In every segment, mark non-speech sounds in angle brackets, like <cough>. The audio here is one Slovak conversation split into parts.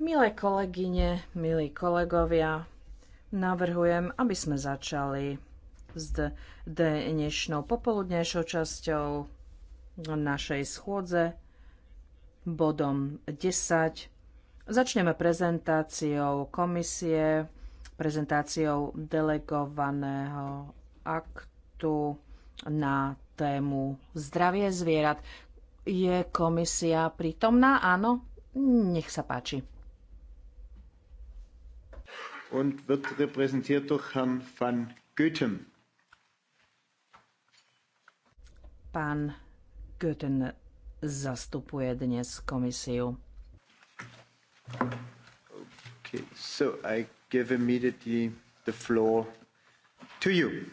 Milé kolegyne, milí kolegovia, navrhujem, aby sme začali s dnešnou popoludnejšou časťou našej schôdze bodom 10. Začneme prezentáciou komisie, prezentáciou delegovaného aktu na tému zdravie zvierat. Je komisia prítomná? Áno? Nech sa páči. Und wird repräsentiert durch Herrn van Goethen. Pán Goethen zastupuje dnes komisiu. Okay, so I give immediately the floor to you.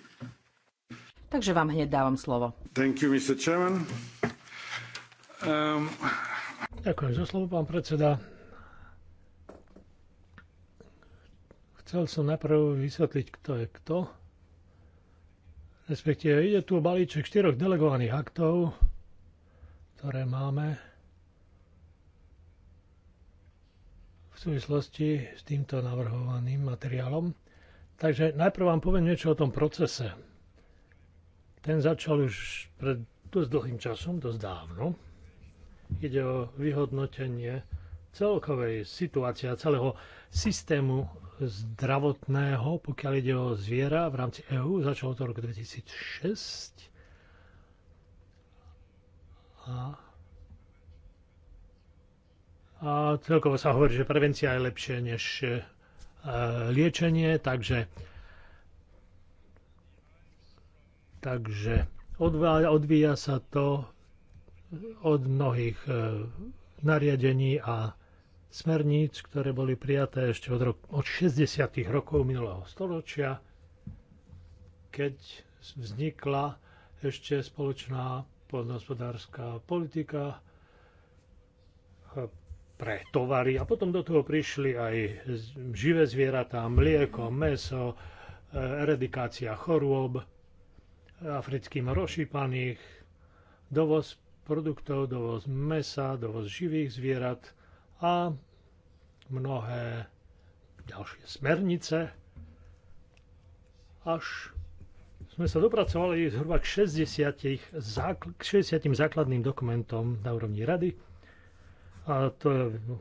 Takže vám hneď dávam slovo. Thank you, Mr. Chairman. Um... Ďakujem za slovo, pán predseda. Chcel som najprv vysvetliť, kto je kto. Respektíve ide tu o balíček štyroch delegovaných aktov, ktoré máme v súvislosti s týmto navrhovaným materiálom. Takže najprv vám poviem niečo o tom procese. Ten začal už pred dosť dlhým časom, dosť dávno. Ide o vyhodnotenie celkovej situácie a celého systému zdravotného, pokiaľ ide o zviera v rámci EÚ. Začalo to roku 2006. A a celkovo sa hovorí, že prevencia je lepšie než e, liečenie, takže, takže odvíja, odvíja sa to od mnohých e, nariadení a smerníc, ktoré boli prijaté ešte od, rok, od 60. rokov minulého storočia, keď vznikla ešte spoločná podnospodárska politika e, pre tovary a potom do toho prišli aj živé zvieratá, mlieko, meso, e, eradikácia chorôb, africkým rošípaných, dovoz produktov, dovoz mesa, dovoz živých zvierat a mnohé ďalšie smernice. Až sme sa dopracovali zhruba k 60, zákl- k 60 základným dokumentom na úrovni rady a to je no,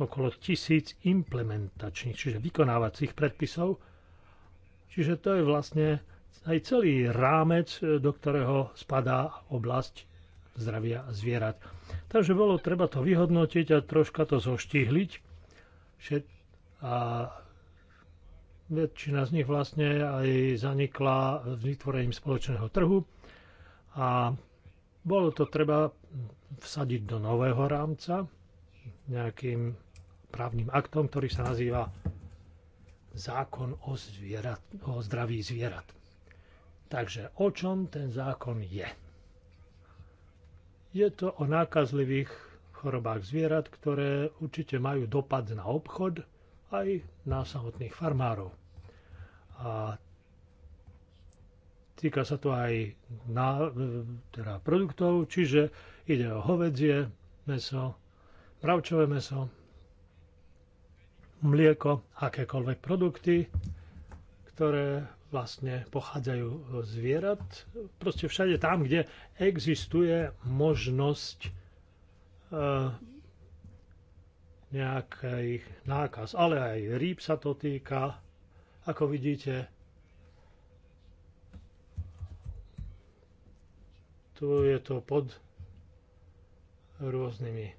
okolo tisíc implementačných, čiže vykonávacích predpisov. Čiže to je vlastne aj celý rámec, do ktorého spadá oblasť zdravia zvierat. Takže bolo treba to vyhodnotiť a troška to zoštihliť. A väčšina z nich vlastne aj zanikla vytvorením spoločného trhu a bolo to treba vsadiť do nového rámca nejakým právnym aktom, ktorý sa nazýva zákon o, zvierat, o zdraví zvierat. Takže o čom ten zákon je? Je to o nákazlivých chorobách zvierat, ktoré určite majú dopad na obchod aj na samotných farmárov. A týka sa to aj na, teda produktov, čiže ide o hovedzie, meso, mravčové meso, mlieko, akékoľvek produkty, ktoré vlastne pochádzajú e, zvierat. Proste všade tam, kde existuje možnosť e, nejaký nákaz. Ale aj rýb sa to týka. Ako vidíte, tu je to pod rôznymi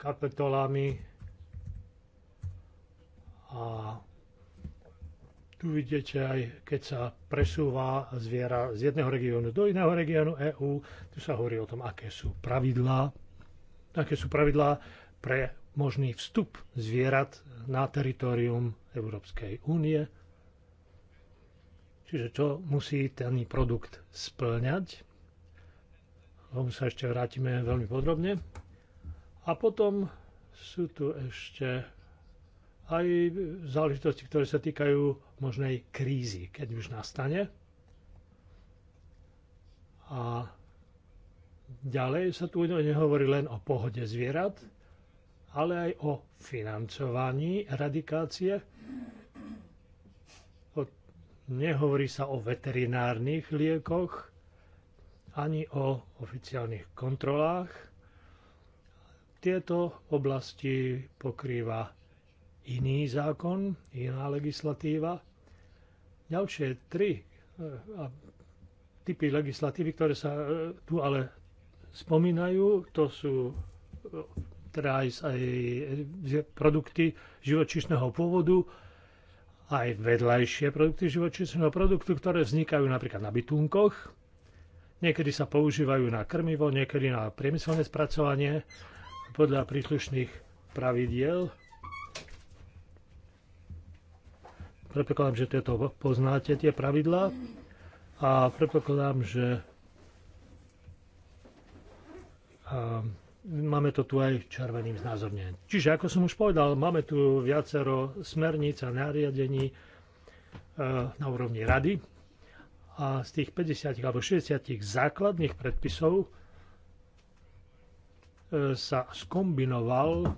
kapitolami a tu vidíte aj, keď sa presúva zviera z jedného regiónu do iného regiónu EÚ, tu sa hovorí o tom, aké sú pravidlá, aké sú pravidlá pre možný vstup zvierat na teritorium Európskej únie. Čiže čo musí ten produkt splňať. tomu sa ešte vrátime veľmi podrobne. A potom sú tu ešte aj záležitosti, ktoré sa týkajú možnej krízy, keď už nastane. A ďalej sa tu nehovorí len o pohode zvierat, ale aj o financovaní eradikácie. Nehovorí sa o veterinárnych liekoch, ani o oficiálnych kontrolách. Tieto oblasti pokrýva iný zákon, iná legislatíva. Ďalšie tri eh, typy legislatívy, ktoré sa eh, tu ale spomínajú, to sú eh, teda aj, aj produkty živočíšneho pôvodu, aj vedľajšie produkty živočíšneho produktu, ktoré vznikajú napríklad na bytunkoch. Niekedy sa používajú na krmivo, niekedy na priemyselné spracovanie podľa príslušných pravidiel Predpokladám, že tieto poznáte tie pravidlá a predpokladám, že a máme to tu aj červeným znázorne. Čiže, ako som už povedal, máme tu viacero smerníc a nariadení e, na úrovni rady a z tých 50 alebo 60 základných predpisov e, sa skombinoval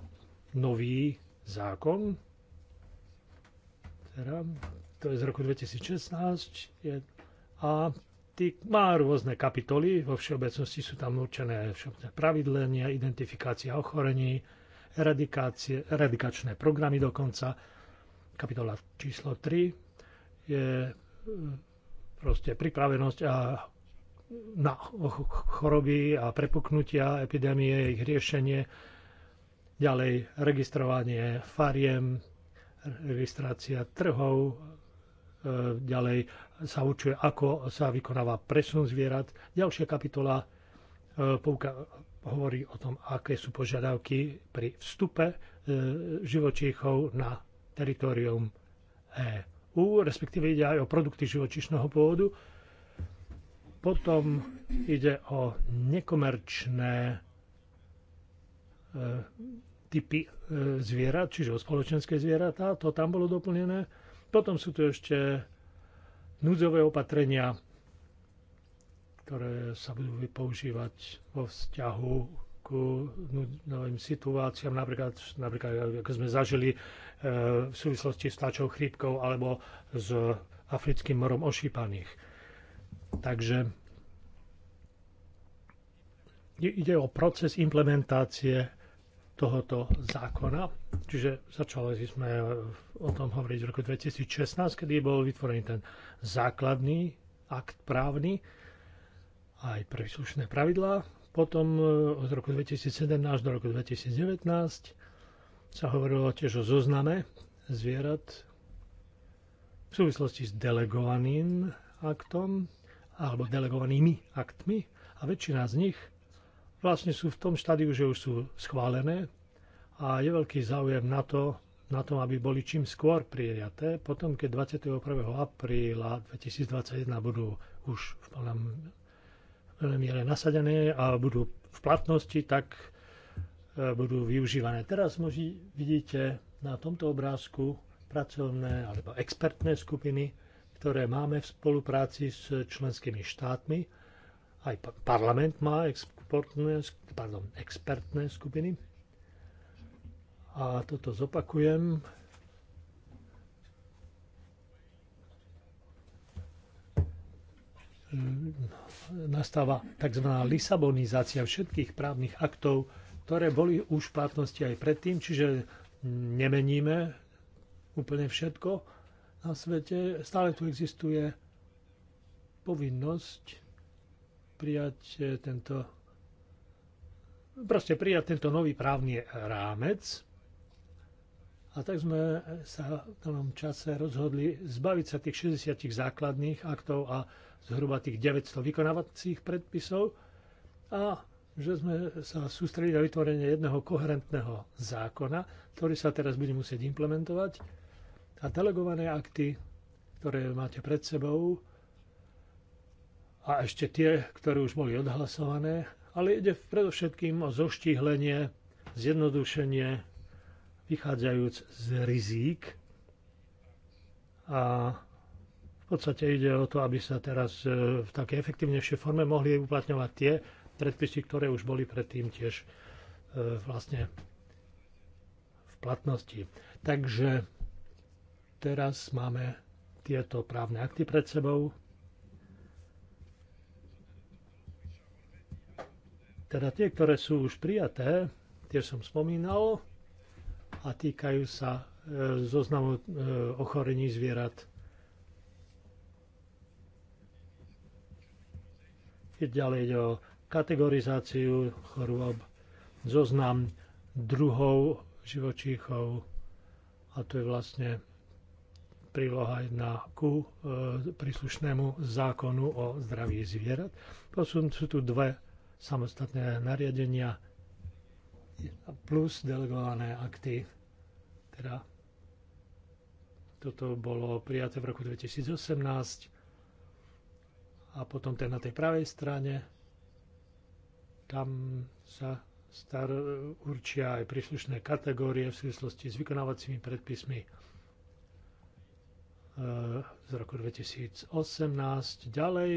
nový zákon, teda, to je z roku 2016, je, a ty, má rôzne kapitoly, vo všeobecnosti sú tam určené všeobecné pravidlenia, identifikácia ochorení, eradikačné programy dokonca. Kapitola číslo 3 je e, proste pripravenosť a na choroby a prepuknutia epidémie, ich riešenie, ďalej registrovanie fariem, registrácia trhov, e, ďalej sa určuje, ako sa vykonáva presun zvierat. Ďalšia kapitola e, pouka- hovorí o tom, aké sú požiadavky pri vstupe e, živočíchov na teritorium EU, respektíve ide aj o produkty živočíšneho pôvodu. Potom ide o nekomerčné typy e, zvierat, čiže o spoločenské zvieratá, to tam bolo doplnené. Potom sú tu ešte núdzové opatrenia, ktoré sa budú používať vo vzťahu k novým situáciám, napríklad, napríklad ako sme zažili e, v súvislosti s tlačou chrípkou alebo s africkým morom ošípaných. Takže ide o proces implementácie tohoto zákona. Čiže začali sme o tom hovoriť v roku 2016, kedy bol vytvorený ten základný akt právny, aj príslušné pravidlá. Potom e, od roku 2017 do roku 2019 sa hovorilo tiež o zozname zvierat v súvislosti s delegovaným aktom alebo delegovanými aktmi a väčšina z nich – vlastne sú v tom štádiu, že už sú schválené a je veľký záujem na to, na tom, aby boli čím skôr prijaté. Potom, keď 21. apríla 2021 budú už v plnom miere nasadené a budú v platnosti, tak e, budú využívané. Teraz môži, vidíte na tomto obrázku pracovné alebo expertné skupiny, ktoré máme v spolupráci s členskými štátmi. Aj parlament má exportné, pardon, expertné skupiny. A toto zopakujem. Nastáva tzv. lisabonizácia všetkých právnych aktov, ktoré boli už v platnosti aj predtým, čiže nemeníme úplne všetko na svete. Stále tu existuje povinnosť prijať tento proste prijať tento nový právny rámec. A tak sme sa v tom čase rozhodli zbaviť sa tých 60 základných aktov a zhruba tých 900 vykonávacích predpisov a že sme sa sústredili na vytvorenie jedného koherentného zákona, ktorý sa teraz bude musieť implementovať a delegované akty, ktoré máte pred sebou a ešte tie, ktoré už boli odhlasované ale ide predovšetkým o zoštihlenie, zjednodušenie, vychádzajúc z rizík. A v podstate ide o to, aby sa teraz e, v takej efektívnejšej forme mohli uplatňovať tie predpisy, ktoré už boli predtým tiež e, vlastne v platnosti. Takže teraz máme tieto právne akty pred sebou Teda tie, ktoré sú už prijaté, tie som spomínal, a týkajú sa e, zoznamu e, ochorení zvierat. Ďalej ide o kategorizáciu chorôb, zoznam druhov živočíchov a to je vlastne príloha 1 ku e, príslušnému zákonu o zdraví zvierat. Potom sú tu dve samostatné nariadenia plus delegované akty. Teda toto bolo prijaté v roku 2018 a potom ten na tej pravej strane tam sa star, určia aj príslušné kategórie v súvislosti s vykonávacími predpismi e, z roku 2018. Ďalej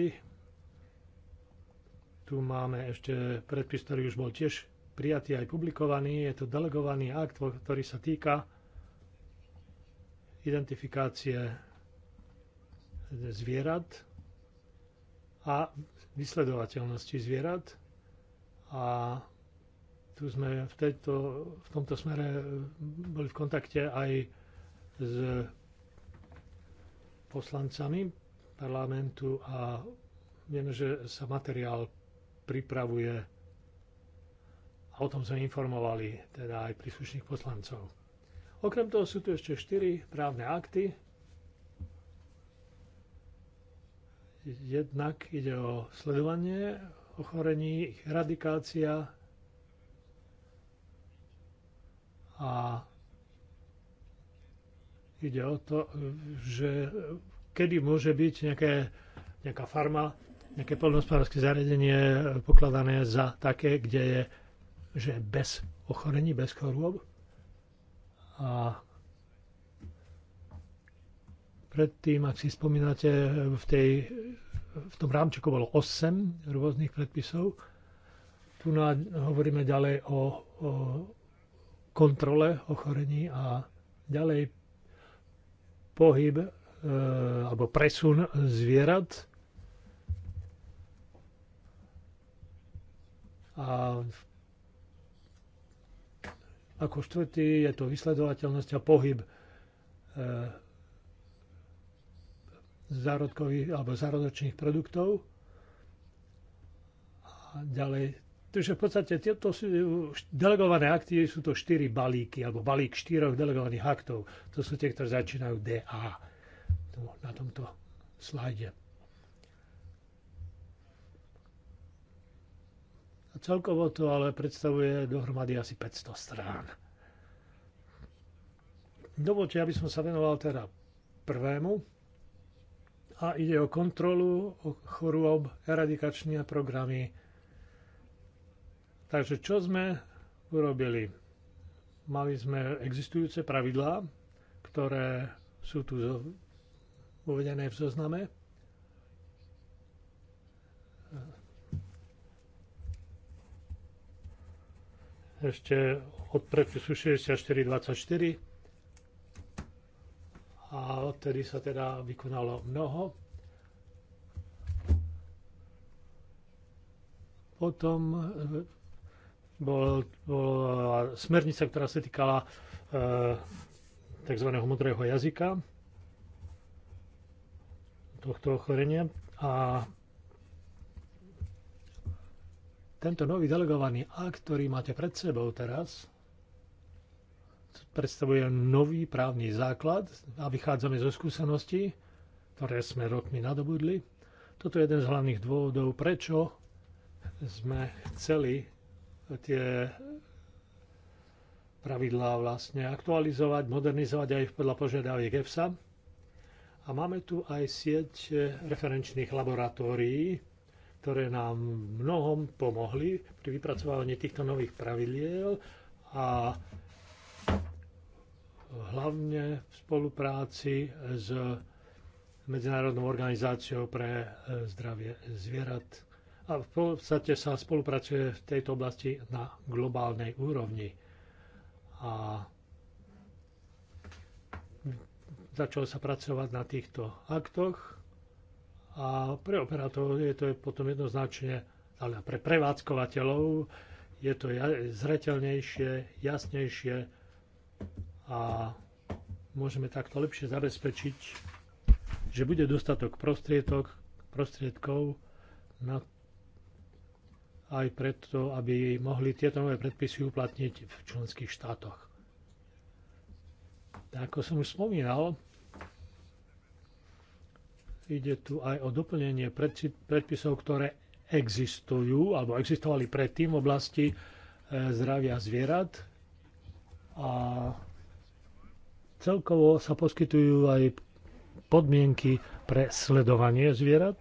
tu máme ešte predpis, ktorý už bol tiež prijatý aj publikovaný. Je to delegovaný akt, ktorý sa týka identifikácie zvierat a vysledovateľnosti zvierat. A tu sme v, tejto, v tomto smere boli v kontakte aj s poslancami parlamentu a vieme, že sa materiál pripravuje a o tom sme informovali teda aj príslušných poslancov. Okrem toho sú tu ešte 4 právne akty. Jednak ide o sledovanie ochorení, ich radikácia a ide o to, že kedy môže byť nejaké, nejaká farma nejaké poľnohospodárske zariadenie e, pokladané za také, kde je že bez ochorení, bez chorôb. A predtým, ak si spomínate, v, tej, v tom rámčeku bolo 8 rôznych predpisov. Tu na, hovoríme ďalej o, o kontrole ochorení a ďalej pohyb e, alebo presun zvierat A ako štvrtý je to vysledovateľnosť a pohyb e, zárodkových alebo zárodočných produktov. A ďalej, takže v podstate tieto sú, delegované akty sú to štyri balíky, alebo balík štyroch delegovaných aktov. To sú tie, ktoré začínajú DA. na tomto slajde. Celkovo to ale predstavuje dohromady asi 500 strán. Dovolte, aby som sa venoval teda prvému. A ide o kontrolu o chorôb, eradikačné programy. Takže čo sme urobili? Mali sme existujúce pravidlá, ktoré sú tu uvedené v zozname. ešte od predpisu 64-24 a odtedy sa teda vykonalo mnoho. Potom eh, bol, bola eh, smernica, ktorá sa týkala e, eh, tzv. modrého jazyka tohto ochorenia a tento nový delegovaný akt, ktorý máte pred sebou teraz, predstavuje nový právny základ a vychádzame zo skúseností, ktoré sme rokmi nadobudli. Toto je jeden z hlavných dôvodov, prečo sme chceli tie pravidlá vlastne aktualizovať, modernizovať aj podľa požiadaviek EFSA. A máme tu aj sieť referenčných laboratórií, ktoré nám mnohom pomohli pri vypracovaní týchto nových pravidiel a hlavne v spolupráci s Medzinárodnou organizáciou pre e, zdravie zvierat. A v podstate sa spolupracuje v tejto oblasti na globálnej úrovni. A začalo sa pracovať na týchto aktoch a pre operátorov je to potom jednoznačne, ale pre prevádzkovateľov je to zreteľnejšie, jasnejšie a môžeme takto lepšie zabezpečiť, že bude dostatok prostriedok, prostriedkov na aj preto, aby mohli tieto nové predpisy uplatniť v členských štátoch. Tak Ako som už spomínal, Ide tu aj o doplnenie predpisov, ktoré existujú alebo existovali predtým v oblasti e, zdravia zvierat a celkovo sa poskytujú aj podmienky pre sledovanie zvierat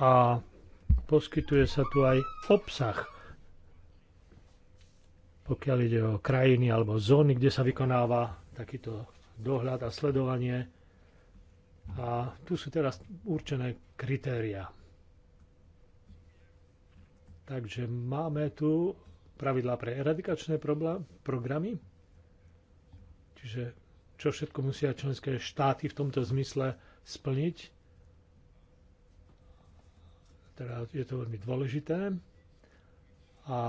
a poskytuje sa tu aj obsah, pokiaľ ide o krajiny alebo zóny, kde sa vykonáva takýto dohľad a sledovanie a tu sú teraz určené kritéria. Takže máme tu pravidlá pre eradikačné programy, čiže čo všetko musia členské štáty v tomto zmysle splniť. Teda je to veľmi dôležité. A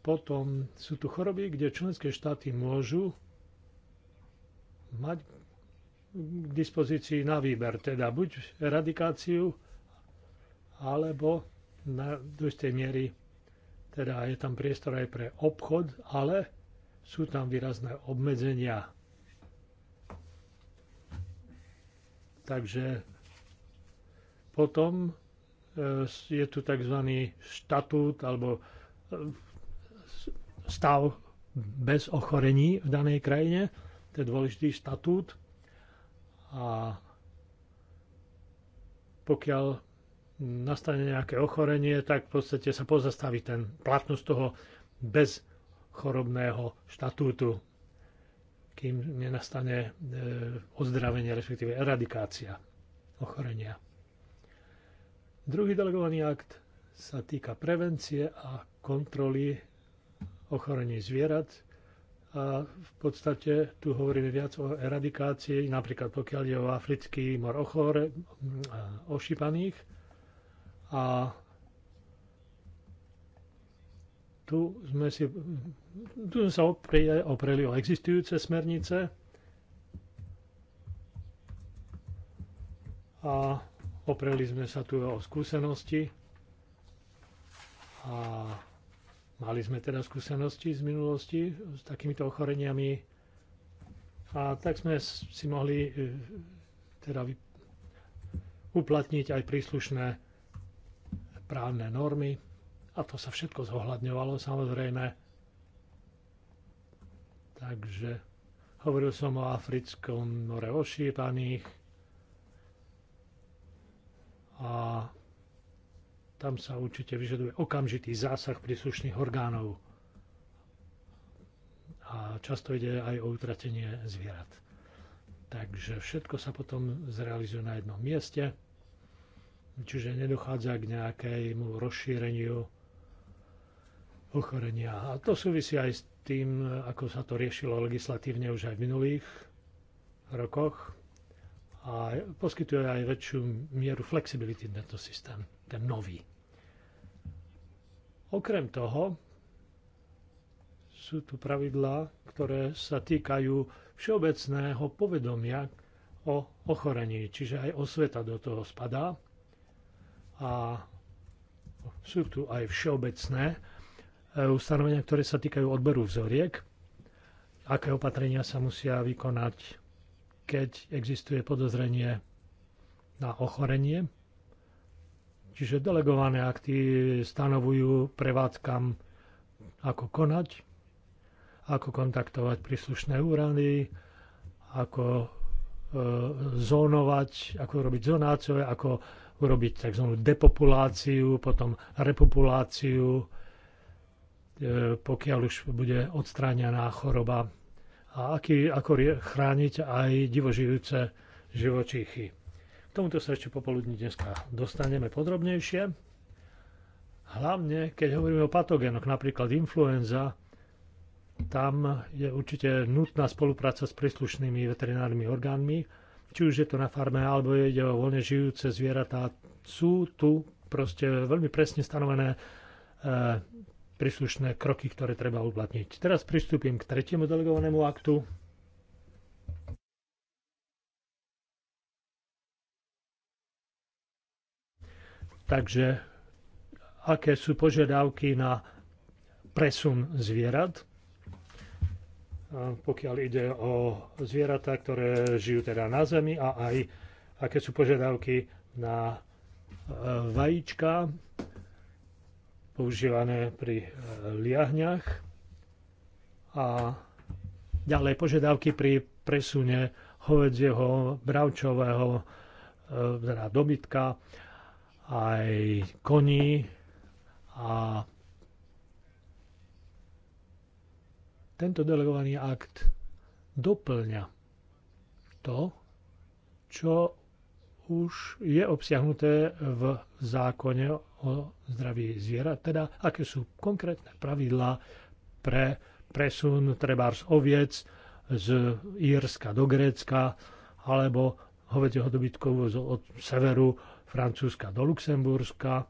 potom sú tu choroby, kde členské štáty môžu mať k dispozícii na výber, teda buď eradikáciu, alebo na do miery teda je tam priestor aj pre obchod, ale sú tam výrazné obmedzenia. Takže potom e, je tu tzv. štatút alebo e, stav bez ochorení v danej krajine. To je dôležitý štatút a pokiaľ nastane nejaké ochorenie, tak v podstate sa pozastaví ten platnosť toho bez chorobného štatútu, kým nenastane e, ozdravenie, respektíve eradikácia ochorenia. Druhý delegovaný akt sa týka prevencie a kontroly ochorení zvierat a v podstate tu hovoríme viac o eradikácii, napríklad pokiaľ je o africký mor ochor, ošípaných. A tu sme, si, tu sme sa oprie, opreli o existujúce smernice a opreli sme sa tu o skúsenosti a Mali sme teda skúsenosti z minulosti s takýmito ochoreniami a tak sme si mohli e, teda uplatniť aj príslušné právne normy a to sa všetko zohľadňovalo samozrejme. Takže hovoril som o africkom more ošípaných a tam sa určite vyžaduje okamžitý zásah príslušných orgánov. A často ide aj o utratenie zvierat. Takže všetko sa potom zrealizuje na jednom mieste, čiže nedochádza k nejakému rozšíreniu ochorenia. A to súvisí aj s tým, ako sa to riešilo legislatívne už aj v minulých rokoch a poskytuje aj väčšiu mieru flexibility tento systém ten nový. Okrem toho sú tu pravidlá, ktoré sa týkajú všeobecného povedomia o ochorení, čiže aj osveta do toho spadá. A sú tu aj všeobecné e, ustanovenia, ktoré sa týkajú odberu vzoriek, aké opatrenia sa musia vykonať, keď existuje podozrenie na ochorenie Čiže delegované akty stanovujú prevádzkam, ako konať, ako kontaktovať príslušné úrady, ako e, zónovať, ako robiť zonáciu, ako urobiť tzv. depopuláciu, potom repopuláciu, e, pokiaľ už bude odstránená choroba a aký, ako chrániť aj divožijúce živočíchy. Tomuto sa ešte popoludní dneska dostaneme podrobnejšie. Hlavne, keď hovoríme o patogénoch, napríklad influenza, tam je určite nutná spolupráca s príslušnými veterinárnymi orgánmi, či už je to na farme, alebo ide o voľne žijúce zvieratá. Sú tu proste veľmi presne stanovené e, príslušné kroky, ktoré treba uplatniť. Teraz pristúpim k tretiemu delegovanému aktu, Takže aké sú požiadavky na presun zvierat, pokiaľ ide o zvieratá, ktoré žijú teda na zemi a aj aké sú požiadavky na e, vajíčka používané pri e, liahňach a ďalej požiadavky pri presune hovedzieho, bravčového, e, teda dobytka aj koní a tento delegovaný akt doplňa to, čo už je obsiahnuté v zákone o zdraví zvierat, teda aké sú konkrétne pravidlá pre presun trebárs oviec z Írska do Grécka alebo hovedzieho dobytkov od severu Francúzska do Luxemburska,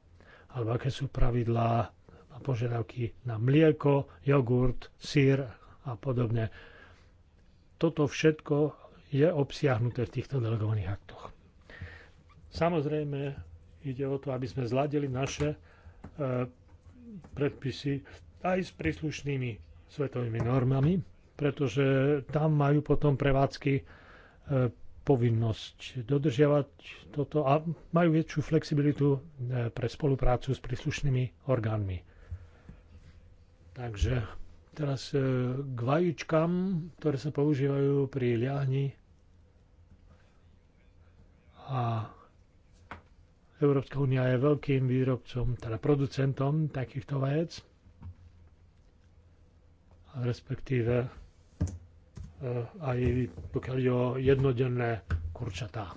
alebo aké sú pravidlá a požiadavky na mlieko, jogurt, sír a podobne. Toto všetko je obsiahnuté v týchto delegovaných aktoch. Samozrejme, ide o to, aby sme zladili naše eh, predpisy aj s príslušnými svetovými normami, pretože tam majú potom prevádzky eh, povinnosť dodržiavať toto a majú väčšiu flexibilitu eh, pre spoluprácu s príslušnými orgánmi. Takže teraz eh, k vajíčkam, ktoré sa používajú pri liahni a Európska únia je veľkým výrobcom, teda producentom takýchto vajec, respektíve Eh, aj pokiaľ je o jednodenné kurčatá.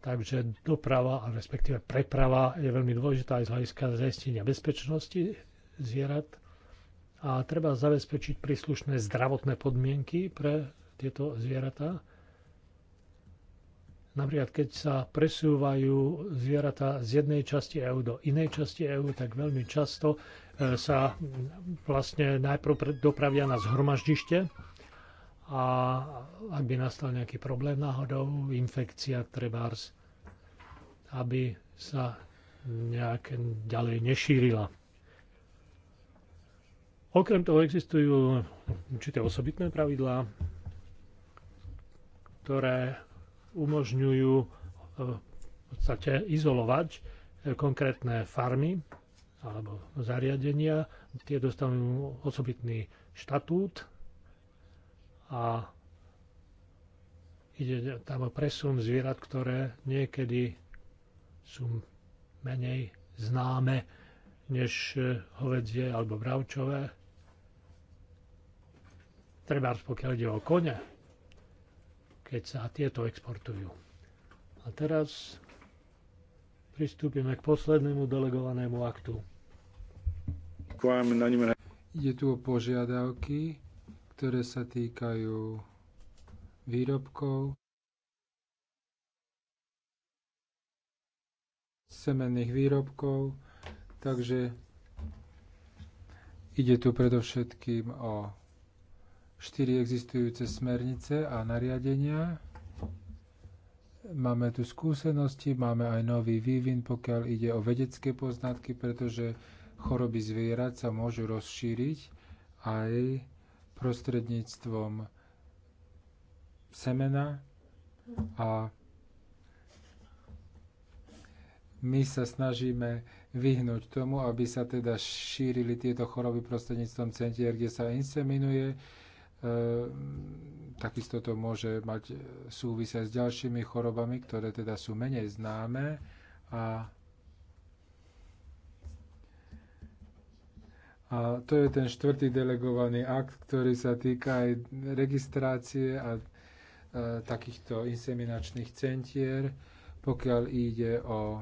Takže doprava, a respektíve preprava je veľmi dôležitá aj z hľadiska zaistenia bezpečnosti zvierat a treba zabezpečiť príslušné zdravotné podmienky pre tieto zvieratá. Napríklad, keď sa presúvajú zvieratá z jednej časti EÚ do inej časti EÚ, tak veľmi často E, sa vlastne najprv dopravia na zhromaždište a ak by nastal nejaký problém náhodou, infekcia trebárs, aby sa nejak ďalej nešírila. Okrem toho existujú určité osobitné pravidlá, ktoré umožňujú e, v podstate izolovať e, konkrétne farmy alebo zariadenia. Tie dostanú osobitný štatút a ide tam o presun zvierat, ktoré niekedy sú menej známe než hovedzie alebo bravčové. Treba pokiaľ ide o kone, keď sa tieto exportujú. A teraz pristúpime k poslednému delegovanému aktu. Ide tu o požiadavky, ktoré sa týkajú výrobkov, semenných výrobkov, takže ide tu predovšetkým o štyri existujúce smernice a nariadenia. Máme tu skúsenosti, máme aj nový vývin, pokiaľ ide o vedecké poznatky, pretože choroby zvierat sa môžu rozšíriť aj prostredníctvom semena a my sa snažíme vyhnúť tomu, aby sa teda šírili tieto choroby prostredníctvom centier, kde sa inseminuje. E, takisto to môže mať súvisia s ďalšími chorobami, ktoré teda sú menej známe a A to je ten štvrtý delegovaný akt, ktorý sa týka aj registrácie a e, takýchto inseminačných centier, pokiaľ ide o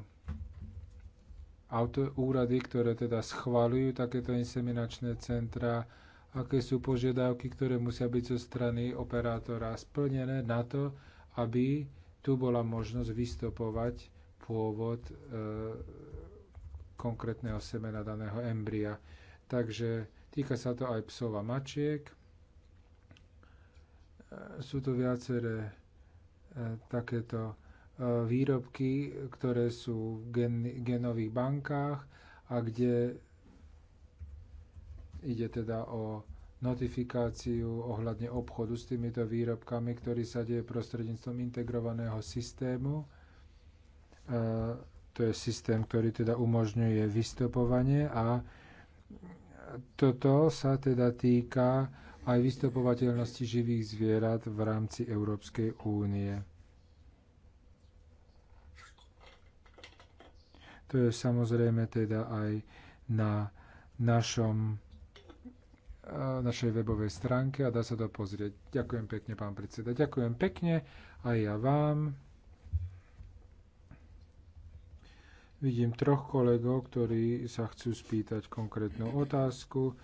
auto, úrady, ktoré teda schvalujú takéto inseminačné centra, aké sú požiadavky, ktoré musia byť zo strany operátora splnené na to, aby tu bola možnosť vystopovať pôvod e, konkrétneho semena daného embria. Takže týka sa to aj psov a mačiek. E, sú to viaceré e, takéto e, výrobky, ktoré sú v gen, genových bankách a kde ide teda o notifikáciu ohľadne obchodu s týmito výrobkami, ktorý sa deje prostredníctvom integrovaného systému. E, to je systém, ktorý teda umožňuje vystopovanie a toto sa teda týka aj vystupovateľnosti živých zvierat v rámci Európskej únie. To je samozrejme teda aj na našom, eh, našej webovej stránke a dá sa to pozrieť. Ďakujem pekne, pán predseda. Ďakujem pekne aj ja vám. Vidím troch kolegov, ktorí sa chcú spýtať konkrétnu otázku.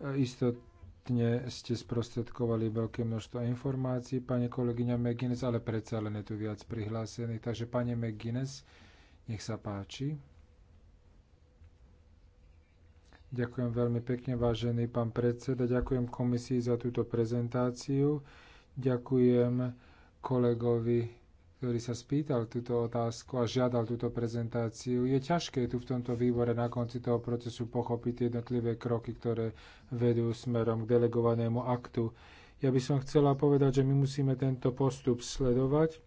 Istotne ste sprostredkovali veľké množstvo informácií, pani kolegyňa McGuinness, ale predsa len je tu viac prihlásených. Takže, pani McGuinness, nech sa páči. Ďakujem veľmi pekne, vážený pán predseda. Ďakujem komisii za túto prezentáciu. Ďakujem kolegovi ktorý sa spýtal túto otázku a žiadal túto prezentáciu. Je ťažké tu v tomto výbore na konci toho procesu pochopiť jednotlivé kroky, ktoré vedú smerom k delegovanému aktu. Ja by som chcela povedať, že my musíme tento postup sledovať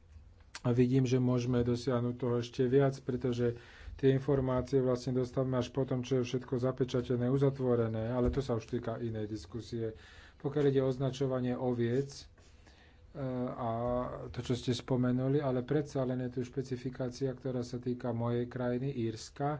a vidím, že môžeme dosiahnuť toho ešte viac, pretože tie informácie vlastne dostávame až potom, čo je všetko zapečatené, uzatvorené, ale to sa už týka inej diskusie. Pokiaľ ide o označovanie oviec, a to, čo ste spomenuli, ale predsa len je tu špecifikácia, ktorá sa týka mojej krajiny, Írska.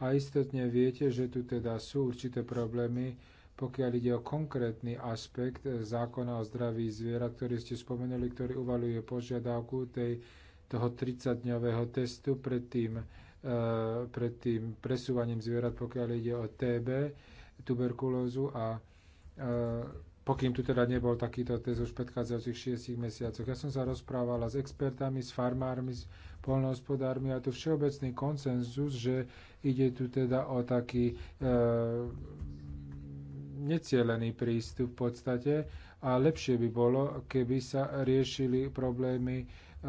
A istotne viete, že tu teda sú určité problémy, pokiaľ ide o konkrétny aspekt zákona o zdraví zviera, ktorý ste spomenuli, ktorý uvaluje požiadavku tej, toho 30-dňového testu pred tým, e, pred tým presúvaním zvierat, pokiaľ ide o TB, tuberkulózu a e, pokým tu teda nebol takýto test už v predchádzajúcich 6 mesiacoch. Ja som sa rozprávala s expertami, s farmármi, s polnohospodármi a tu všeobecný konsenzus, že ide tu teda o taký e, necielený prístup v podstate a lepšie by bolo, keby sa riešili problémy Eh,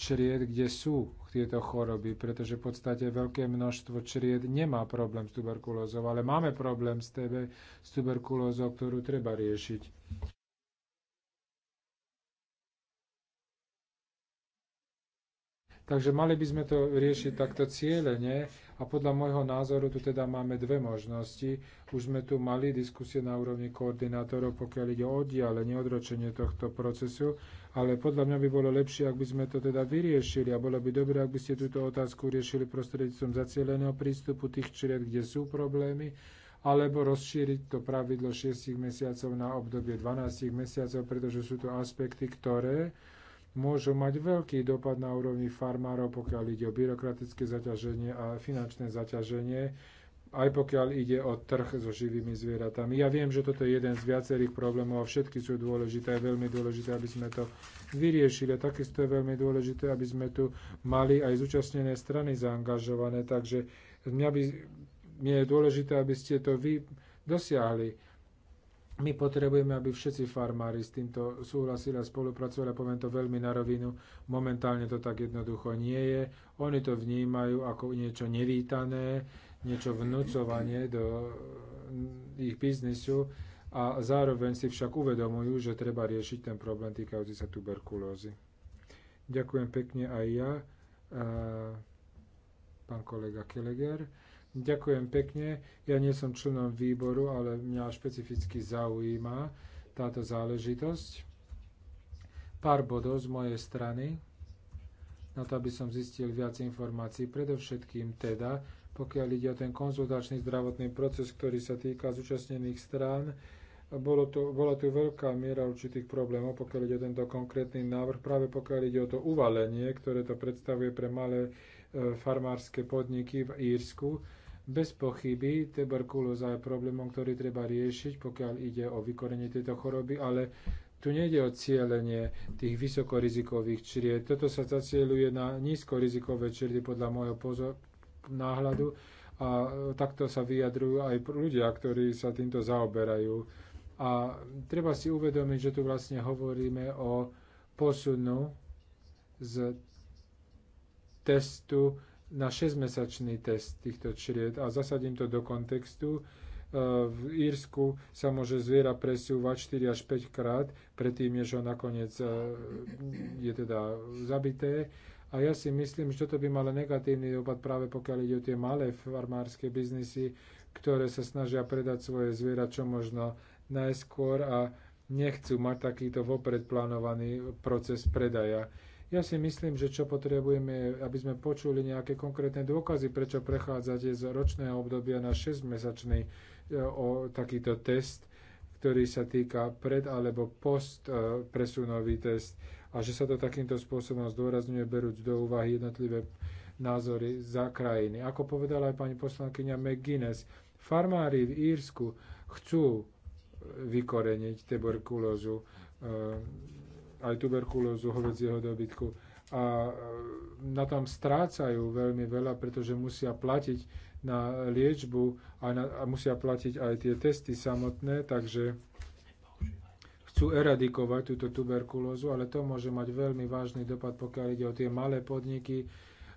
čried, kde sú tieto choroby, pretože v podstate veľké množstvo čried nemá problém s tuberkulózou, ale máme problém s, tebe s tuberkulózou, ktorú treba riešiť. Takže mali by sme to riešiť takto cieľene a podľa môjho názoru tu teda máme dve možnosti. Už sme tu mali diskusie na úrovni koordinátorov, pokiaľ ide o oddialenie, odročenie tohto procesu ale podľa mňa by bolo lepšie, ak by sme to teda vyriešili a bolo by dobré, ak by ste túto otázku riešili prostredníctvom zacieleného prístupu tých čried, kde sú problémy, alebo rozšíriť to pravidlo 6 mesiacov na obdobie 12 mesiacov, pretože sú to aspekty, ktoré môžu mať veľký dopad na úrovni farmárov, pokiaľ ide o byrokratické zaťaženie a finančné zaťaženie aj pokiaľ ide o trh so živými zvieratami. Ja viem, že toto je jeden z viacerých problémov a všetky sú dôležité, je veľmi dôležité, aby sme to vyriešili. Takisto je veľmi dôležité, aby sme tu mali aj zúčastnené strany zaangažované, takže mňa by, mne je dôležité, aby ste to vy dosiahli. My potrebujeme, aby všetci farmári s týmto súhlasili a spolupracovali. Poviem to veľmi na rovinu. Momentálne to tak jednoducho nie je. Oni to vnímajú ako niečo nevítané niečo vnúcovanie do mm, ich biznisu a zároveň si však uvedomujú, že treba riešiť ten problém týkajúci sa tuberkulózy. Ďakujem pekne aj ja, e, pán kolega Keleger. Ďakujem pekne. Ja nie som členom výboru, ale mňa špecificky zaujíma táto záležitosť. Pár bodov z mojej strany, na to, aby som zistil viac informácií. Predovšetkým teda, pokiaľ ide o ten konzultačný zdravotný proces, ktorý sa týka zúčastnených strán. Bolo tu, bola tu veľká miera určitých problémov, pokiaľ ide o tento konkrétny návrh, práve pokiaľ ide o to uvalenie, ktoré to predstavuje pre malé e, farmárske podniky v Írsku. Bez pochyby tuberkulóza je problémom, ktorý treba riešiť, pokiaľ ide o vykorenie tejto choroby, ale tu nejde o cieľenie tých vysokorizikových čried. Toto sa zacieluje na nízkorizikové čriedy podľa môjho náhľadu a e, takto sa vyjadrujú aj ľudia, ktorí sa týmto zaoberajú. A treba si uvedomiť, že tu vlastne hovoríme o posunu z testu na 6-mesačný test týchto čried a zasadím to do kontextu. E, v Írsku sa môže zviera presúvať 4 až 5 krát predtým, než ho nakoniec e, je teda zabité a ja si myslím, že toto by malo negatívny dopad práve pokiaľ ide o tie malé farmárske biznisy, ktoré sa snažia predať svoje zviera čo možno najskôr a nechcú mať takýto vopred plánovaný proces predaja. Ja si myslím, že čo potrebujeme aby sme počuli nejaké konkrétne dôkazy, prečo prechádzate z ročného obdobia na 6-mesačný e, o takýto test, ktorý sa týka pred alebo post e, presunový test a že sa to takýmto spôsobom zdôrazňuje, berúc do úvahy jednotlivé názory za krajiny. Ako povedala aj pani poslankyňa McGuinness, farmári v Írsku chcú vykoreniť tuberkulózu, eh, aj tuberkulózu hovedzieho dobytku a eh, na tom strácajú veľmi veľa, pretože musia platiť na liečbu a, na, a musia platiť aj tie testy samotné, takže chcú eradikovať túto tuberkulózu, ale to môže mať veľmi vážny dopad, pokiaľ ide o tie malé podniky.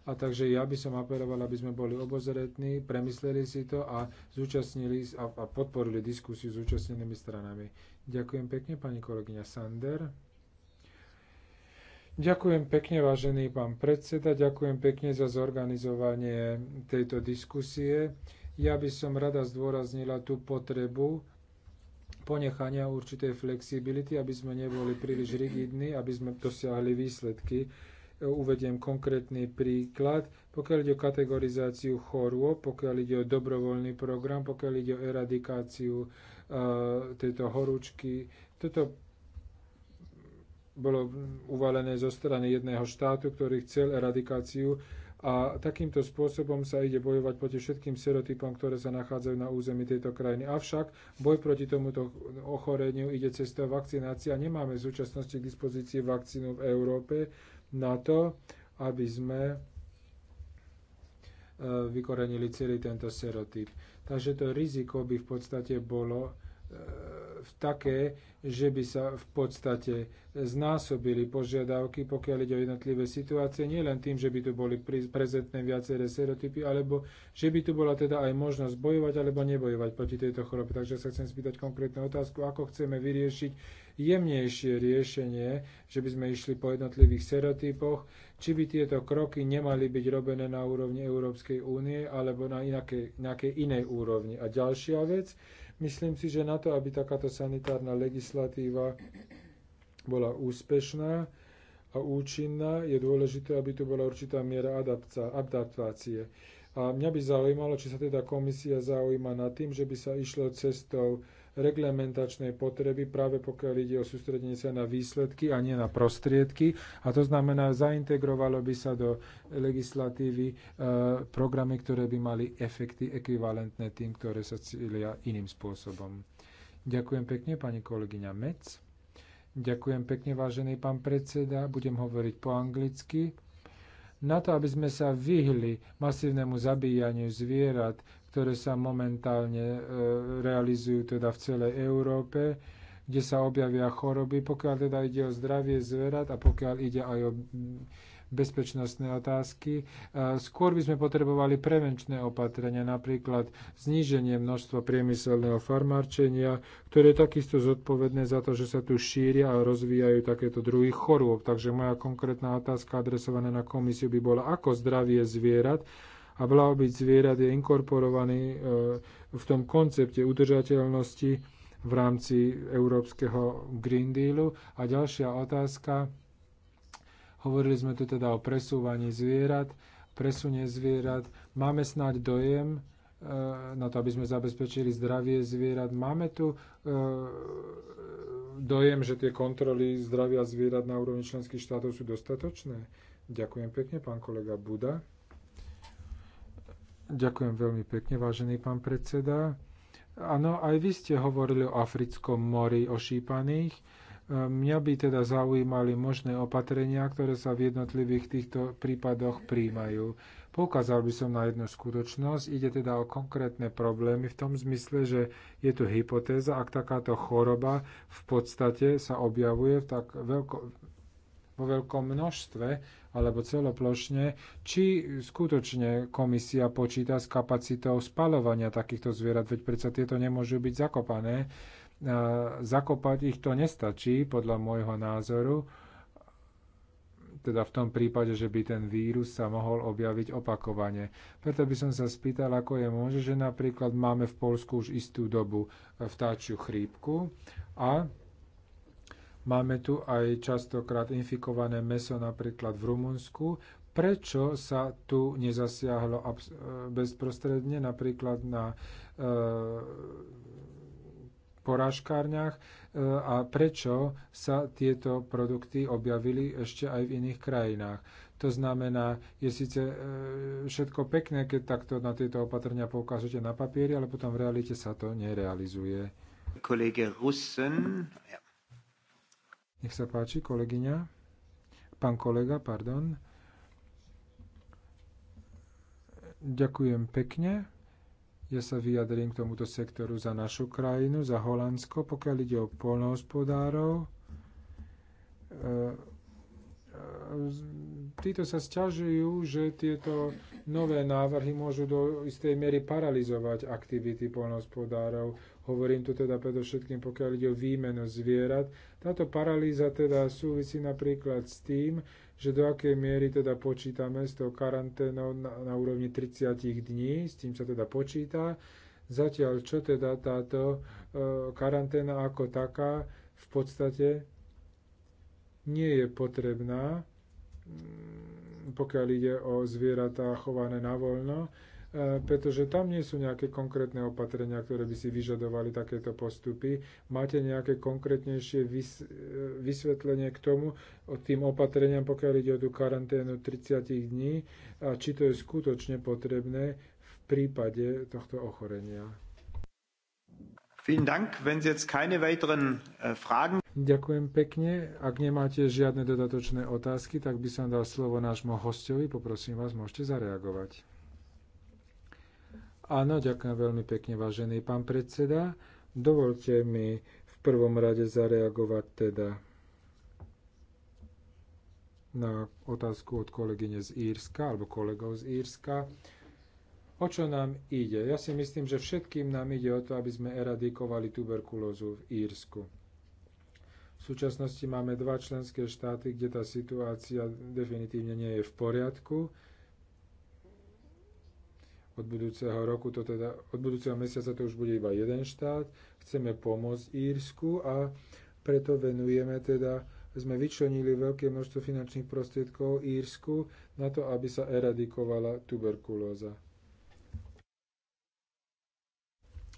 A takže ja by som apeloval, aby sme boli obozretní, premysleli si to a, zúčastnili, a, a podporili diskusiu s účastnenými stranami. Ďakujem pekne, pani kolegyňa Sander. Ďakujem pekne, vážený pán predseda, ďakujem pekne za zorganizovanie tejto diskusie. Ja by som rada zdôraznila tú potrebu ponechania určitej flexibility, aby sme neboli príliš rigidní, aby sme dosiahli výsledky. E, uvediem konkrétny príklad. Pokiaľ ide o kategorizáciu chorôb, pokiaľ ide o dobrovoľný program, pokiaľ ide o eradikáciu uh, tejto horúčky, toto bolo uvalené zo strany jedného štátu, ktorý chcel eradikáciu a takýmto spôsobom sa ide bojovať proti všetkým stereotypom, ktoré sa nachádzajú na území tejto krajiny. Avšak boj proti tomuto ochoreniu ide cestou vakcinácie a nemáme v súčasnosti k dispozícii vakcínu v Európe na to, aby sme e, vykorenili celý tento stereotyp. Takže to riziko by v podstate bolo e, také, že by sa v podstate znásobili požiadavky, pokiaľ ide o jednotlivé situácie, nielen tým, že by tu boli prezentné viaceré stereotypy, alebo že by tu bola teda aj možnosť bojovať alebo nebojovať proti tejto chorobe. Takže sa chcem spýtať konkrétnu otázku, ako chceme vyriešiť jemnejšie riešenie, že by sme išli po jednotlivých stereotypoch, či by tieto kroky nemali byť robené na úrovni Európskej únie alebo na inakej, nejakej inej úrovni. A ďalšia vec, Myslím si, že na to, aby takáto sanitárna legislatíva bola úspešná a účinná, je dôležité, aby tu bola určitá miera adaptácie. A mňa by zaujímalo, či sa teda komisia zaujíma nad tým, že by sa išlo cestou reglementačnej potreby, práve pokiaľ ide o sústredenie sa na výsledky a nie na prostriedky. A to znamená, zaintegrovalo by sa do legislatívy e, programy, ktoré by mali efekty ekvivalentné tým, ktoré sa cília iným spôsobom. Ďakujem pekne, pani kolegyňa Mec. Ďakujem pekne, vážený pán predseda. Budem hovoriť po anglicky. Na to, aby sme sa vyhli masívnemu zabíjaniu zvierat, ktoré sa momentálne e, realizujú teda v celej Európe, kde sa objavia choroby, pokiaľ teda ide o zdravie zverat a pokiaľ ide aj o bezpečnostné otázky. E, skôr by sme potrebovali prevenčné opatrenia, napríklad zníženie množstva priemyselného farmárčenia, ktoré je takisto zodpovedné za to, že sa tu šíria a rozvíjajú takéto druhy chorôb. Takže moja konkrétna otázka adresovaná na komisiu by bola, ako zdravie zvierat a blahobyt zvierat je inkorporovaný e, v tom koncepte udržateľnosti v rámci Európskeho Green Dealu. A ďalšia otázka, hovorili sme tu teda o presúvaní zvierat, presunie zvierat. Máme snáď dojem e, na to, aby sme zabezpečili zdravie zvierat. Máme tu e, dojem, že tie kontroly zdravia zvierat na úrovni členských štátov sú dostatočné? Ďakujem pekne, pán kolega Buda. Ďakujem veľmi pekne, vážený pán predseda. Áno, aj vy ste hovorili o Africkom mori, ošípaných, e, Mňa by teda zaujímali možné opatrenia, ktoré sa v jednotlivých týchto prípadoch príjmajú. Poukázal by som na jednu skutočnosť. Ide teda o konkrétne problémy v tom zmysle, že je tu hypotéza, ak takáto choroba v podstate sa objavuje v tak veľko, vo veľkom množstve, alebo celoplošne, či skutočne komisia počíta s kapacitou spalovania takýchto zvierat, veď predsa tieto nemôžu byť zakopané. Zakopať ich to nestačí, podľa môjho názoru, teda v tom prípade, že by ten vírus sa mohol objaviť opakovane. Preto by som sa spýtal, ako je možné, že napríklad máme v Polsku už istú dobu vtáčiu chrípku a Máme tu aj častokrát infikované meso napríklad v Rumunsku. Prečo sa tu nezasiahlo e, bezprostredne napríklad na e, porážkárniach e, a prečo sa tieto produkty objavili ešte aj v iných krajinách. To znamená, je síce všetko pekné, keď takto na tieto opatrenia poukážete na papieri, ale potom v realite sa to nerealizuje. Kolege Russen. Ja. Nech sa páči, kolegyňa. Pán kolega, pardon. Ďakujem pekne. Ja sa vyjadrím k tomuto sektoru za našu krajinu, za Holandsko, pokiaľ ide o polnohospodárov. E, e, títo sa sťažujú, že tieto nové návrhy môžu do istej miery paralizovať aktivity polnohospodárov. Hovorím tu teda predovšetkým, pokiaľ ide o výmenu zvierat táto paralýza teda súvisí napríklad s tým, že do akej miery teda počítame s tou karanténou na, na úrovni 30 dní, s tým sa teda počíta, zatiaľ čo teda táto e, karanténa ako taká v podstate nie je potrebná, mm, pokiaľ ide o zvieratá chované na voľno, E, pretože tam nie sú nejaké konkrétne opatrenia, ktoré by si vyžadovali takéto postupy. Máte nejaké konkrétnejšie e, vysvetlenie k tomu, tým opatreniam, pokiaľ ide o tú karanténu 30 dní, a či to je skutočne potrebné v prípade tohto ochorenia. Äh, Ďakujem pekne. Ak nemáte žiadne dodatočné otázky, tak by som dal slovo nášmu hostovi. Poprosím vás, môžete zareagovať. Áno, ďakujem veľmi pekne, vážený pán predseda. Dovolte mi v prvom rade zareagovať teda na otázku od kolegyne z Írska alebo kolegov z Írska. O čo nám ide? Ja si myslím, že všetkým nám ide o to, aby sme eradikovali tuberkulózu v Írsku. V súčasnosti máme dva členské štáty, kde tá situácia definitívne nie je v poriadku od budúceho roku to teda, od budúceho mesiaca to už bude iba jeden štát. Chceme pomôcť Írsku a preto venujeme teda, sme vyčlenili veľké množstvo finančných prostriedkov Írsku na to, aby sa eradikovala tuberkulóza.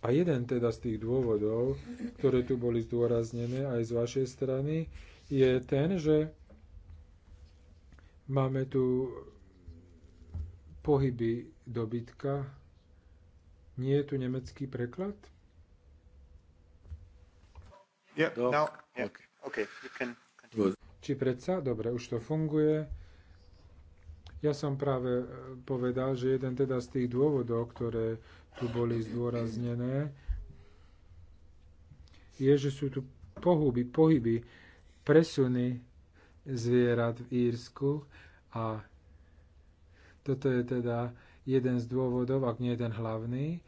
A jeden teda z tých dôvodov, ktoré tu boli zdôraznené aj z vašej strany, je ten, že máme tu pohyby dobytka. Nie je tu nemecký preklad? Yeah, no. yeah. Okay. Okay. Či predsa? Dobre, už to funguje. Ja som práve e, povedal, že jeden teda z tých dôvodov, ktoré tu boli zdôraznené, je, že sú tu pohuby, pohyby, presuny zvierat v Írsku a toto je teda jeden z dôvodov, ak nie jeden hlavný,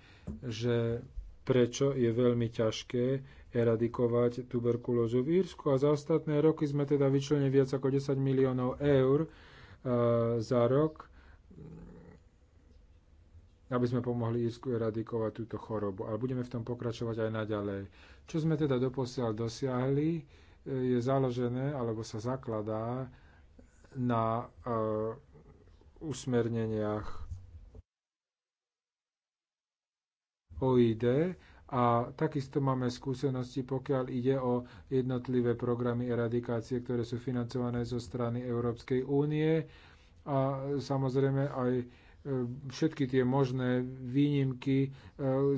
že prečo je veľmi ťažké eradikovať tuberkulózu v Írsku a za ostatné roky sme teda vyčlenili viac ako 10 miliónov eur e, za rok, aby sme pomohli Írsku eradikovať túto chorobu. Ale budeme v tom pokračovať aj naďalej. Čo sme teda doposiaľ dosiahli, e, je založené alebo sa zakladá na e, usmerneniach OID a takisto máme skúsenosti, pokiaľ ide o jednotlivé programy eradikácie, ktoré sú financované zo strany Európskej únie a samozrejme aj E, všetky tie možné výnimky e,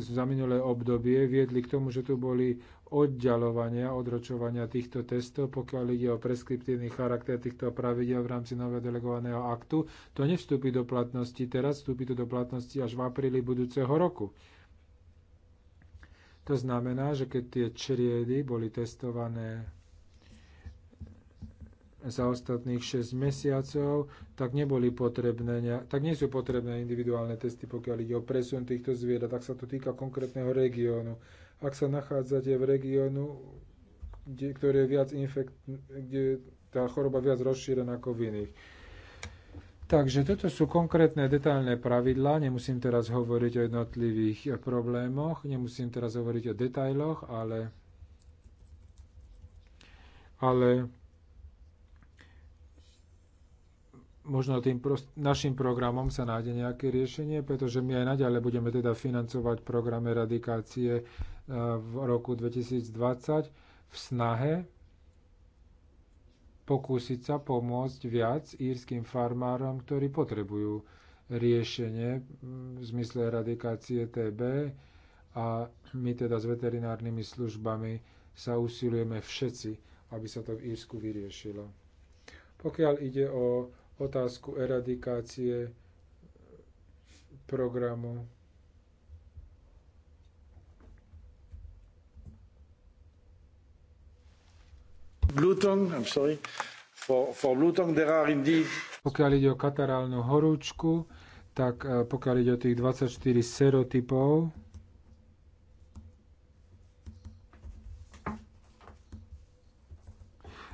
za minulé obdobie viedli k tomu, že tu boli oddialovania, odročovania týchto testov, pokiaľ ide o preskriptívny charakter týchto pravidel v rámci nového delegovaného aktu. To nevstúpi do platnosti teraz, vstúpi to do platnosti až v apríli budúceho roku. To znamená, že keď tie čriedy boli testované za ostatných 6 mesiacov, tak, neboli potrebné, tak nie sú potrebné individuálne testy, pokiaľ ide o presun týchto zvierat, tak sa to týka konkrétneho regiónu. Ak sa nachádzate v regiónu, kde, ktoré je viac infekt, kde tá choroba viac rozšírená ako v iných. Takže toto sú konkrétne detailné pravidlá, nemusím teraz hovoriť o jednotlivých problémoch, nemusím teraz hovoriť o detailoch, ale, ale možno tým prost, našim programom sa nájde nejaké riešenie, pretože my aj naďalej budeme teda financovať program eradikácie e, v roku 2020 v snahe pokúsiť sa pomôcť viac írským farmárom, ktorí potrebujú riešenie v zmysle eradikácie TB a my teda s veterinárnymi službami sa usilujeme všetci, aby sa to v Írsku vyriešilo. Pokiaľ ide o otázku eradikácie programu. Gluten, I'm sorry. For, for gluten there are indeed... Pokiaľ ide o katarálnu horúčku, tak eh, pokiaľ ide o tých 24 serotypov,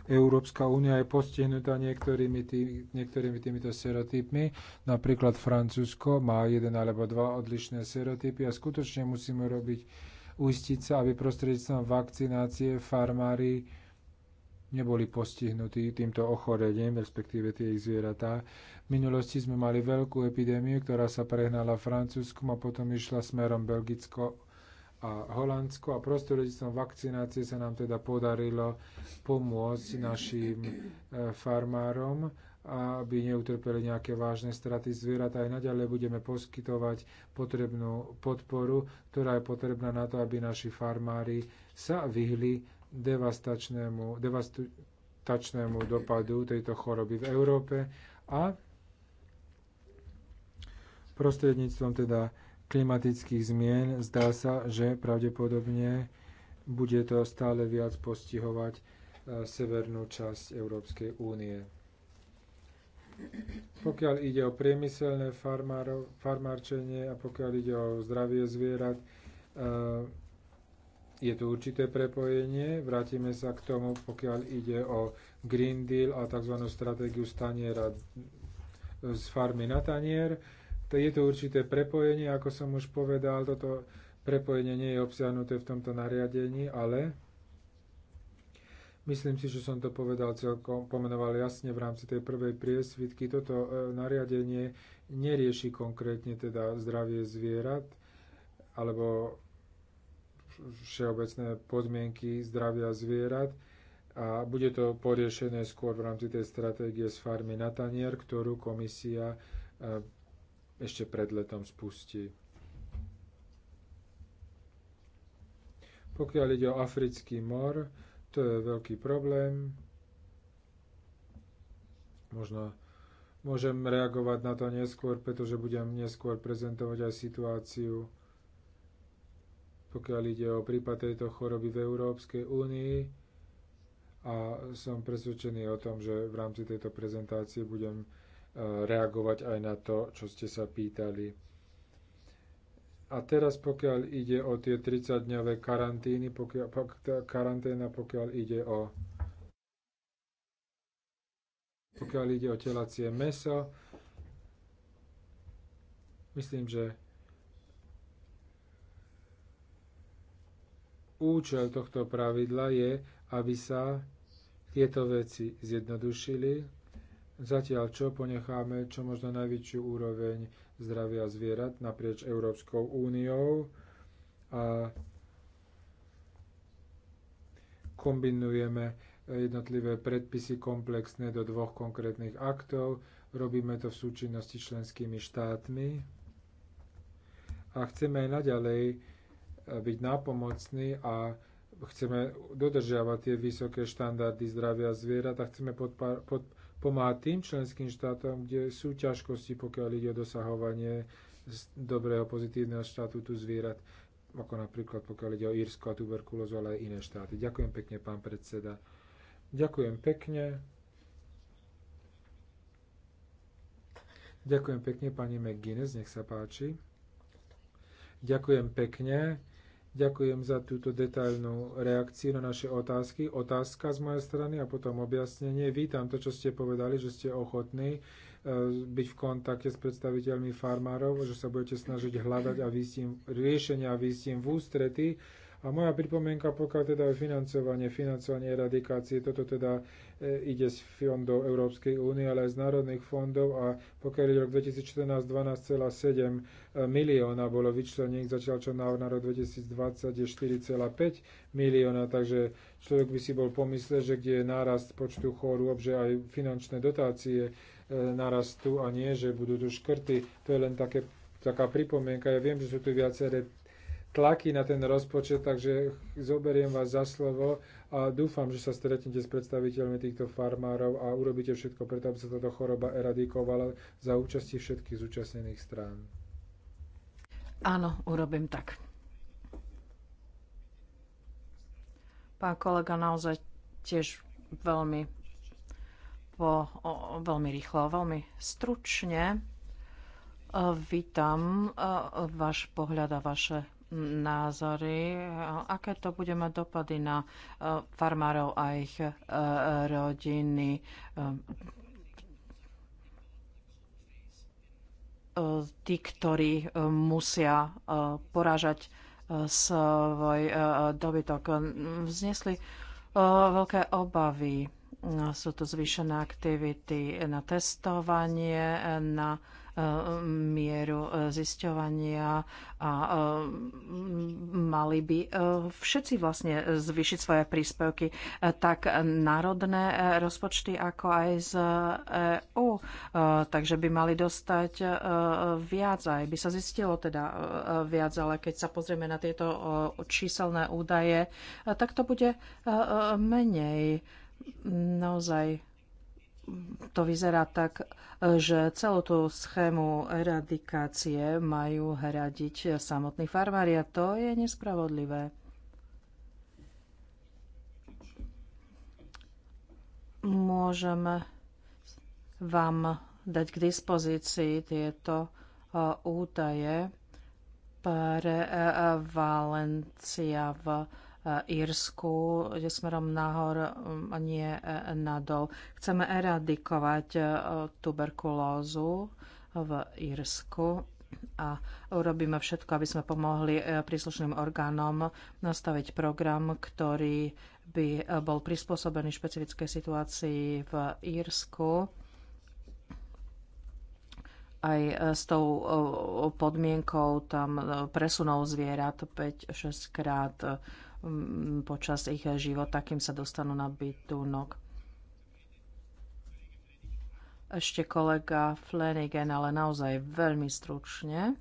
Európska únia je postihnutá niektorými, tý, niektorými týmito stereotypmi. Napríklad Francúzsko má jeden alebo dva odlišné stereotypy a skutočne musíme robiť uistiť sa, aby prostredníctvom vakcinácie farmári neboli postihnutí týmto ochorením, respektíve tie ich zvieratá. V minulosti sme mali veľkú epidémiu, ktorá sa prehnala Francúzskom a potom išla smerom Belgicko, a Holandsko a prostredníctvom vakcinácie sa nám teda podarilo pomôcť našim e, farmárom, aby neutrpeli nejaké vážne straty zvierat. Aj naďalej budeme poskytovať potrebnú podporu, ktorá je potrebná na to, aby naši farmári sa vyhli devastačnému, devastačnému dopadu tejto choroby v Európe a prostredníctvom teda klimatických zmien, zdá sa, že pravdepodobne bude to stále viac postihovať e, severnú časť Európskej únie. Pokiaľ ide o priemyselné farmárčenie a pokiaľ ide o zdravie zvierat, e, je tu určité prepojenie. Vrátime sa k tomu, pokiaľ ide o Green Deal a tzv. stratégiu staniera z farmy na tanier. To je to určité prepojenie, ako som už povedal, toto prepojenie nie je obsiahnuté v tomto nariadení, ale myslím si, že som to povedal celkom, pomenoval jasne v rámci tej prvej priesvitky. Toto e, nariadenie nerieši konkrétne teda zdravie zvierat alebo všeobecné podmienky zdravia zvierat a bude to poriešené skôr v rámci tej stratégie z farmy na tanier, ktorú komisia e, ešte pred letom spustí. Pokiaľ ide o Africký mor, to je veľký problém. Možno môžem reagovať na to neskôr, pretože budem neskôr prezentovať aj situáciu, pokiaľ ide o prípad tejto choroby v Európskej únii. A som presvedčený o tom, že v rámci tejto prezentácie budem Eh, reagovať aj na to, čo ste sa pýtali. A teraz pokiaľ ide o tie 30-dňové karantíny, pokiaľ, karanténa, pokiaľ ide o pokiaľ ide o telacie meso, myslím, že účel tohto pravidla je, aby sa tieto veci zjednodušili, Zatiaľ čo ponecháme čo možno najväčšiu úroveň zdravia zvierat naprieč Európskou úniou a kombinujeme jednotlivé predpisy komplexné do dvoch konkrétnych aktov. Robíme to v súčinnosti členskými štátmi a chceme aj naďalej eh, byť nápomocní a chceme dodržiavať tie vysoké štandardy zdravia zvierat a chceme podporovať pomáha tým členským štátom, kde sú ťažkosti, pokiaľ ide o dosahovanie dobrého pozitívneho štatútu zvierat, ako napríklad pokiaľ ide o Írsko a tuberkulózu, ale aj iné štáty. Ďakujem pekne, pán predseda. Ďakujem pekne. Ďakujem pekne, pani McGuinness, nech sa páči. Ďakujem pekne. Ďakujem za túto detailnú reakciu na naše otázky. Otázka z mojej strany a potom objasnenie. Vítam to, čo ste povedali, že ste ochotní e, byť v kontakte s predstaviteľmi farmárov, že sa budete snažiť hľadať a výsť im riešenia a výsť im v ústrety a moja pripomienka, pokiaľ teda o financovanie, financovanie eradikácie, toto teda e, ide z fondov Európskej únie, ale aj z národných fondov a pokiaľ je rok 2014 12,7 e, milióna bolo vyčlených, začal čo na rok 2020 je 4,5 milióna, takže človek by si bol pomysle, že kde je nárast počtu chorôb, že aj finančné dotácie e, narastú a nie, že budú tu škrty. To je len také, taká pripomienka. Ja viem, že sú tu viaceré tlaky na ten rozpočet, takže zoberiem vás za slovo a dúfam, že sa stretnete s predstaviteľmi týchto farmárov a urobíte všetko preto, aby sa táto choroba eradikovala za účasti všetkých zúčastnených strán. Áno, urobím tak. Pán kolega naozaj tiež veľmi, po, o, veľmi rýchlo, veľmi stručne. E, vítam e, váš pohľad a vaše názory, aké to bude mať dopady na e, farmárov a ich e, rodiny. E, tí, ktorí musia porážať svoj dobytok, vznesli veľké obavy. Sú tu zvýšené aktivity na testovanie, na mieru e, zisťovania a e, mali by e, všetci vlastne zvyšiť svoje príspevky, tak národné rozpočty ako aj z EU. Takže by mali dostať viac, aj by sa zistilo teda viac, ale keď sa pozrieme na tieto číselné údaje, tak to bude menej naozaj to vyzerá tak, že celú tú schému eradikácie majú hradiť samotní farmári a to je nespravodlivé. Môžeme vám dať k dispozícii tieto údaje pre Valencia v Eh, Írsku, že smerom nahor mm, a nie eh, nadol. Chceme eradikovať eh, tuberkulózu v Írsku a urobíme všetko, aby sme pomohli príslušným orgánom nastaviť program, ktorý by bol prispôsobený špecifickej situácii v Írsku aj s tou podmienkou tam presunov zvierat 5-6 krát počas ich života, kým sa dostanú na bytunok. Ešte kolega Flanagan, ale naozaj veľmi stručne.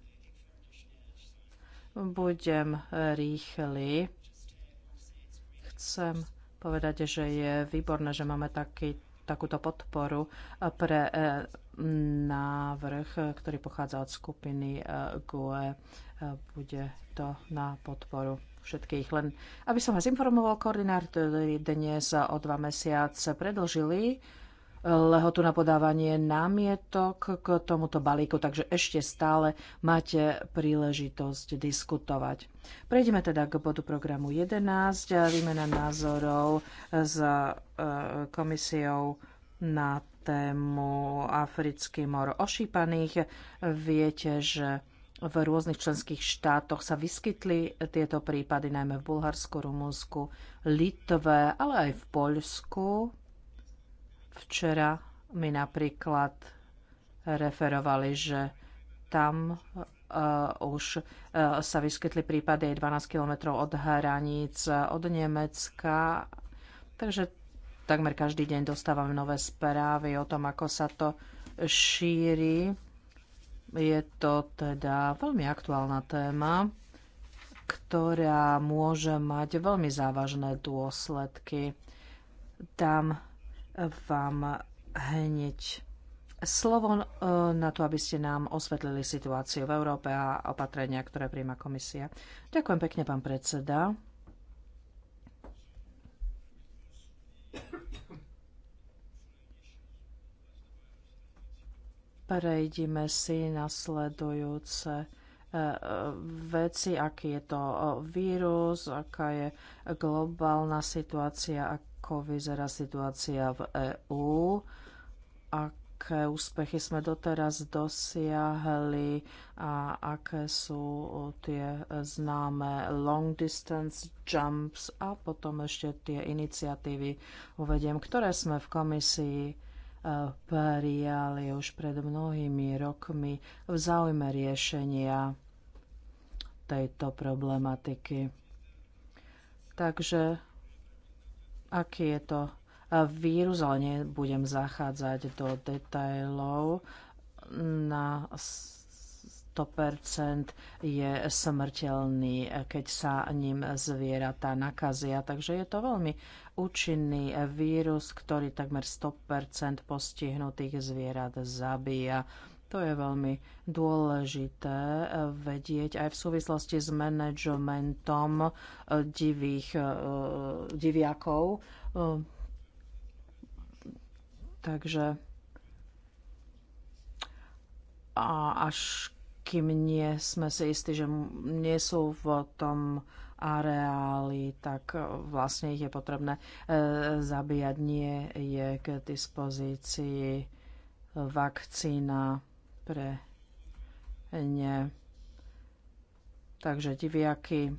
Budem rýchly. Chcem povedať, že je výborné, že máme taký, takúto podporu pre e, návrh, ktorý pochádza od skupiny GUE. E. E, bude to na podporu všetkých. Len aby som vás informoval, koordinátori dnes o dva mesiace predlžili eh, lehotu na podávanie námietok k tomuto balíku, takže ešte stále máte príležitosť diskutovať. Prejdeme teda k bodu programu 11, výmena názorov s eh, komisiou na tému Africký mor ošípaných. Viete, že v rôznych členských štátoch sa vyskytli tieto prípady, najmä v Bulharsku, Rumunsku, Litve, ale aj v Poľsku. Včera mi napríklad referovali, že tam uh, už uh, sa vyskytli prípady 12 kilometrov od hraníc, e, od Nemecka. Takže takmer každý deň dostávame nové správy o tom, ako sa to šíri je to teda veľmi aktuálna téma, ktorá môže mať veľmi závažné dôsledky. Dám vám hneď slovo e, na to, aby ste nám osvetlili situáciu v Európe a opatrenia, ktoré príjma komisia. Ďakujem pekne, pán predseda. Prejdime si nasledujúce eh, eh, veci, aký je to eh, vírus, aká je globálna situácia, ako vyzerá situácia v EÚ, aké úspechy sme doteraz dosiahli a aké sú tie známe long distance jumps a potom ešte tie iniciatívy uvediem, ktoré sme v komisii prijali už pred mnohými rokmi v záujme riešenia tejto problematiky. Takže aký je to vírus, ale nebudem zachádzať do detajlov na 100% je smrteľný, keď sa ním zvieratá nakazia. Takže je to veľmi účinný vírus, ktorý takmer 100% postihnutých zvierat zabíja. To je veľmi dôležité vedieť aj v súvislosti s manažmentom divých, eh, diviakov. Eh, takže a až kým nie sme si istí, že nie sú v tom areáli, tak e, vlastne ich je potrebné e, zabíjať. Nie je k dispozícii vakcína pre ne. Takže diviaky.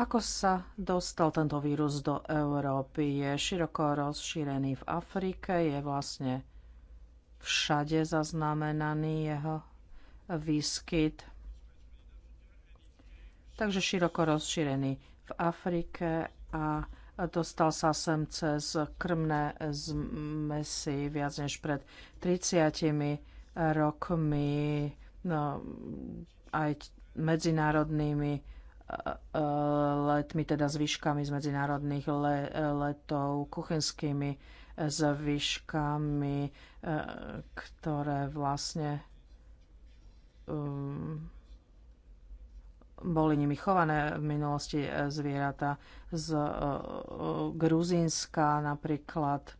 Ako sa dostal tento vírus do Európy? Je široko rozšírený v Afrike, je vlastne všade zaznamenaný jeho výskyt. Takže široko rozšírený v Afrike a dostal sa sem cez krmné zmesy viac než pred 30 rokmi no, aj medzinárodnými e, e, letmi, teda zvyškami z medzinárodných letov, kuchynskými s výškami, e, ktoré vlastne um, boli nimi chované v minulosti e, zvieratá z e, Gruzínska napríklad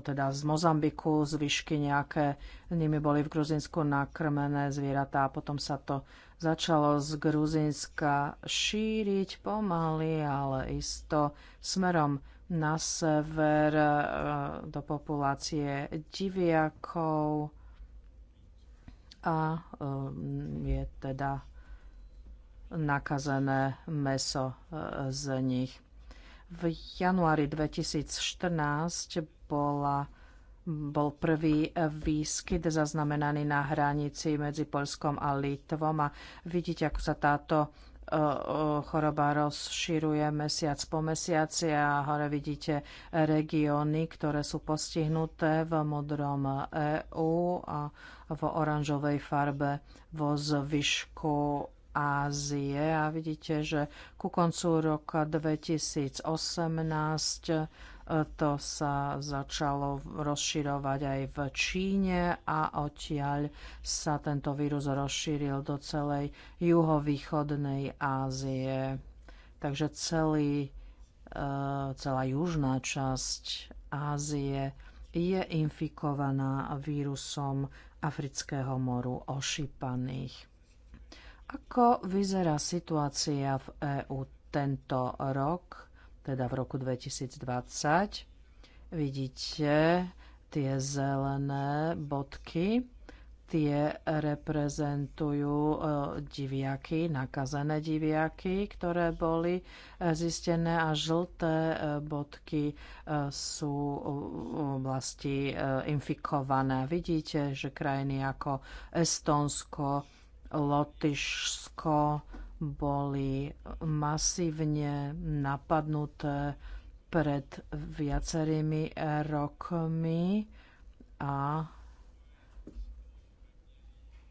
teda z Mozambiku, z výšky nejaké, nimi boli v Gruzinsku nakrmené zvieratá a potom sa to začalo z Gruzinska šíriť pomaly, ale isto smerom na sever e, do populácie diviakov a e, je teda nakazené meso e, z nich. V januári 2014 bola bol prvý výskyt zaznamenaný na hranici medzi Polskom a Litvom a vidíte, ako sa táto choroba rozširuje mesiac po mesiaci a hore vidíte regióny, ktoré sú postihnuté v modrom EU a v oranžovej farbe vo zvyšku Ázie. A vidíte, že ku koncu roka 2018 to sa začalo rozširovať aj v Číne a odtiaľ sa tento vírus rozšíril do celej juhovýchodnej Ázie. Takže celý, e, celá južná časť Ázie je infikovaná vírusom afrického moru ošípaných. Ako vyzerá situácia v EÚ tento rok? teda v roku 2020. Vidíte tie zelené bodky, tie reprezentujú e, diviaky, nakazené diviaky, ktoré boli e, zistené a žlté e, bodky sú oblasti infikované. Vidíte, že krajiny ako Estonsko, Lotyšsko, boli masívne napadnuté pred viacerými rokmi a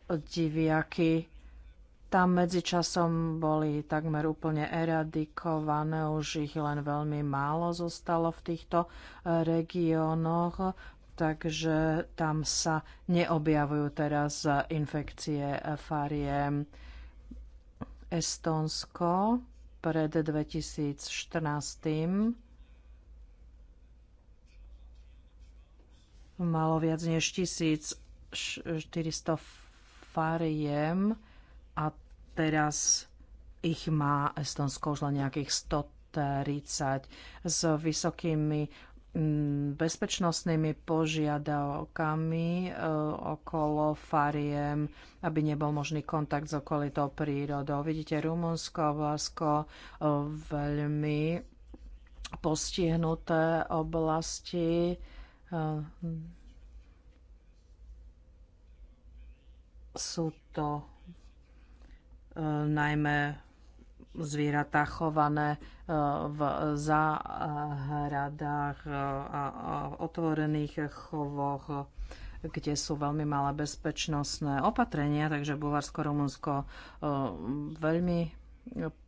diviaky tam medzičasom boli takmer úplne eradikované, už ich len veľmi málo zostalo v týchto regiónoch, takže tam sa neobjavujú teraz infekcie fariem. Estonsko pred 2014 malo viac než 1400 fariem a teraz ich má Estonsko už len nejakých 130 s vysokými bezpečnostnými požiadavkami e, okolo fariem, aby nebol možný kontakt s okolitou prírodou. Vidíte, Rumunsko a Vlasko e, veľmi postihnuté oblasti. E, sú to najmä zvieratá chované e, v záhradách e, a otvorených chovoch kde sú veľmi malé bezpečnostné opatrenia, takže Bulharsko-Rumunsko e, veľmi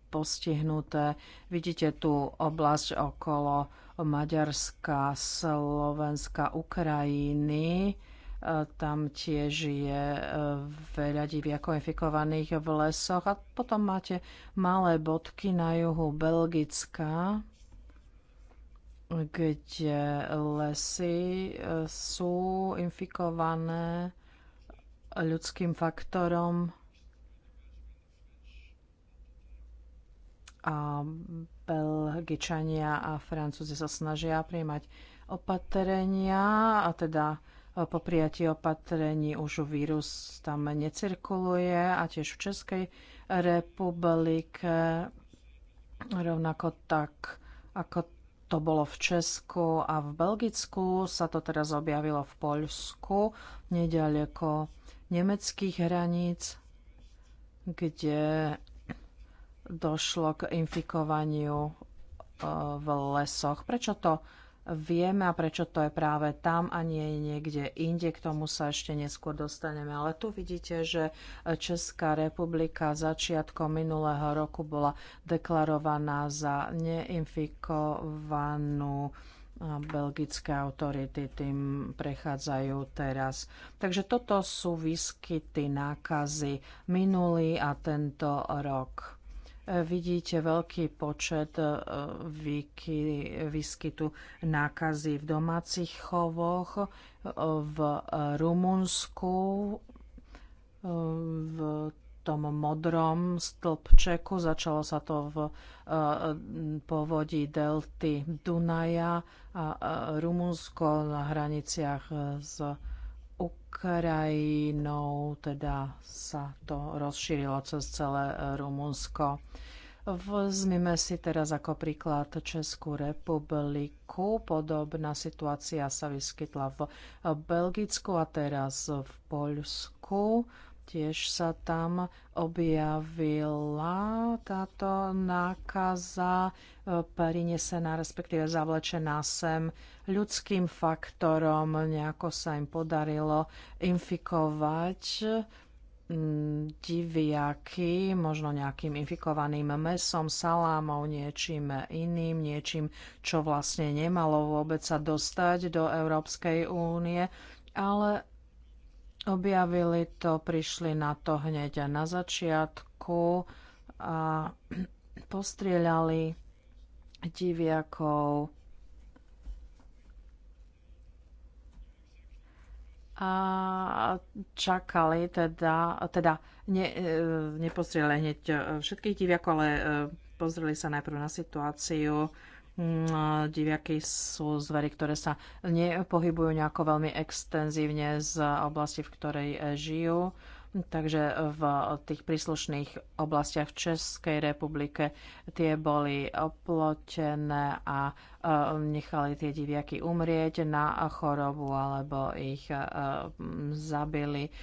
postihnuté. Vidíte tú oblasť okolo Maďarska, Slovenska, Ukrajiny Eh, tam tiež je eh, veľa divia infikovaných v lesoch. A potom máte malé bodky na juhu Belgická, kde lesy eh, sú infikované ľudským faktorom a Belgičania a Francúzi sa snažia prijímať opatrenia a teda po prijatí opatrení už vírus tam necirkuluje a tiež v Českej republike rovnako tak, ako to bolo v Česku a v Belgicku, sa to teraz objavilo v Poľsku, nedaleko nemeckých hraníc, kde došlo k infikovaniu eh, v lesoch. Prečo to vieme a prečo to je práve tam a nie niekde inde. K tomu sa ešte neskôr dostaneme. Ale tu vidíte, že Česká republika začiatkom minulého roku bola deklarovaná za neinfikovanú belgické autority tým prechádzajú teraz. Takže toto sú výskyty nákazy minulý a tento rok vidíte veľký počet e, výskytu nákazy v domácich chovoch, e, v Rumunsku, e, v tom modrom stĺpčeku. Začalo sa to v povodí delty Dunaja a Rumunsko na hraniciach s Ukrajinou, teda sa to rozšírilo cez celé e, Rumunsko. Vzmime si teraz ako príklad Českú republiku. Podobná situácia sa vyskytla v Belgicku a teraz v Poľsku tiež sa tam objavila táto nákaza e, prinesená, respektíve zavlečená sem ľudským faktorom. Nejako sa im podarilo infikovať mm, diviaky, možno nejakým infikovaným mesom, salámov, niečím iným, niečím, čo vlastne nemalo vôbec sa dostať do Európskej únie, ale objavili to, prišli na to hneď na začiatku a <clears throat> postrieľali diviakov. a čakali teda, teda ne, e, nepostrieľali hneď e, všetkých diviakov, ale e, pozreli sa najprv na situáciu Mm, diviaky sú zvery, ktoré sa nepohybujú nejako veľmi extenzívne z oblasti, v ktorej eh, žijú. Takže v tých príslušných oblastiach v Českej republike tie boli oplotené a eh, nechali tie diviaky umrieť na chorobu alebo ich eh, zabili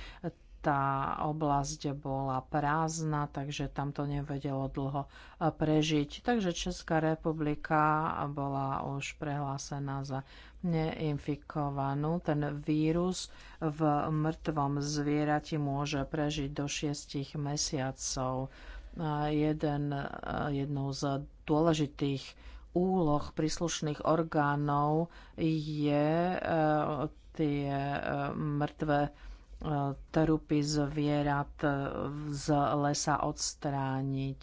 tá oblasť bola prázdna, takže tam to nevedelo dlho eh, prežiť. Takže Česká republika bola už prehlásená za neinfikovanú. Ten vírus v mŕtvom zvierati môže prežiť do 6 mesiacov. Eh, jeden, eh, jednou z dôležitých úloh príslušných orgánov je tie mŕtve trupy zvierat e, z lesa odstrániť.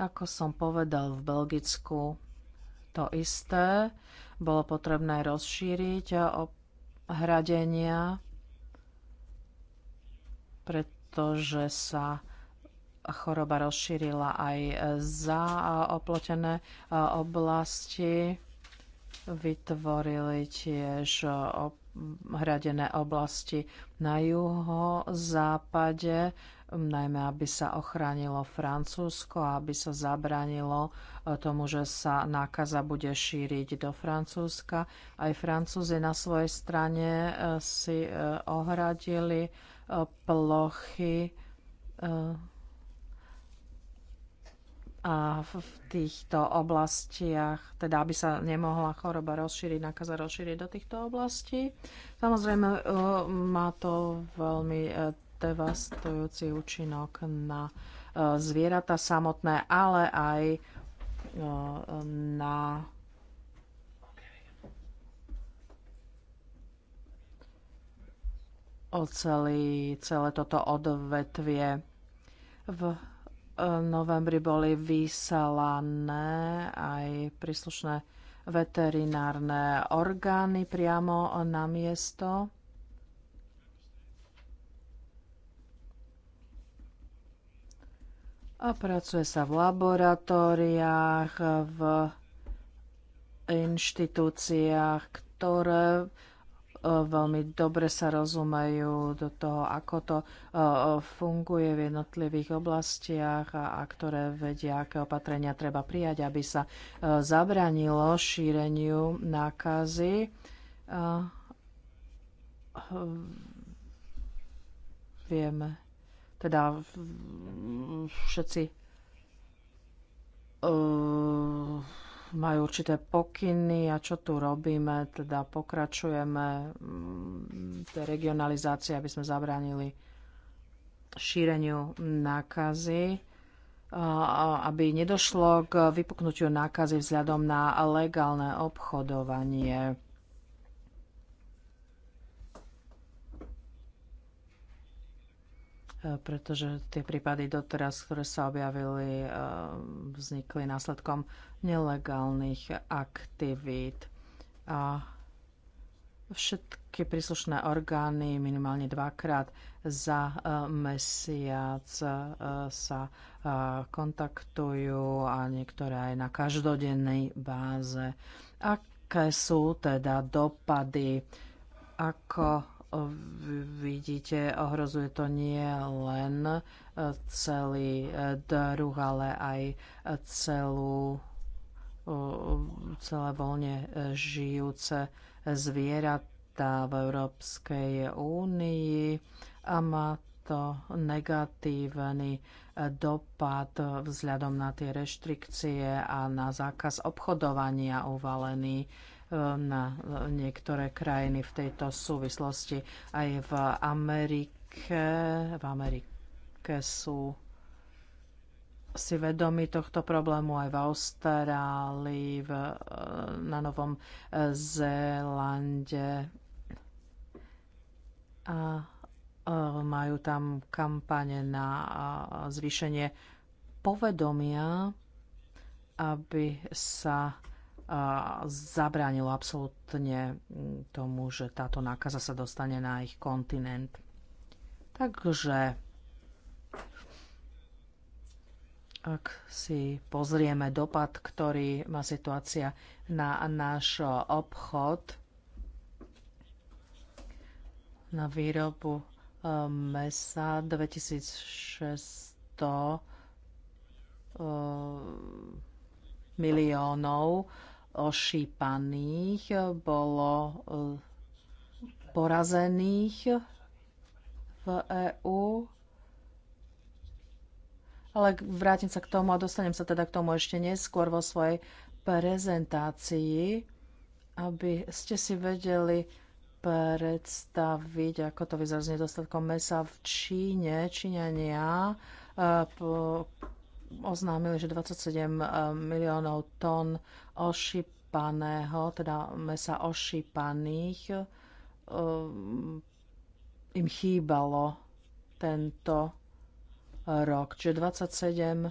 Ako som povedal v Belgicku, to isté. Bolo potrebné rozšíriť e, hradenia, pretože sa choroba rozšírila aj za e, oplotené oblasti vytvorili tiež hradené oblasti na juhozápade, najmä aby sa ochránilo Francúzsko, aby sa zabranilo tomu, že sa nákaza bude šíriť do Francúzska. Aj Francúzi na svojej strane e, si e, ohradili plochy e, a v týchto oblastiach, teda aby sa nemohla choroba rozšíriť, nakaza rozšíriť do týchto oblastí. Samozrejme, e, má to veľmi e, devastujúci účinok na e, zvieratá samotné, ale aj na celé toto odvetvie v novembri boli vyselané aj príslušné veterinárne orgány priamo na miesto. A pracuje sa v laboratóriách, v inštitúciách, ktoré E, veľmi dobre sa rozumejú do toho, ako to e, funguje v jednotlivých oblastiach a, a ktoré vedia, aké opatrenia treba prijať, aby sa e, zabranilo šíreniu nákazy. Hm, vieme, teda všetci majú určité pokyny a čo tu robíme, teda pokračujeme mm, tej regionalizácie, aby sme zabránili šíreniu nákazy aby nedošlo k vypuknutiu nákazy vzhľadom na legálne obchodovanie. Eh, pretože tie prípady doteraz, ktoré sa objavili, eh, vznikli následkom nelegálnych aktivít. A všetky príslušné orgány minimálne dvakrát za eh, mesiac sa kontaktujú a niektoré aj na každodennej báze. Aké sú teda dopady, ako vidíte, ohrozuje to nie len e, celý e, druh, ale aj celú, e, celé voľne žijúce zvieratá v Európskej únii a má to negatívny dopad vzhľadom na tie reštrikcie a na zákaz obchodovania uvalený na niektoré krajiny v tejto súvislosti. Aj v Amerike, v Amerike sú si vedomi tohto problému aj v Austrálii, v, na Novom Zélande. A e, majú tam kampane na e, zvýšenie povedomia, aby sa zabránilo absolútne tomu, že táto nákaza sa dostane na ich kontinent. Takže ak si pozrieme dopad, ktorý má situácia na náš obchod, na výrobu e, mesa 2600 e, miliónov, ošípaných bolo e, porazených v EÚ. Ale vrátim sa k tomu a dostanem sa teda k tomu ešte neskôr vo svojej prezentácii, aby ste si vedeli predstaviť, ako to vyzerá s nedostatkom mesa v Číne. Číňania e, oznámili, že 27 eh, miliónov tón ošípaného, teda mesa ošípaných, eh, im chýbalo tento rok. Čiže 27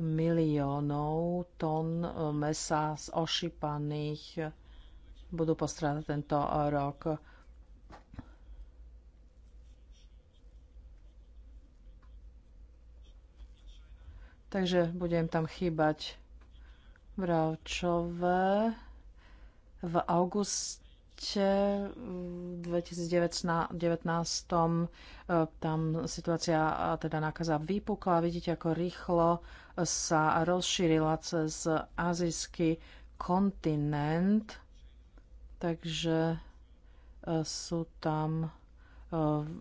miliónov tón eh, mesa z ošípaných budú postrádať tento rok. Takže budem tam chýbať bravčové. v auguste 2019 mm, e, tam situácia teda nákaza vypukla. Vidíte, ako rýchlo sa rozšírila cez azijský kontinent. Takže e, sú tam e,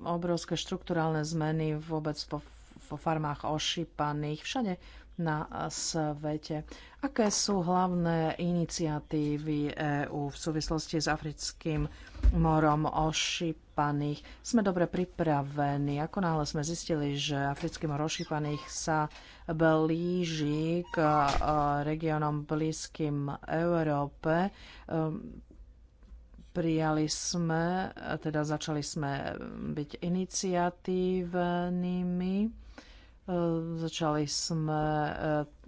obrovské štruktúrálne zmeny vôbec po vo farmách ošípaných, všade na svete. Aké sú hlavné iniciatívy EÚ v súvislosti s africkým morom ošípaných? Sme dobre pripravení. Ako náhle sme zistili, že africký mor ošípaných sa blíži k e, regiónom blízkym Európe, um, prijali sme, teda začali sme byť iniciatívnymi Začali sme e,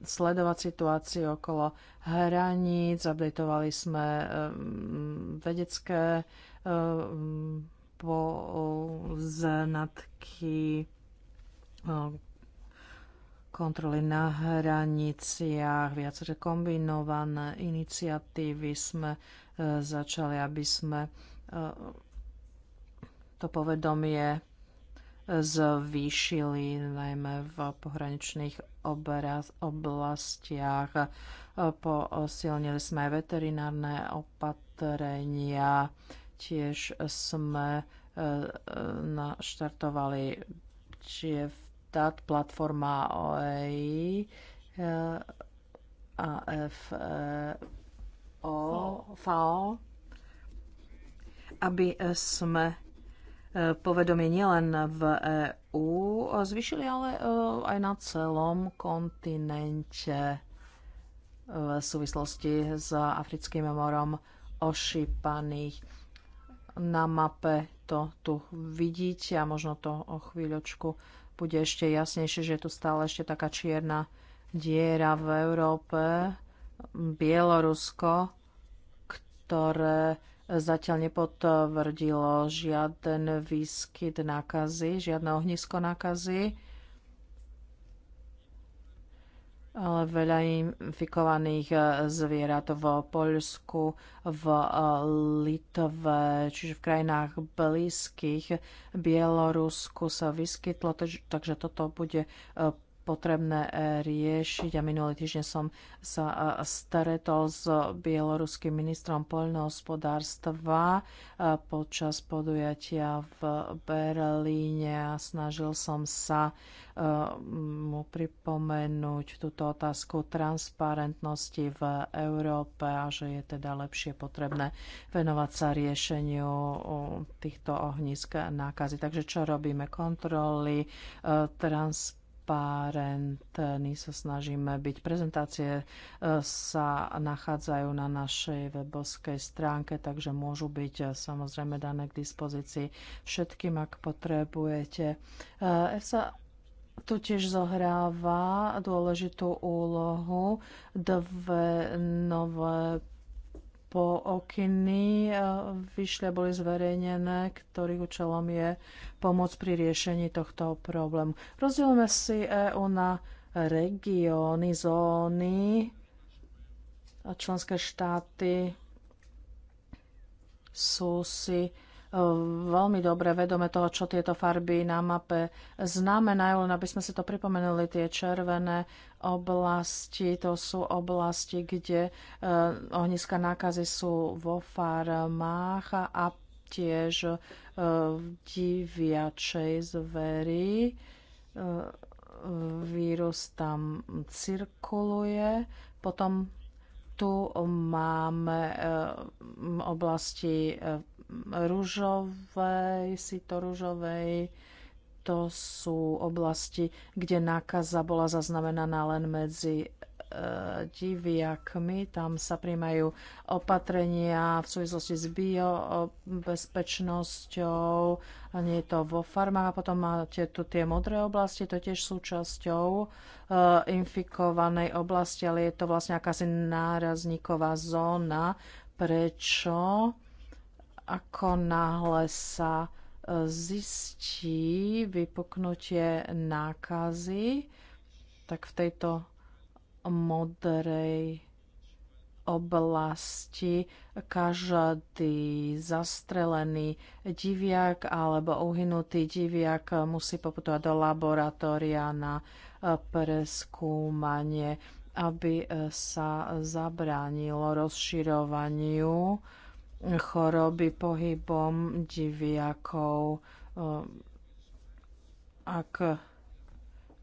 sledovať situáciu okolo hraníc, updatovali sme e, vedecké e, poznatky, kontroly na hraniciach, viaceré kombinované iniciatívy sme začali, aby sme to povedomie zvýšili, najmä v pohraničných obraz, oblastiach. Posilnili sme aj veterinárne opatrenia, tiež sme e, e, naštartovali je vtát platforma OEI e, a F, FAO, aby sme povedomie nielen v EÚ zvyšili, ale e, aj na celom kontinente e, v súvislosti s Africkým morom ošípaných. Na mape to tu vidíte a možno to o chvíľočku bude ešte jasnejšie, že je tu stále ešte taká čierna diera v Európe. Bielorusko, ktoré zatiaľ nepotvrdilo žiaden výskyt nákazy, žiadne ohnisko nákazy, ale veľa infikovaných e, zvierat v Poľsku, v e, Litve, čiže v krajinách blízkych Bielorusku sa vyskytlo, takže toto bude e, potrebné e, riešiť. A minulý týždeň som sa e, stretol s bieloruským ministrom poľnohospodárstva e, počas podujatia v Berlíne a snažil som sa mu pripomenúť túto otázku transparentnosti v Európe a že je teda lepšie potrebné venovať sa riešeniu týchto ohnízk nákazy. Takže čo robíme? Kontroly, transparentnosti transparentní, sa snažíme byť. Prezentácie e, sa nachádzajú na našej webovskej stránke, takže môžu byť e, samozrejme dané k dispozícii všetkým, ak potrebujete. E, EFSA tu tiež zohráva dôležitú úlohu. Dve nové okiny e, vyšli a boli zverejnené, ktorých účelom je pomoc pri riešení tohto problému. Rozdielme si EU na regióny, zóny a členské štáty sú si veľmi dobre vedome toho, čo tieto farby na mape znamenajú, len aby sme si to pripomenuli, tie červené oblasti, to sú oblasti, kde e, ohniska nákazy sú vo farmách a tiež e, v diviačej zveri. E, vírus tam cirkuluje, potom tu máme eh, oblasti eh, rúžovej, sito-rúžovej, to sú oblasti, kde nákaza bola zaznamenaná len medzi diviakmi. Tam sa príjmajú opatrenia v súvislosti s biobezpečnosťou, nie je to vo farmách. A potom máte tu tie modré oblasti, to tiež súčasťou e, infikovanej oblasti, ale je to vlastne akási nárazníková zóna. Prečo? Ako náhle sa e, zistí vypuknutie nákazy, tak v tejto modrej oblasti každý zastrelený diviak alebo uhynutý diviak musí poputovať do laboratória na e, preskúmanie, aby e, sa zabránilo rozširovaniu choroby pohybom diviakov. E, ak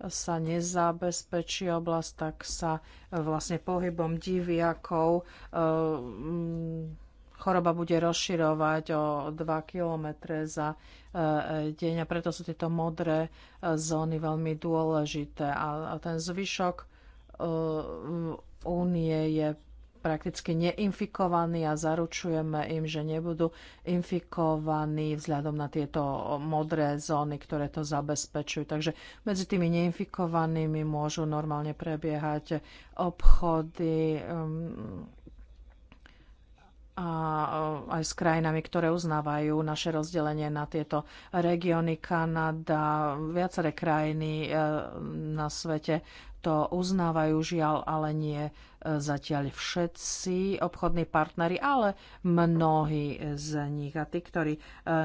sa nezabezpečí oblasť, tak sa e, vlastne pohybom diviakov e, mm, choroba bude rozširovať o 2 km za e, deň a preto sú tieto modré zóny veľmi dôležité. A ten zvyšok únie je prakticky neinfikovaní a zaručujeme im, že nebudú infikovaní vzhľadom na tieto modré zóny, ktoré to zabezpečujú. Takže medzi tými neinfikovanými môžu normálne prebiehať obchody, um, a um, aj s krajinami, ktoré uznávajú naše rozdelenie na tieto regióny. Kanada, viaceré krajiny eh, na svete to uznávajú, žiaľ, ale nie zatiaľ všetci obchodní partnery, ale mnohí z nich. A tí, ktorí e,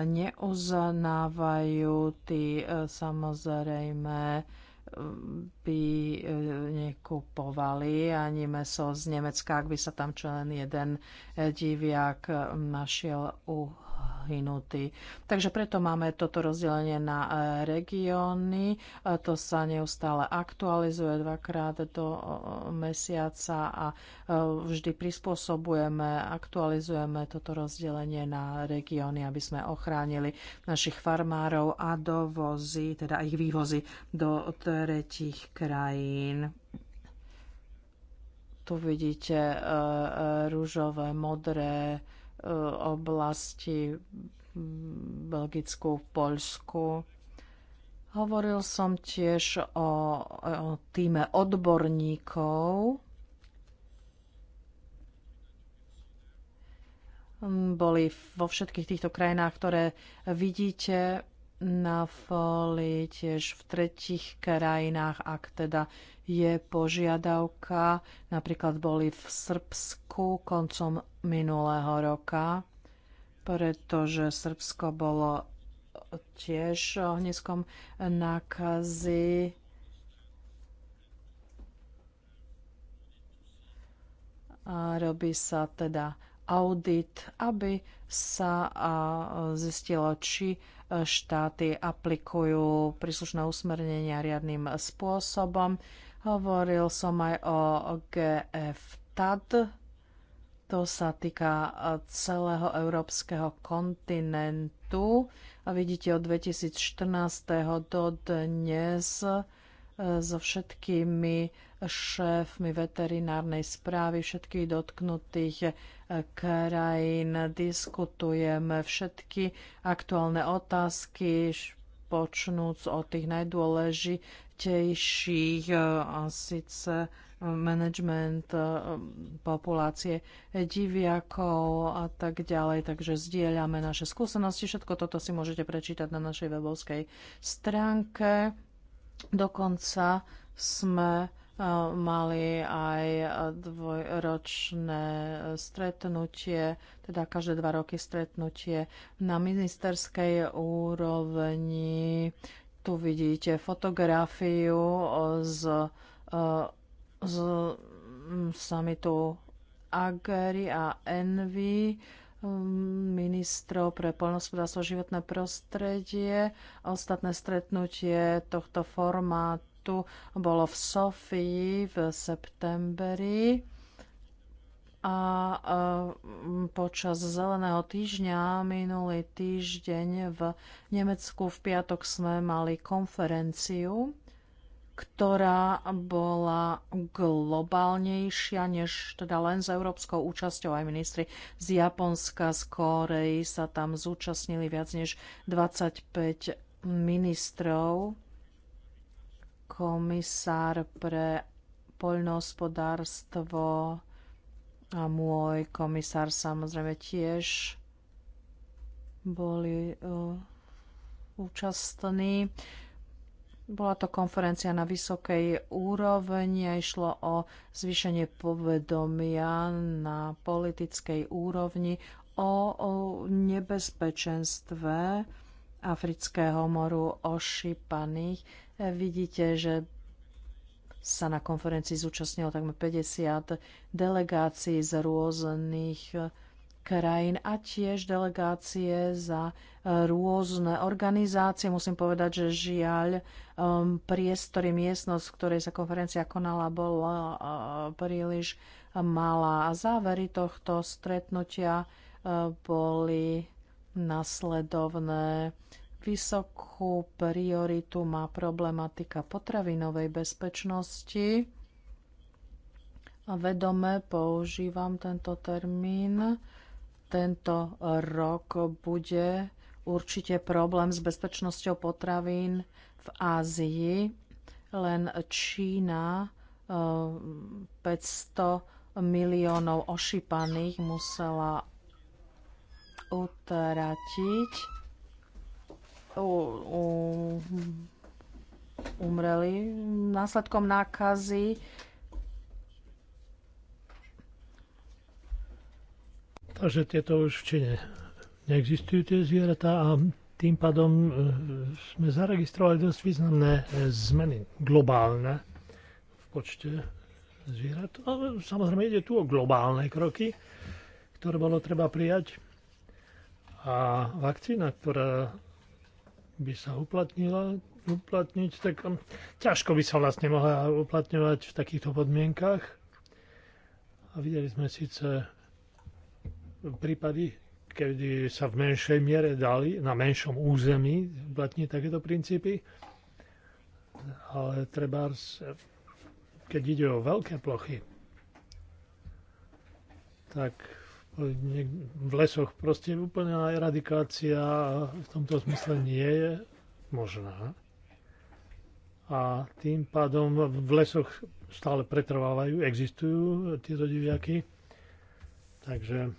neuznávajú, tí e, samozrejme by e, nekupovali ani meso z Nemecka, ak by sa tam čo len jeden diviak našiel u zahynutí. Takže preto máme toto rozdelenie na e, regióny. E, to sa neustále aktualizuje dvakrát do e, mesiaca a vždy prispôsobujeme, aktualizujeme toto rozdelenie na regióny, aby sme ochránili našich farmárov a dovozy, teda ich vývozy do tretich krajín. Tu vidíte rúžové, modré, Eh, oblasti mm, Belgicku, Poľsku. Hovoril som tiež o, o týme odborníkov. Mm, boli vo všetkých týchto krajinách, ktoré vidíte na folii, tiež v tretich krajinách, ak teda je požiadavka. Napríklad boli v Srbsku koncom minulého roka, pretože Srbsko bolo tiež ohniskom nákazy. A robí sa teda audit, aby sa zistilo, či štáty aplikujú príslušné usmernenia riadnym spôsobom. Hovoril som aj o GFTAD. To sa týka e, celého európskeho kontinentu. A vidíte, od 2014. do dnes e, so všetkými šéfmi veterinárnej správy všetkých dotknutých e, krajín diskutujeme všetky aktuálne otázky, počnúc o tých najdôležitejších najdôležitejších, e, a síce e, management e, populácie diviakov a tak ďalej. Takže zdieľame naše skúsenosti. Všetko toto si môžete prečítať na našej webovskej stránke. Dokonca sme mali aj dvojročné stretnutie, teda každé dva roky stretnutie na ministerskej úrovni tu vidíte fotografiu z, z mm, samitu Agri a Envy mm, ministrov pre poľnohospodárstvo životné prostredie. Ostatné stretnutie tohto formátu bolo v Sofii v septembri. A počas zeleného týždňa minulý týždeň v Nemecku v piatok sme mali konferenciu, ktorá bola globálnejšia než teda len s európskou účasťou. Aj ministri z Japonska, z Kórei sa tam zúčastnili viac než 25 ministrov. Komisár pre poľnohospodárstvo, a môj komisár samozrejme tiež boli uh, účastní. Bola to konferencia na vysokej úrovni a išlo o zvýšenie povedomia na politickej úrovni o, o nebezpečenstve afrického moru ošípaných. E, vidíte, že sa na konferencii zúčastnilo takmer 50 delegácií z rôznych eh, krajín a tiež delegácie za eh, rôzne organizácie. Musím povedať, že žiaľ um, priestory, miestnosť, v ktorej sa konferencia konala, bola uh, príliš malá. A závery tohto stretnutia uh, boli nasledovné. Vysokú prioritu má problematika potravinovej bezpečnosti. A vedome používam tento termín. Tento rok bude určite problém s bezpečnosťou potravín v Ázii. Len Čína 500 eh, miliónov ošípaných musela utratiť umreli následkom nákazy. Takže tieto už v Číne neexistujú tie zvieratá a tým pádom e, sme zaregistrovali dosť významné e, zmeny globálne v počte zvierat. A samozrejme ide tu o globálne kroky, ktoré bolo treba prijať. A vakcína, ktorá by sa uplatnila, uplatniť, tak um, ťažko by sa vlastne mohla uplatňovať v takýchto podmienkach. A videli sme síce prípady, kedy sa v menšej miere dali na menšom území uplatniť takéto princípy, ale treba, keď ide o veľké plochy, tak v lesoch proste úplná eradikácia v tomto zmysle nie je možná. A tým pádom v lesoch stále pretrvávajú, existujú tieto diviaky. Takže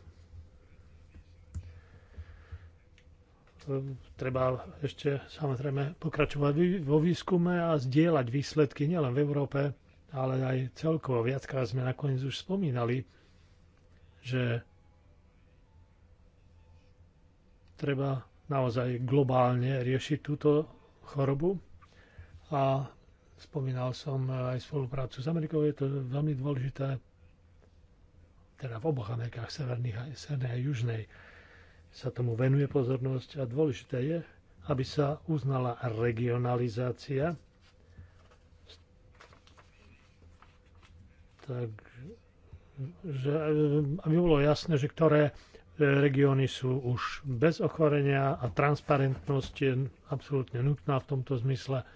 ehm, treba ešte samozrejme pokračovať vo výskume a zdieľať výsledky nielen v Európe, ale aj celkovo. Viackrát sme nakoniec už spomínali, že treba naozaj globálne riešiť túto chorobu. A spomínal som aj spoluprácu s Amerikou, je to veľmi dôležité, teda v oboch Amerikách, severných a severnej a južnej, sa tomu venuje pozornosť a dôležité je, aby sa uznala regionalizácia. Takže aby bolo jasné, že ktoré regióny sú už bez ochorenia a transparentnosť je absolútne nutná v tomto zmysle. E,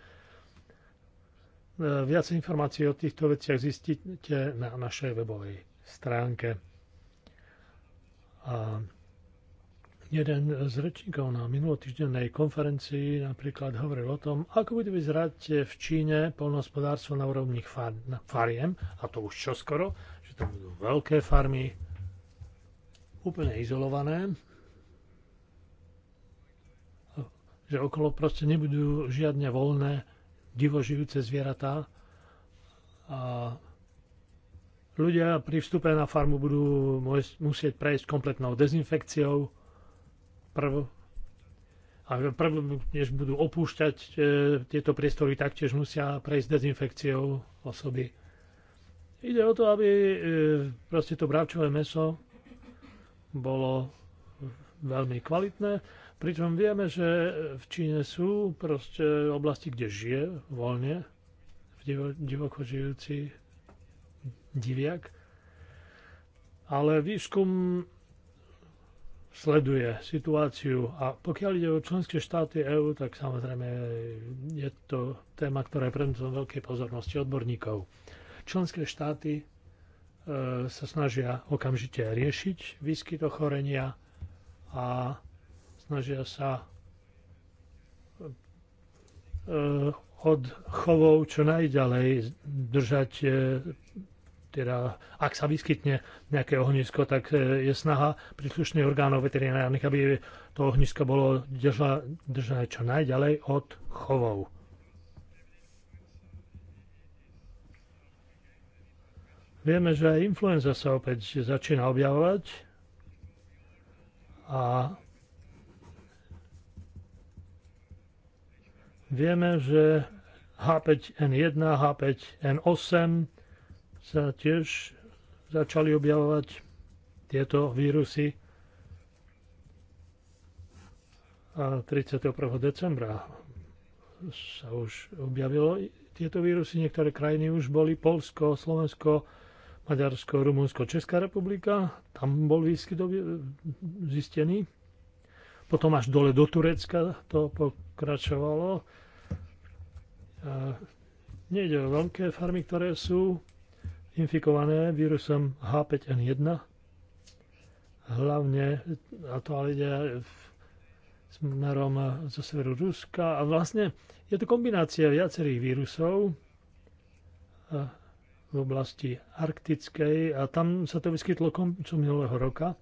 viac informácií o týchto veciach zistíte na našej webovej stránke. A jeden z rečníkov na minulotýždennej konferencii napríklad hovoril o tom, ako bude vyzerať v Číne polnohospodárstvo na úrovni fariem, a to už čoskoro, že tam budú veľké farmy, úplne izolované, že okolo proste nebudú žiadne voľné divožijúce zvieratá a ľudia pri vstupe na farmu budú musieť prejsť kompletnou dezinfekciou prv, a prv, než budú opúšťať e, tieto priestory, taktiež musia prejsť dezinfekciou osoby. Ide o to, aby e, proste to bravčové meso bolo veľmi kvalitné. Pričom vieme, že v Číne sú proste oblasti, kde žije voľne divoko žijúci diviak. Ale výskum sleduje situáciu a pokiaľ ide o členské štáty EÚ, tak samozrejme je to téma, ktorá je predmetom veľkej pozornosti odborníkov. Členské štáty E, sa snažia okamžite riešiť výskyt ochorenia a snažia sa e, od chovov čo najďalej držať, e, teda ak sa vyskytne nejaké ohnisko, tak je snaha príslušných orgánov veterinárnych, aby to ohnisko bolo držané čo najďalej od chovov. Vieme, že aj influenza sa opäť začína objavovať a vieme, že H5N1, H5N8 sa tiež začali objavovať tieto vírusy a 31. decembra sa už objavilo tieto vírusy. Niektoré krajiny už boli Polsko, Slovensko, Maďarsko, Rumunsko, Česká republika, tam bol výskyt zistený. Potom až dole do Turecka to pokračovalo. Nejde o veľké farmy, ktoré sú infikované vírusom H5N1. Hlavne, a to ale ide smerom zo severu Ruska. A vlastne je to kombinácia viacerých vírusov v oblasti arktickej a tam sa to vyskytlo koncom minulého roka.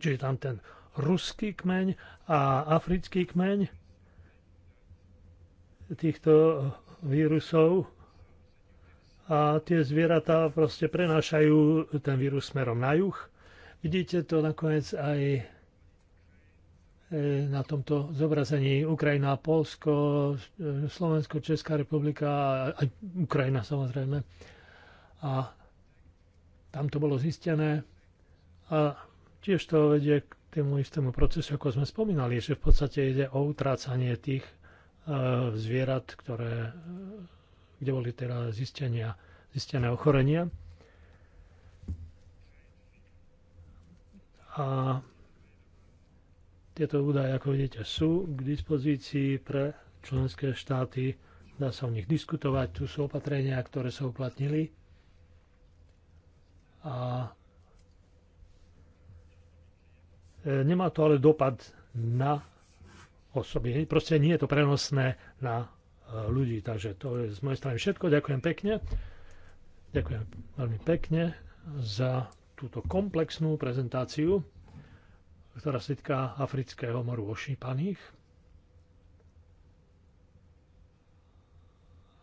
Čiže tam ten ruský kmeň a africký kmeň týchto vírusov a tie zvieratá proste prenášajú ten vírus smerom na juh. Vidíte to nakoniec aj e, na tomto zobrazení Ukrajina, Polsko, e, Slovensko, Česká republika a Ukrajina samozrejme a tam to bolo zistené a tiež to vedie k tomu istému procesu, ako sme spomínali, že v podstate ide o utrácanie tých e, zvierat, ktoré, e, kde boli teda zistenia, zistené ochorenia. A tieto údaje, ako vidíte, sú k dispozícii pre členské štáty. Dá sa o nich diskutovať. Tu sú opatrenia, ktoré sa uplatnili a e, nemá to ale dopad na osoby. Proste nie je to prenosné na e, ľudí. Takže to je z mojej strany všetko. Ďakujem pekne. Ďakujem veľmi pekne za túto komplexnú prezentáciu, ktorá sa týka afrického moru ošípaných.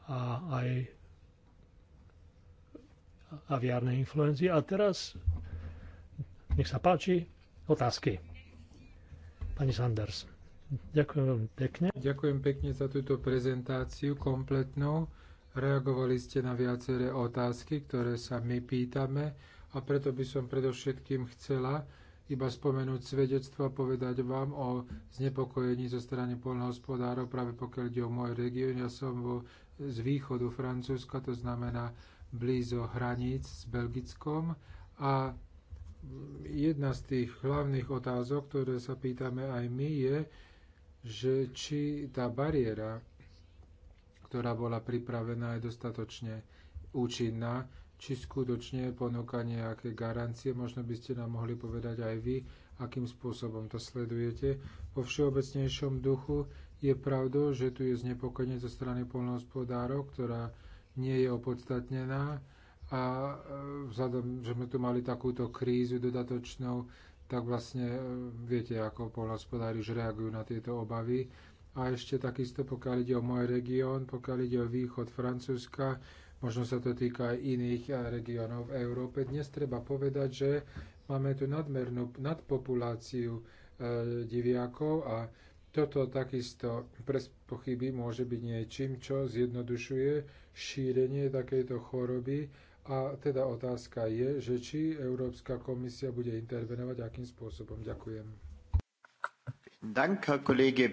A aj aviárnej influenzy. A teraz, nech sa páči, otázky. Pani Sanders, ďakujem veľmi pekne. Ďakujem pekne za túto prezentáciu kompletnú. Reagovali ste na viaceré otázky, ktoré sa my pýtame a preto by som predovšetkým chcela iba spomenúť svedectvo a povedať vám o znepokojení zo strany poľnohospodárov, práve pokiaľ ide o môj región. Ja som vo, z východu Francúzska, to znamená blízo hraníc s Belgickom a jedna z tých hlavných otázok, ktoré sa pýtame aj my, je, že či tá bariéra, ktorá bola pripravená, je dostatočne účinná, či skutočne ponúka nejaké garancie. Možno by ste nám mohli povedať aj vy, akým spôsobom to sledujete. Vo všeobecnejšom duchu je pravdou, že tu je znepokojenie zo strany polnohospodárov, ktorá nie je opodstatnená a e, vzhľadom, že sme tu mali takúto krízu dodatočnú, tak vlastne e, viete, ako polnospodári už reagujú na tieto obavy. A ešte takisto, pokiaľ ide o môj región, pokiaľ ide o východ Francúzska, možno sa to týka aj iných e, regiónov v Európe, dnes treba povedať, že máme tu nadmernú nadpopuláciu e, diviakov a toto takisto bez pochyby môže byť niečím, čo zjednodušuje šírenie takejto choroby a teda otázka je, že či Európska komisia bude intervenovať, akým spôsobom. Ďakujem. Danke, kolege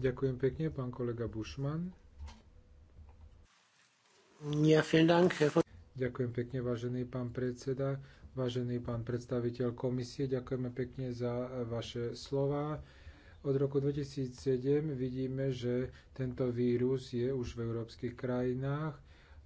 Ďakujem pekne, pán kolega Bušman. Ja, Dank. Ďakujem pekne, vážený pán predseda, vážený pán predstaviteľ komisie. Ďakujeme pekne za vaše slova od roku 2007 vidíme, že tento vírus je už v európskych krajinách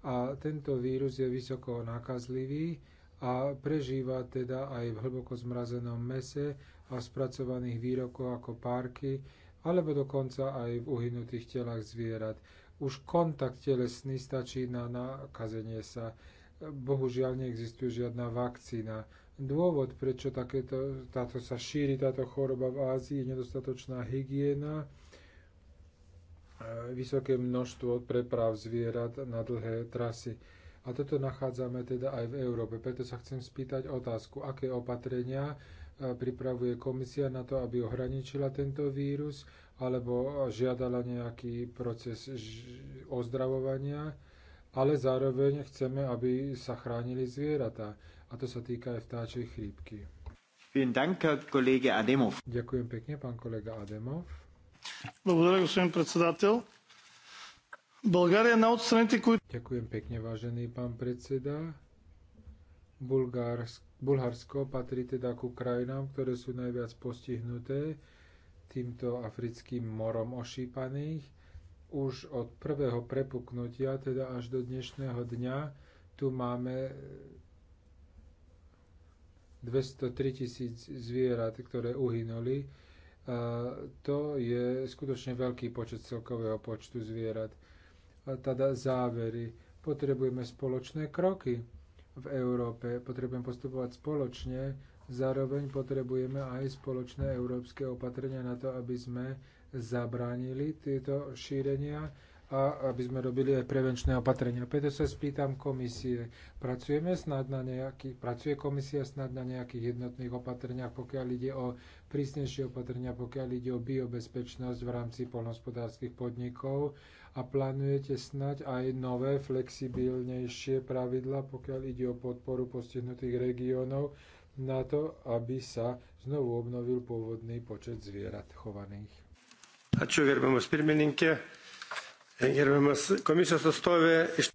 a tento vírus je vysoko nákazlivý a prežíva teda aj v hlboko zmrazenom mese a v spracovaných výrokoch ako párky, alebo dokonca aj v uhynutých telách zvierat. Už kontakt telesný stačí na nakazenie sa. Bohužiaľ neexistuje žiadna vakcína. Dôvod, prečo takéto, táto sa šíri táto choroba v Ázii, nedostatočná hygiena, e, vysoké množstvo preprav zvierat na dlhé trasy. A toto nachádzame teda aj v Európe. Preto sa chcem spýtať otázku, aké opatrenia e, pripravuje komisia na to, aby ohraničila tento vírus, alebo žiadala nejaký proces ozdravovania, ale zároveň chceme, aby sa chránili zvieratá a to sa týka aj vtáčej chrípky. Ďakujem pekne, pán kolega Ademov. Ďakujem pekne, vážený pán predseda. Bulgársk, Bulharsko patrí teda ku krajinám, ktoré sú najviac postihnuté týmto africkým morom ošípaných. Už od prvého prepuknutia, teda až do dnešného dňa, tu máme 203 tisíc zvierat, ktoré uhynuli, to je skutočne veľký počet celkového počtu zvierat. A teda závery. Potrebujeme spoločné kroky v Európe, potrebujeme postupovať spoločne, zároveň potrebujeme aj spoločné európske opatrenia na to, aby sme zabránili tieto šírenia a aby sme robili aj prevenčné opatrenia. Preto sa spýtam komisie, pracujeme snad na nejaký, pracuje komisia snad na nejakých jednotných opatreniach, pokiaľ ide o prísnejšie opatrenia, pokiaľ ide o biobezpečnosť v rámci poľnohospodárskych podnikov a plánujete snať aj nové, flexibilnejšie pravidla, pokiaľ ide o podporu postihnutých regiónov, na to, aby sa znovu obnovil pôvodný počet zvierat chovaných.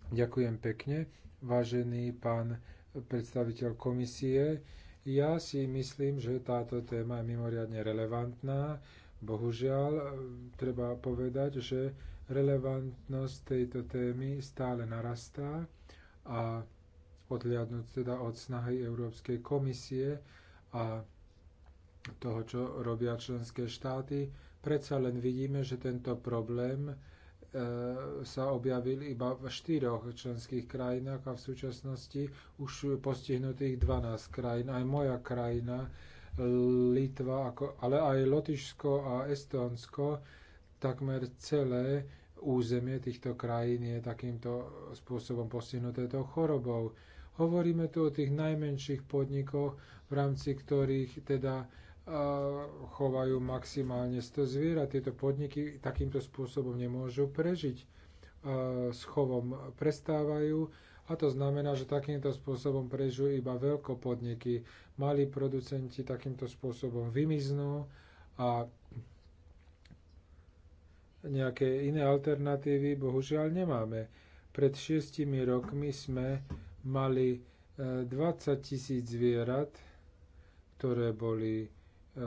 Ďakujem pekne, vážený pán predstaviteľ komisie. Ja si myslím, že táto téma je mimoriadne relevantná. Bohužiaľ, treba povedať, že relevantnosť tejto témy stále narastá a odliadnúť teda od snahy Európskej komisie a toho, čo robia členské štáty, predsa len vidíme, že tento problém E, sa objavili iba v štyroch členských krajinách a v súčasnosti už postihnutých 12 krajín. Aj moja krajina, Litva, ale aj Lotyšsko a Estonsko. takmer celé územie týchto krajín je takýmto spôsobom postihnuté tou chorobou. Hovoríme tu o tých najmenších podnikoch, v rámci ktorých teda chovajú maximálne 100 zvierat. Tieto podniky takýmto spôsobom nemôžu prežiť. S chovom prestávajú a to znamená, že takýmto spôsobom prežijú iba veľkopodniky. Malí producenti takýmto spôsobom vymiznú a nejaké iné alternatívy bohužiaľ nemáme. Pred šiestimi rokmi sme mali 20 e, tisíc zvierat, ktoré boli E,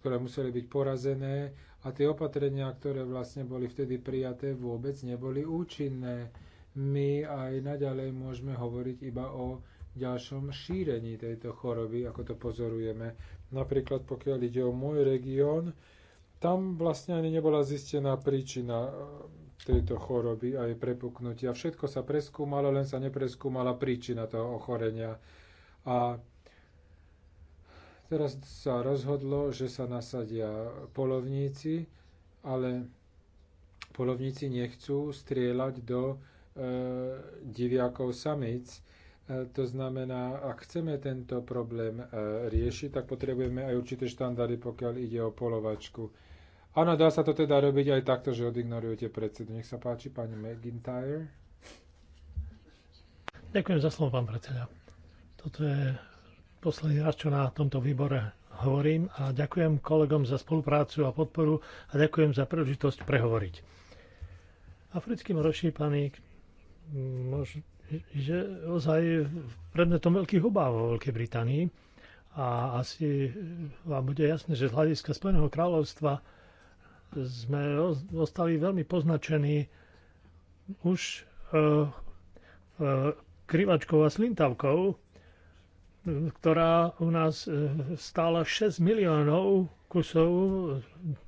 ktoré museli byť porazené a tie opatrenia, ktoré vlastne boli vtedy prijaté, vôbec neboli účinné. My aj naďalej môžeme hovoriť iba o ďalšom šírení tejto choroby, ako to pozorujeme. Napríklad pokiaľ ide o môj región, tam vlastne ani nebola zistená príčina e, tejto choroby a jej prepuknutia. Všetko sa preskúmalo, len sa nepreskúmala príčina toho ochorenia. A Teraz sa rozhodlo, že sa nasadia polovníci, ale polovníci nechcú strieľať do e, diviakov samic. E, to znamená, ak chceme tento problém e, riešiť, tak potrebujeme aj určité štandardy, pokiaľ ide o polovačku. Áno, dá sa to teda robiť aj takto, že odignorujete predsedu. Nech sa páči, pani McIntyre. Ďakujem za slovo, pán predseda. Toto je posledný raz, čo na tomto výbore hovorím a ďakujem kolegom za spoluprácu a podporu a ďakujem za príležitosť prehovoriť. Africký mročný paník môže, že ozaj predmetom veľkých obáv vo Veľkej Británii a asi vám bude jasné, že z hľadiska Spojeného kráľovstva sme ostali veľmi poznačení už e, eh, e, eh, krivačkou a slintavkou ktorá u nás e, stála 6 miliónov kusov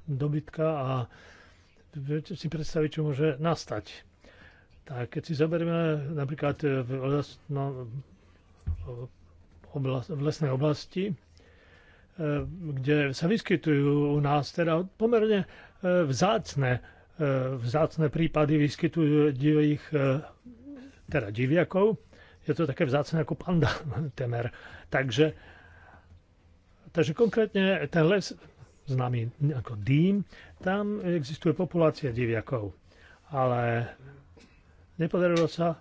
dobytka a viete si predstaviť, čo môže nastať. Tak keď si zoberieme napríklad v, lesno, oblast, v lesnej oblasti, e, kde sa vyskytujú u nás teda pomerne e, vzácne, vzácne prípady vyskytujú divých, teda diviakov, je to také vzácne ako panda <laughs> temer. Takže, takže konkrétne ten les známy ako dým, tam existuje populácia diviakov. Ale nepodarilo sa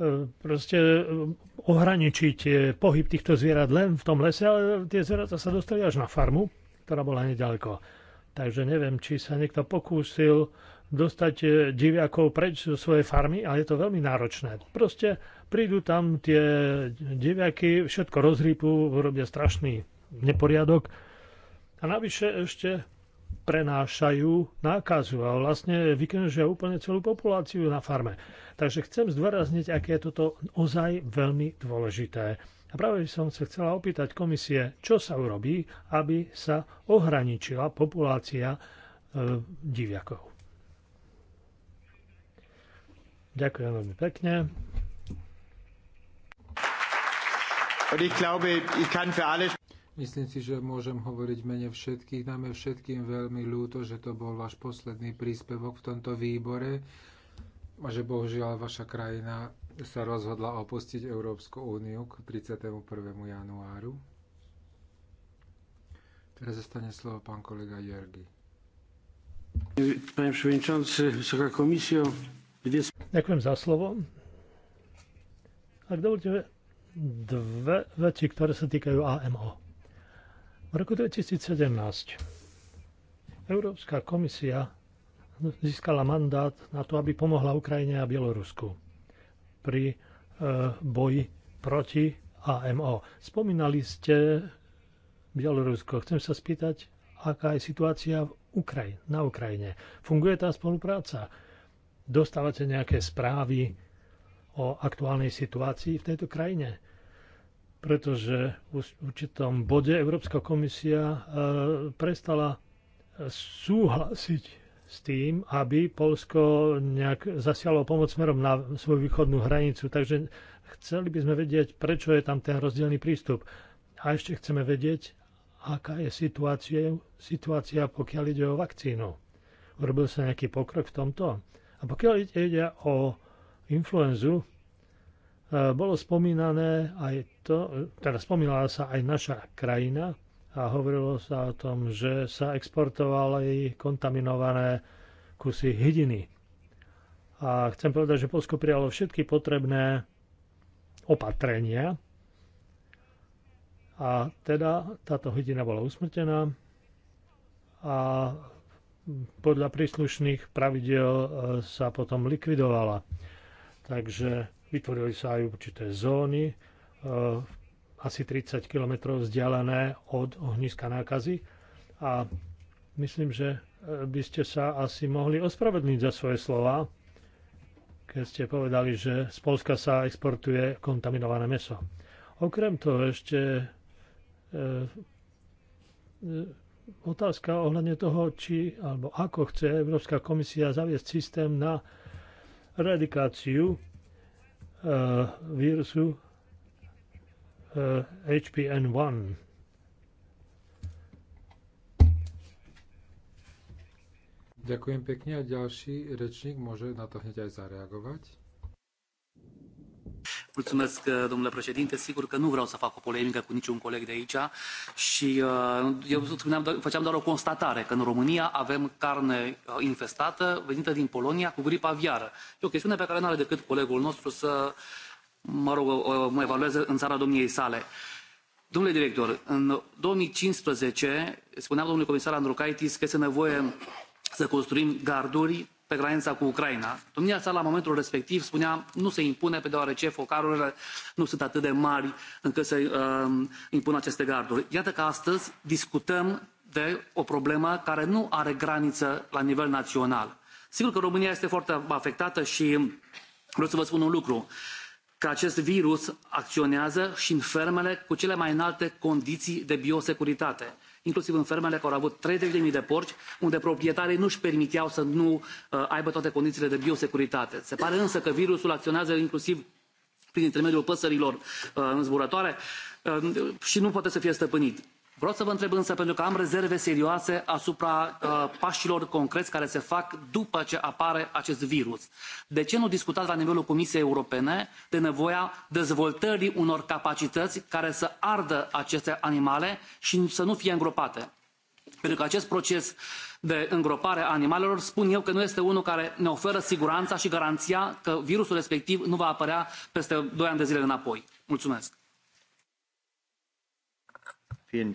e, proste e, ohraničiť e, pohyb týchto zvierat len v tom lese, ale tie zvieratá sa dostali až na farmu, ktorá bola nedaleko. Takže neviem, či sa niekto pokúsil dostať e, diviakov preč zo svojej farmy a je to veľmi náročné. Proste prídu tam tie diviaky, všetko rozhrípu, robia strašný neporiadok a navyše ešte prenášajú nákazu a vlastne vykenžia úplne celú populáciu na farme. Takže chcem zdôrazniť, aké je toto ozaj veľmi dôležité. A práve som sa chcela opýtať komisie, čo sa urobí, aby sa ohraničila populácia e, diviakov. Ďakujem veľmi pekne. Myslím si, že môžem hovoriť mene všetkých. Nám je všetkým veľmi ľúto, že to bol váš posledný príspevok v tomto výbore a že bohužiaľ vaša krajina sa rozhodla opustiť Európsku úniu k 31. januáru. Teraz zostane slovo pán kolega Jergi. Pane przewodniczący, vysoká Komisjo, Ďakujem za slovo. Ak dovolte dve veci, ktoré sa týkajú AMO. V roku 2017 Európska komisia získala mandát na to, aby pomohla Ukrajine a Bielorusku pri e, boji proti AMO. Spomínali ste Bielorusko. Chcem sa spýtať, aká je situácia v Ukraj- na Ukrajine. Funguje tá spolupráca? dostávate nejaké správy o aktuálnej situácii v tejto krajine? Pretože v určitom bode Európska komisia e, prestala súhlasiť s tým, aby Polsko nejak zasialo pomoc smerom na svoju východnú hranicu. Takže chceli by sme vedieť, prečo je tam ten rozdielný prístup. A ešte chceme vedieť, aká je situácia, situácia pokiaľ ide o vakcínu. Urobil sa nejaký pokrok v tomto? A pokiaľ ide o influenzu, e, bolo spomínané aj to, teda spomínala sa aj naša krajina a hovorilo sa o tom, že sa exportovali kontaminované kusy hydiny. A chcem povedať, že Polsko prijalo všetky potrebné opatrenia a teda táto hydina bola usmrtená a podľa príslušných pravidel e, sa potom likvidovala. Takže vytvorili sa aj určité zóny, e, asi 30 km vzdialené od ohniska nákazy a myslím, že e, by ste sa asi mohli ospravedlniť za svoje slova, keď ste povedali, že z Polska sa exportuje kontaminované meso. Okrem toho ešte otázka ohľadne toho, či alebo ako chce Európska komisia zaviesť systém na eradikáciu e, vírusu eh, e, HPN1. Ďakujem pekne a ďalší rečník môže na to hneď aj zareagovať. Mulțumesc, uh, domnule președinte. Sigur că nu vreau să fac o polemică cu niciun coleg de aici și uh, eu făceam doar o constatare că în România avem carne uh, infestată venită din Polonia cu gripa aviară. E o chestiune pe care nu are decât colegul nostru să, mă rog, o, mă evalueze în țara domniei sale. Domnule director, în 2015 spunea domnul comisar Androcaitis că este nevoie să construim garduri pe granița cu Ucraina. Domnia sa la momentul respectiv spunea nu se impune pe deoarece focarurile nu sunt atât de mari încât să uh, impună aceste garduri. Iată că astăzi discutăm de o problemă care nu are graniță la nivel național. Sigur că România este foarte afectată și vreau să vă spun un lucru că acest virus acționează și în fermele cu cele mai înalte condiții de biosecuritate inclusiv în fermele care au avut 30.000 de porci, unde proprietarii nu își permiteau să nu uh, aibă toate condițiile de biosecuritate. Se pare însă că virusul acționează inclusiv prin intermediul păsărilor uh, zburătoare uh, și nu poate să fie stăpânit vreau să vă întreb însă pentru că am rezerve serioase asupra uh, pașilor concreți care se fac după ce apare acest virus de ce nu discutați la nivelul comisiei europene de nevoia dezvoltării unor capacități care să ardă aceste animale și să nu fie îngropate? pentru că acest proces de îngropare a animalelor spun eu că nu este unul care ne oferă siguranța și garanția că virusul respectiv nu va apărea peste doi ani de zile înapoi. mulțumesc. Äh,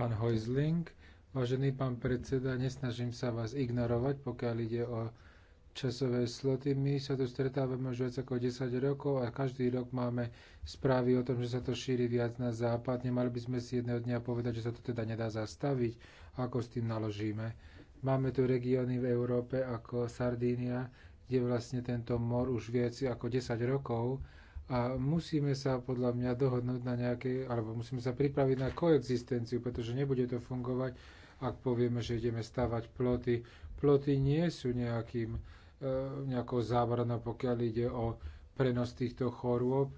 pán Häusling, vážený pán predseda, nesnažím sa vás ignorovať, pokiaľ ide o časové sloty. My sa tu stretávame už viac ako 10 rokov a každý rok máme správy o tom, že sa to šíri viac na západ. Nemali by sme si jedného dňa povedať, že sa to teda nedá zastaviť, ako s tým naložíme. Máme tu regióny v Európe ako Sardínia, kde vlastne tento mor už viac ako 10 rokov a musíme sa podľa mňa dohodnúť na nejakej, alebo musíme sa pripraviť na koexistenciu, pretože nebude to fungovať, ak povieme, že ideme stavať ploty. Ploty nie sú nejakým, e, nejakou zábranou, pokiaľ ide o prenos týchto chorôb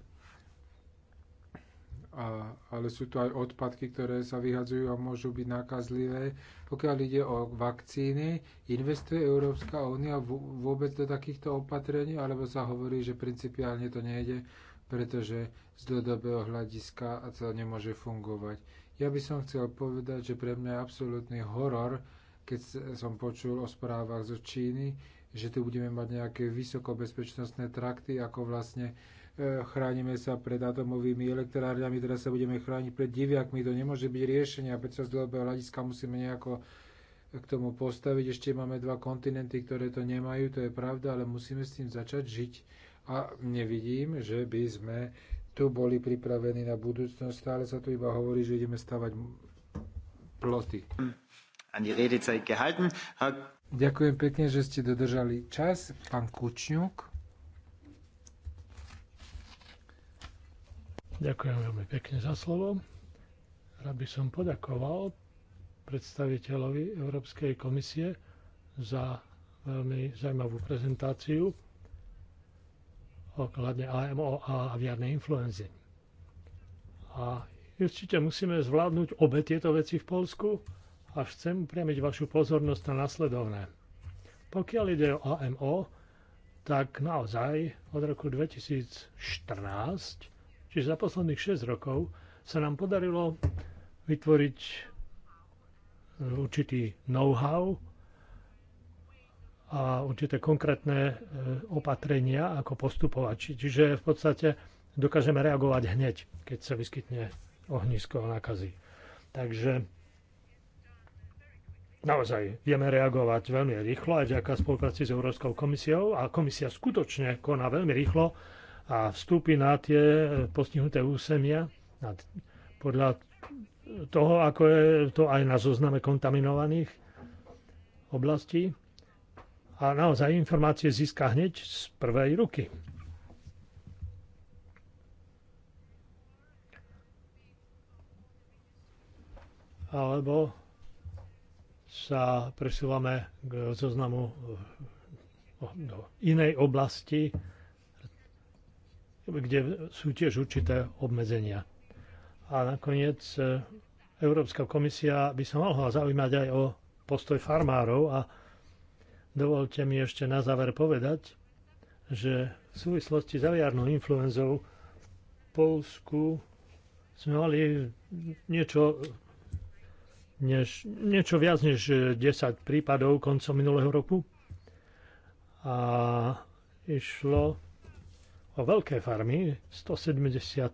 a, ale sú to aj odpadky, ktoré sa vyhadzujú a môžu byť nákazlivé. Pokiaľ ide o vakcíny, investuje Európska únia vôbec do takýchto opatrení, alebo sa hovorí, že principiálne to nejde, pretože z dlhodobého hľadiska to nemôže fungovať. Ja by som chcel povedať, že pre mňa je absolútny horor, keď som počul o správach zo Číny, že tu budeme mať nejaké vysokobezpečnostné trakty, ako vlastne E, chránime sa pred atomovými elektrárňami, teraz sa budeme chrániť pred diviakmi, to nemôže byť riešenie a predsa z dlhého hľadiska musíme nejako k tomu postaviť. Ešte máme dva kontinenty, ktoré to nemajú, to je pravda, ale musíme s tým začať žiť a nevidím, že by sme tu boli pripravení na budúcnosť. Stále sa tu iba hovorí, že ideme stavať ploty. Ďakujem pekne, že ste dodržali čas. Pán Kučňuk. Ďakujem veľmi pekne za slovo. Rád by som poďakoval predstaviteľovi Európskej komisie za veľmi zaujímavú prezentáciu okladne AMO a aviárnej influenzy. A určite musíme zvládnuť obe tieto veci v Polsku a chcem upriamiť vašu pozornosť na nasledovné. Pokiaľ ide o AMO, tak naozaj od roku 2014 Čiže za posledných 6 rokov sa nám podarilo vytvoriť e, určitý know-how a určité konkrétne e, opatrenia, ako postupovať. Čiže v podstate dokážeme reagovať hneď, keď sa vyskytne ohnisko a nákazy. Takže naozaj vieme reagovať veľmi rýchlo aj vďaka spolupráci s Európskou komisiou a komisia skutočne koná veľmi rýchlo a vstúpi na tie e, postihnuté územia podľa toho, ako je to aj na zozname kontaminovaných oblastí. A naozaj informácie získa hneď z prvej ruky. Alebo sa presúvame k zoznamu e, do inej oblasti, kde sú tiež určité obmedzenia. A nakoniec e, Európska komisia by sa mohla zaujímať aj o postoj farmárov a dovolte mi ešte na záver povedať, že v súvislosti s aviárnou influenzou v Polsku sme mali niečo, než, niečo viac než 10 prípadov koncom minulého roku a išlo o veľké farmy, 175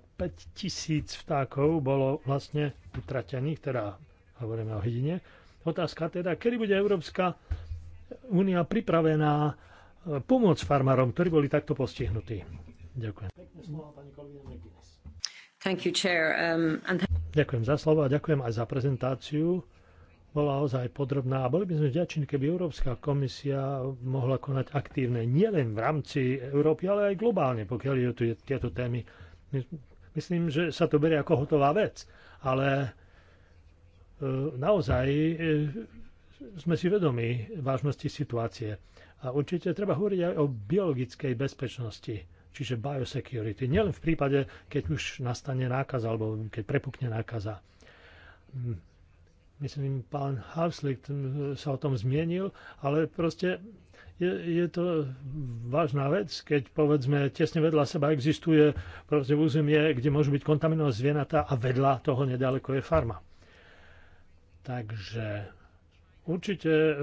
tisíc vtákov bolo vlastne utratených, teda hovoríme o hydine. Otázka teda, kedy bude Európska únia pripravená e, pomôcť farmárom, ktorí boli takto postihnutí. Ďakujem. Um, ďakujem za slovo a ďakujem aj za prezentáciu bola ozaj podrobná a boli by sme vďační, keby Európska komisia mohla konať aktívne nielen v rámci Európy, ale aj globálne, pokiaľ je tu tieto témy. Myslím, že sa to berie ako hotová vec, ale e, naozaj e, sme si vedomi vážnosti situácie. A určite treba hovoriť aj o biologickej bezpečnosti, čiže biosecurity. Nielen v prípade, keď už nastane nákaza alebo keď prepukne nákaza myslím, pán Harslik e, sa o tom zmienil, ale proste je, je to vážna vec, keď povedzme tesne vedľa seba existuje proste územie, kde môžu byť kontaminované zvieratá a vedľa toho nedaleko je farma. Takže určite e,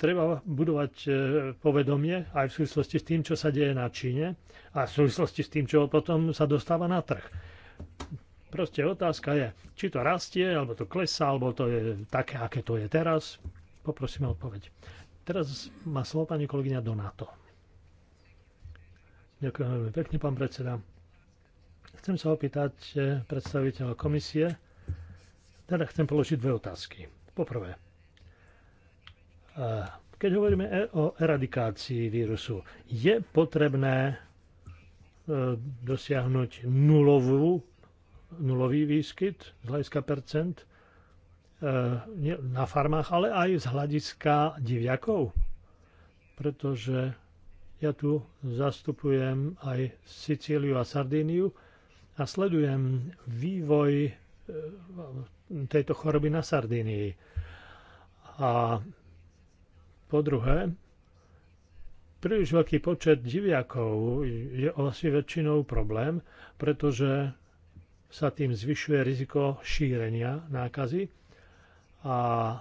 treba budovať e, povedomie aj v súvislosti s tým, čo sa deje na Číne a v súvislosti s tým, čo potom sa dostáva na trh. Proste otázka je, či to rastie, alebo to klesá, alebo to je také, aké to je teraz. Poprosím o odpoveď. Teraz má slovo pani kolegyňa Donato. Ďakujem veľmi pekne, pán predseda. Chcem sa opýtať eh, predstaviteľa komisie. Teda chcem položiť dve otázky. Poprvé, eh, keď hovoríme e- o eradikácii vírusu, je potrebné eh, dosiahnuť nulovú nulový výskyt z hľadiska percent e, na farmách, ale aj z hľadiska diviakov, pretože ja tu zastupujem aj Sicíliu a Sardíniu a sledujem vývoj e, tejto choroby na Sardínii. A po druhé, príliš veľký počet diviakov je asi väčšinou problém, pretože sa tým zvyšuje riziko šírenia nákazy a e,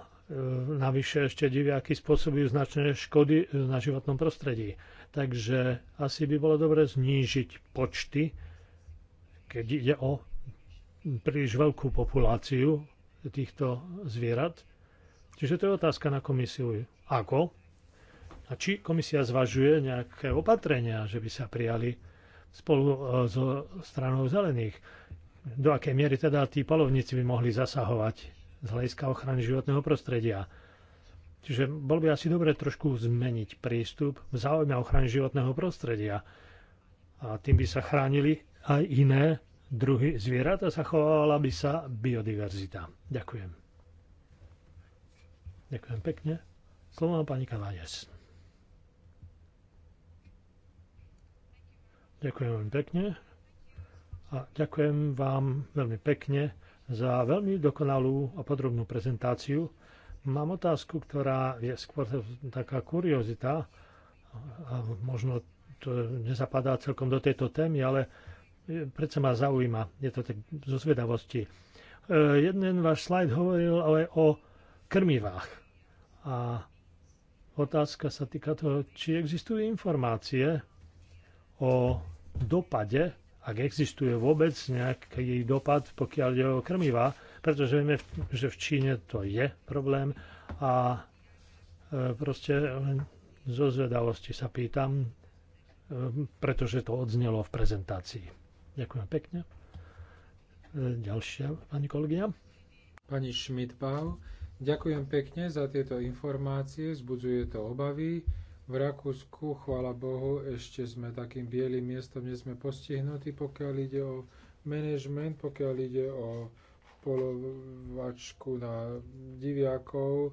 navyše ešte diviaky spôsobujú značné škody e, na životnom prostredí. Takže asi by bolo dobre znížiť počty, keď ide o príliš veľkú populáciu týchto zvierat. Čiže to je otázka na komisiu. Ako? A či komisia zvažuje nejaké opatrenia, že by sa prijali spolu e, so stranou zelených do akej miery teda tí polovníci by mohli zasahovať z hľadiska ochrany životného prostredia. Čiže bol by asi dobre trošku zmeniť prístup v záujme ochrany životného prostredia. A tým by sa chránili aj iné druhy zvierat a zachovala by sa biodiverzita. Ďakujem. Ďakujem pekne. Slovo má pani Kavajes. Ďakujem veľmi pekne. A ďakujem vám veľmi pekne za veľmi dokonalú a podrobnú prezentáciu. Mám otázku, ktorá je skôr taká kuriozita, a možno to nezapadá celkom do tejto témy, ale predsa ma zaujíma, je to tak zo zvedavosti. E, jeden váš slajd hovoril ale o krmivách. A otázka sa týka toho, či existujú informácie o dopade ak existuje vôbec nejaký dopad, pokiaľ ide o krmiva, pretože vieme, že v Číne to je problém a e, proste len zo zvedavosti sa pýtam, e, pretože to odznelo v prezentácii. Ďakujem pekne. E, ďalšia pani kolegyňa. Pani Šmitbau, ďakujem pekne za tieto informácie, zbudzuje to obavy v Rakúsku, chvála Bohu, ešte sme takým bielým miestom, nie sme postihnutí, pokiaľ ide o management, pokiaľ ide o polovačku na diviakov.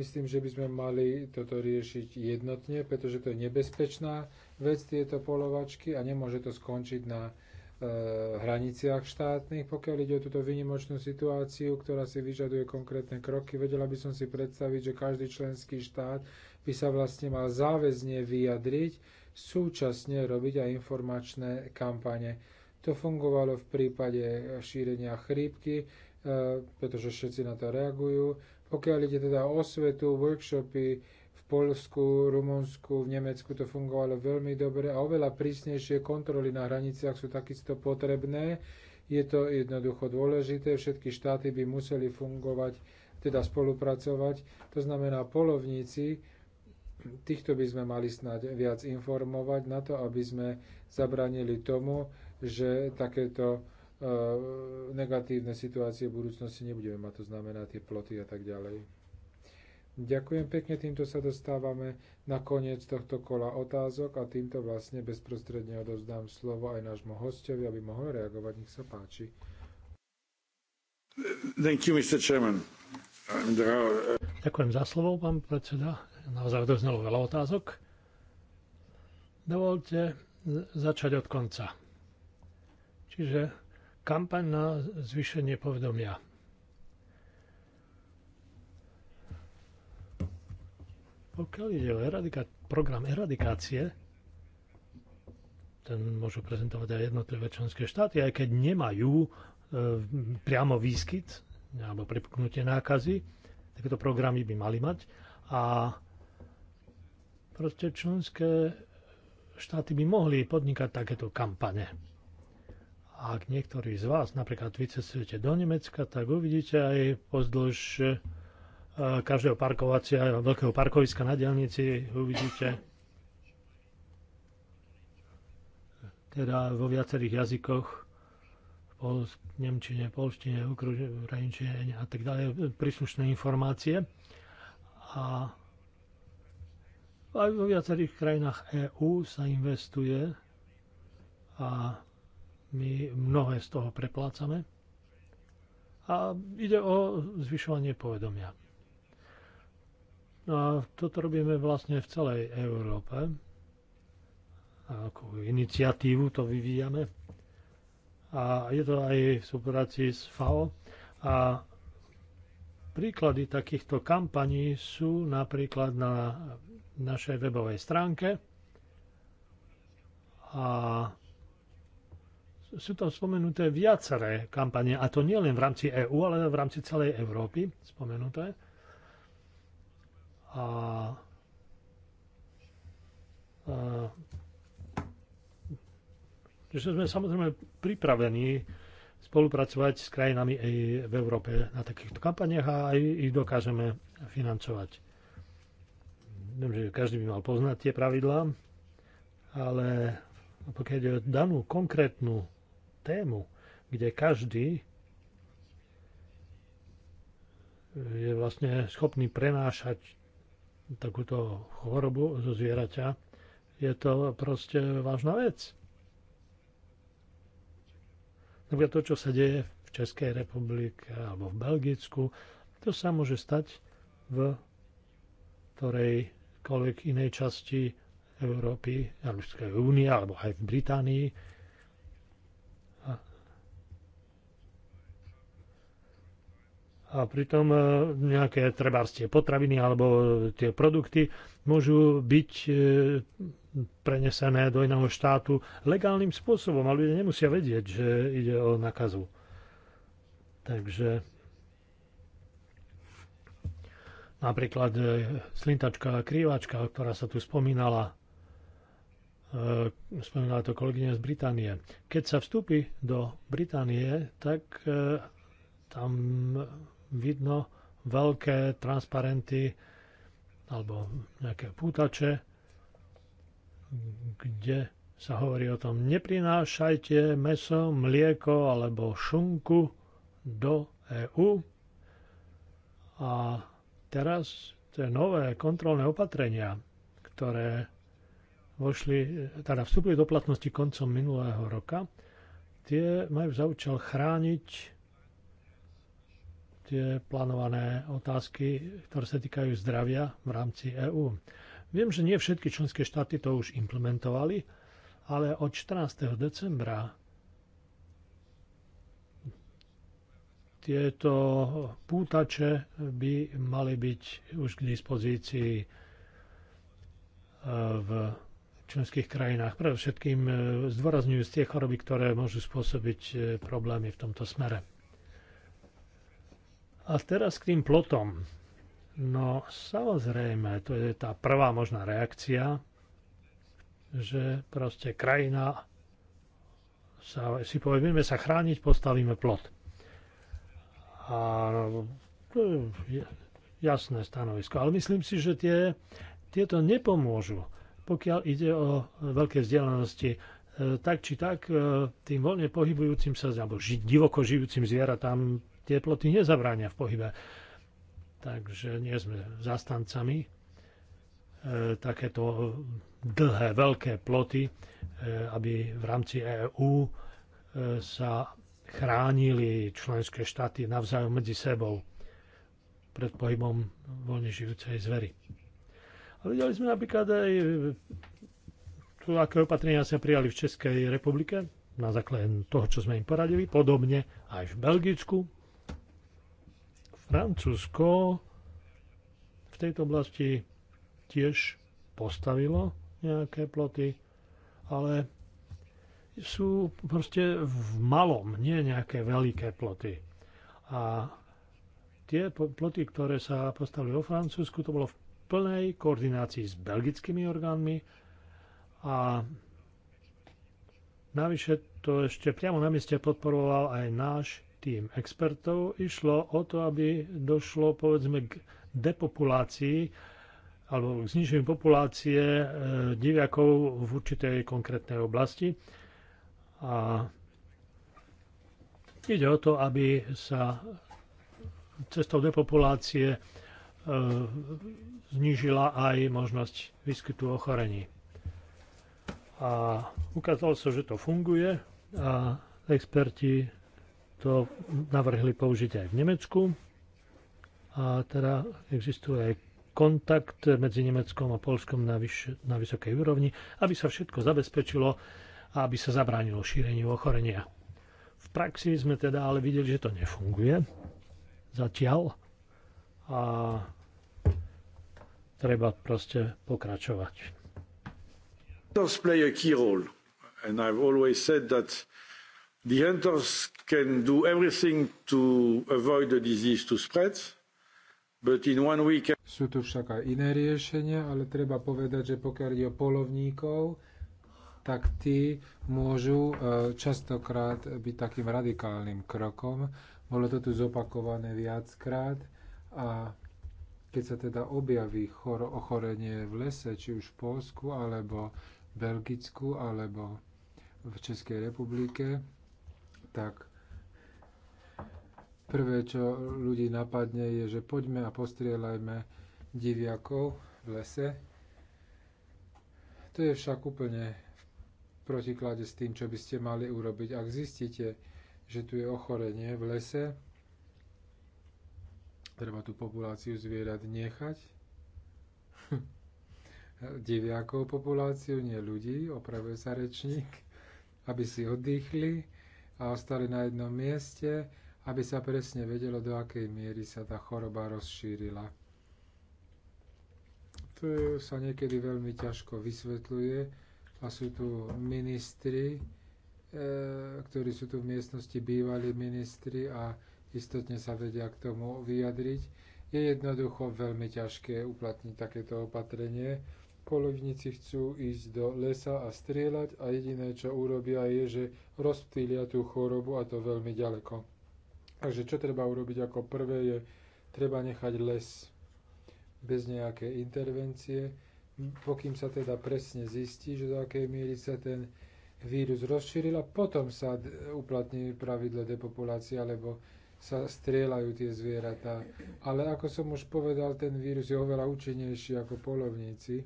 Myslím, že by sme mali toto riešiť jednotne, pretože to je nebezpečná vec, tieto polovačky a nemôže to skončiť na e, hraniciach štátnych. Pokiaľ ide o túto vynimočnú situáciu, ktorá si vyžaduje konkrétne kroky, vedela by som si predstaviť, že každý členský štát by sa vlastne mal záväzne vyjadriť, súčasne robiť aj informačné kampane. To fungovalo v prípade šírenia chrípky, e, pretože všetci na to reagujú. Pokiaľ ide teda o svetu, workshopy v Polsku, Rumunsku, v Nemecku to fungovalo veľmi dobre a oveľa prísnejšie kontroly na hraniciach sú takisto potrebné. Je to jednoducho dôležité, všetky štáty by museli fungovať, teda spolupracovať. To znamená, polovníci týchto by sme mali snáď viac informovať na to, aby sme zabranili tomu, že takéto e, negatívne situácie v budúcnosti nebudeme mať, to znamená tie ploty a tak ďalej. Ďakujem pekne, týmto sa dostávame na koniec tohto kola otázok a týmto vlastne bezprostredne odovzdám slovo aj nášmu hostovi, aby mohol reagovať, nech sa páči. Thank you, Mr. Chairman. Ďakujem za slovo, pán predseda. Naozaj odznelo veľa otázok. Dovolte začať od konca. Čiže kampaň na zvýšenie povedomia. Pokiaľ ide o eradika- program eradikácie, ten môžu prezentovať aj jednotlivé členské štáty, aj keď nemajú e, priamo výskyt alebo prepuknutie nákazy, takéto programy by mali mať. A Proste členské štáty by mohli podnikať takéto kampane. A ak niektorí z vás napríklad vycestujete do Nemecka, tak uvidíte aj pozdĺž e, každého parkovacia, veľkého parkoviska na dielnici uvidíte teda vo viacerých jazykoch pol, nemčine, polštine, ukrajinčine a tak ďalej príslušné informácie. A aj vo viacerých krajinách EÚ sa investuje a my mnohé z toho preplácame. A ide o zvyšovanie povedomia. A toto robíme vlastne v celej Európe. A ako iniciatívu to vyvíjame. A je to aj v súpráci s FAO. A príklady takýchto kampaní sú napríklad na našej webovej stránke. A sú tam spomenuté viaceré kampane, a to nie len v rámci EÚ, ale v rámci celej Európy spomenuté. A, a že sme samozrejme pripravení spolupracovať s krajinami aj v Európe na takýchto kampaniach a aj ich dokážeme financovať že každý by mal poznať tie pravidlá, ale pokiaľ je danú konkrétnu tému, kde každý je vlastne schopný prenášať takúto chorobu zo zvieraťa, je to proste vážna vec. Napríklad to, čo sa deje v Českej republike alebo v Belgicku, to sa môže stať v ktorej akejkoľvek inej časti Európy, Európskej únie alebo aj v Británii. A, a pritom e, nejaké trebárstie potraviny alebo tie produkty môžu byť e, prenesené do iného štátu legálnym spôsobom ale ľudia nemusia vedieť, že ide o nakazu. Takže Napríklad e, slintačka a krývačka, ktorá sa tu spomínala, e, spomínala to kolegyňa z Británie. Keď sa vstúpi do Británie, tak e, tam vidno veľké transparenty alebo nejaké pútače, kde sa hovorí o tom, neprinášajte meso, mlieko alebo šunku do EÚ a teraz tie nové kontrolné opatrenia, ktoré vošli, teda vstúpili do platnosti koncom minulého roka, tie majú za účel chrániť tie plánované otázky, ktoré sa týkajú zdravia v rámci EÚ. Viem, že nie všetky členské štáty to už implementovali, ale od 14. decembra tieto pútače by mali byť už k dispozícii eh, v členských krajinách. všetkým eh, zdôrazňujú z tie choroby, ktoré môžu spôsobiť eh, problémy v tomto smere. A teraz k tým plotom. No samozrejme, to je tá prvá možná reakcia, že proste krajina sa, si povieme, sa chrániť, postavíme plot a no, jasné stanovisko. Ale myslím si, že tie, tieto nepomôžu, pokiaľ ide o veľké vzdialenosti. E, tak či tak e, tým voľne pohybujúcim sa, alebo ži, divoko žijúcim zvieratám tie ploty nezabránia v pohybe. Takže nie sme zastancami e, takéto dlhé, veľké ploty, e, aby v rámci EÚ e, sa chránili členské štáty navzájom medzi sebou pred pohybom voľne žijúcej zvery. A videli sme napríklad aj e, tu, aké opatrenia sa prijali v Českej republike na základe toho, čo sme im poradili. Podobne aj v Belgicku. Francúzsko v tejto oblasti tiež postavilo nejaké ploty, ale sú proste v malom, nie nejaké veľké ploty. A tie ploty, ktoré sa postavili vo Francúzsku, to bolo v plnej koordinácii s belgickými orgánmi a navyše to ešte priamo na mieste podporoval aj náš tým expertov. Išlo o to, aby došlo povedzme k depopulácii alebo k zniženiu populácie eh, diviakov v určitej konkrétnej oblasti a ide o to, aby sa cestou depopulácie e, znížila aj možnosť výskytu ochorení. A ukázalo sa, so, že to funguje a experti to navrhli použiť aj v Nemecku. A teda existuje aj kontakt medzi Nemeckom a Polskom na, vyš- na vysokej úrovni, aby sa všetko zabezpečilo, a aby sa zabránilo šíreniu ochorenia. V praxi sme teda ale videli, že to nefunguje zatiaľ a treba proste pokračovať. Hunters play a key role, and I've always said that the hunters can do everything to avoid the disease to spread, but in one week... Sú tu však aj iné riešenia, ale treba povedať, že pokiaľ je o polovníkov, tak tí môžu e, častokrát byť takým radikálnym krokom. Bolo to tu zopakované viackrát a keď sa teda objaví chor- ochorenie v lese, či už v Polsku, alebo v Belgicku, alebo v Českej republike, tak prvé, čo ľudí napadne, je, že poďme a postrieľajme diviakov v lese. To je však úplne protiklade s tým, čo by ste mali urobiť. Ak zistíte, že tu je ochorenie v lese, treba tú populáciu zvierat nechať. <laughs> Diviakov populáciu, nie ľudí, opravuje sa rečník, aby si oddychli a ostali na jednom mieste, aby sa presne vedelo, do akej miery sa tá choroba rozšírila. To sa niekedy veľmi ťažko vysvetľuje, a sú tu ministri, e, ktorí sú tu v miestnosti bývalí ministri a istotne sa vedia k tomu vyjadriť. Je jednoducho veľmi ťažké uplatniť takéto opatrenie. Polovníci chcú ísť do lesa a strieľať a jediné, čo urobia, je, že rozptýlia tú chorobu a to veľmi ďaleko. Takže čo treba urobiť ako prvé je, treba nechať les bez nejakej intervencie, pokým sa teda presne zistí, že do akej miery sa ten vírus rozšíril a potom sa uplatní pravidlo depopulácie alebo sa strieľajú tie zvieratá. Ale ako som už povedal, ten vírus je oveľa účinnejší ako polovníci.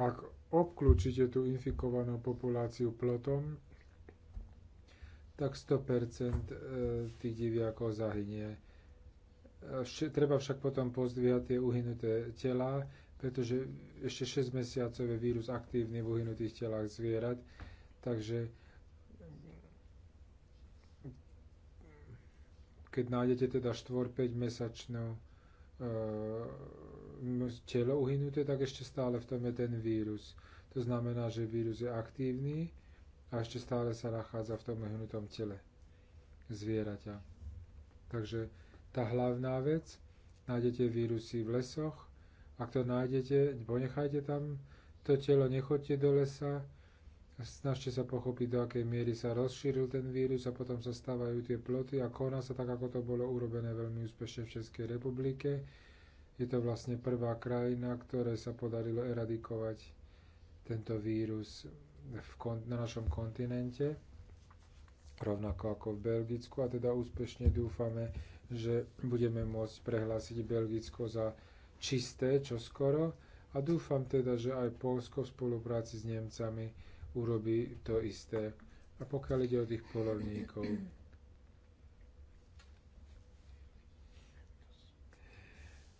Ak obklúčite tú infikovanú populáciu plotom, tak 100% e, tých diviakov zahynie. Treba však potom pozdvíhať tie uhynuté tela. pretože ešte 6 mesiacov je vírus aktívny v uhynutých telách zvierat, takže keď nájdete teda 4-5 mesačnú e, telo uhynuté, tak ešte stále v tom je ten vírus. To znamená, že vírus je aktívny a ešte stále sa nachádza v tom uhynutom tele zvieraťa. Takže tá hlavná vec. Nájdete vírusy v lesoch. Ak to nájdete, ponechajte tam to telo, nechoďte do lesa. Snažte sa pochopiť, do akej miery sa rozšíril ten vírus a potom sa stávajú tie ploty a koná sa tak, ako to bolo urobené veľmi úspešne v Českej republike. Je to vlastne prvá krajina, ktoré sa podarilo eradikovať tento vírus v, na našom kontinente, rovnako ako v Belgicku a teda úspešne dúfame, že budeme môcť prehlásiť Belgicko za čisté čoskoro a dúfam teda, že aj Polsko v spolupráci s Nemcami urobí to isté. A pokiaľ ide o tých polovníkov,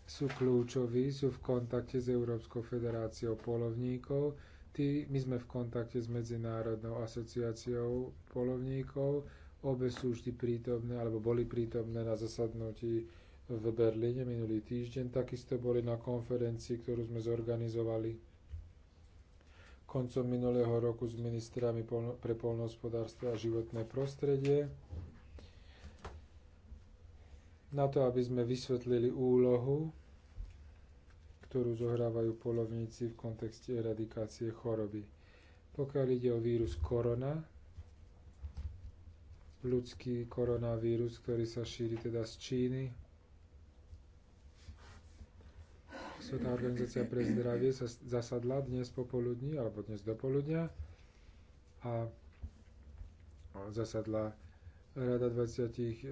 sú kľúčoví, sú v kontakte s Európskou federáciou polovníkov. Tí, my sme v kontakte s Medzinárodnou asociáciou polovníkov Obe sú vždy prítomné, alebo boli prítomné na zasadnutí v Berlíne minulý týždeň. Takisto boli na konferencii, ktorú sme zorganizovali koncom minulého roku s ministrami pre poľnohospodárstvo a životné prostredie na to, aby sme vysvetlili úlohu, ktorú zohrávajú polovníci v kontexte eradikácie choroby. Pokiaľ ide o vírus korona, ľudský koronavírus, ktorý sa šíri teda z Číny. Svetová organizácia pre zdravie sa zasadla dnes popoludní alebo dnes dopoludnia a zasadla Rada 28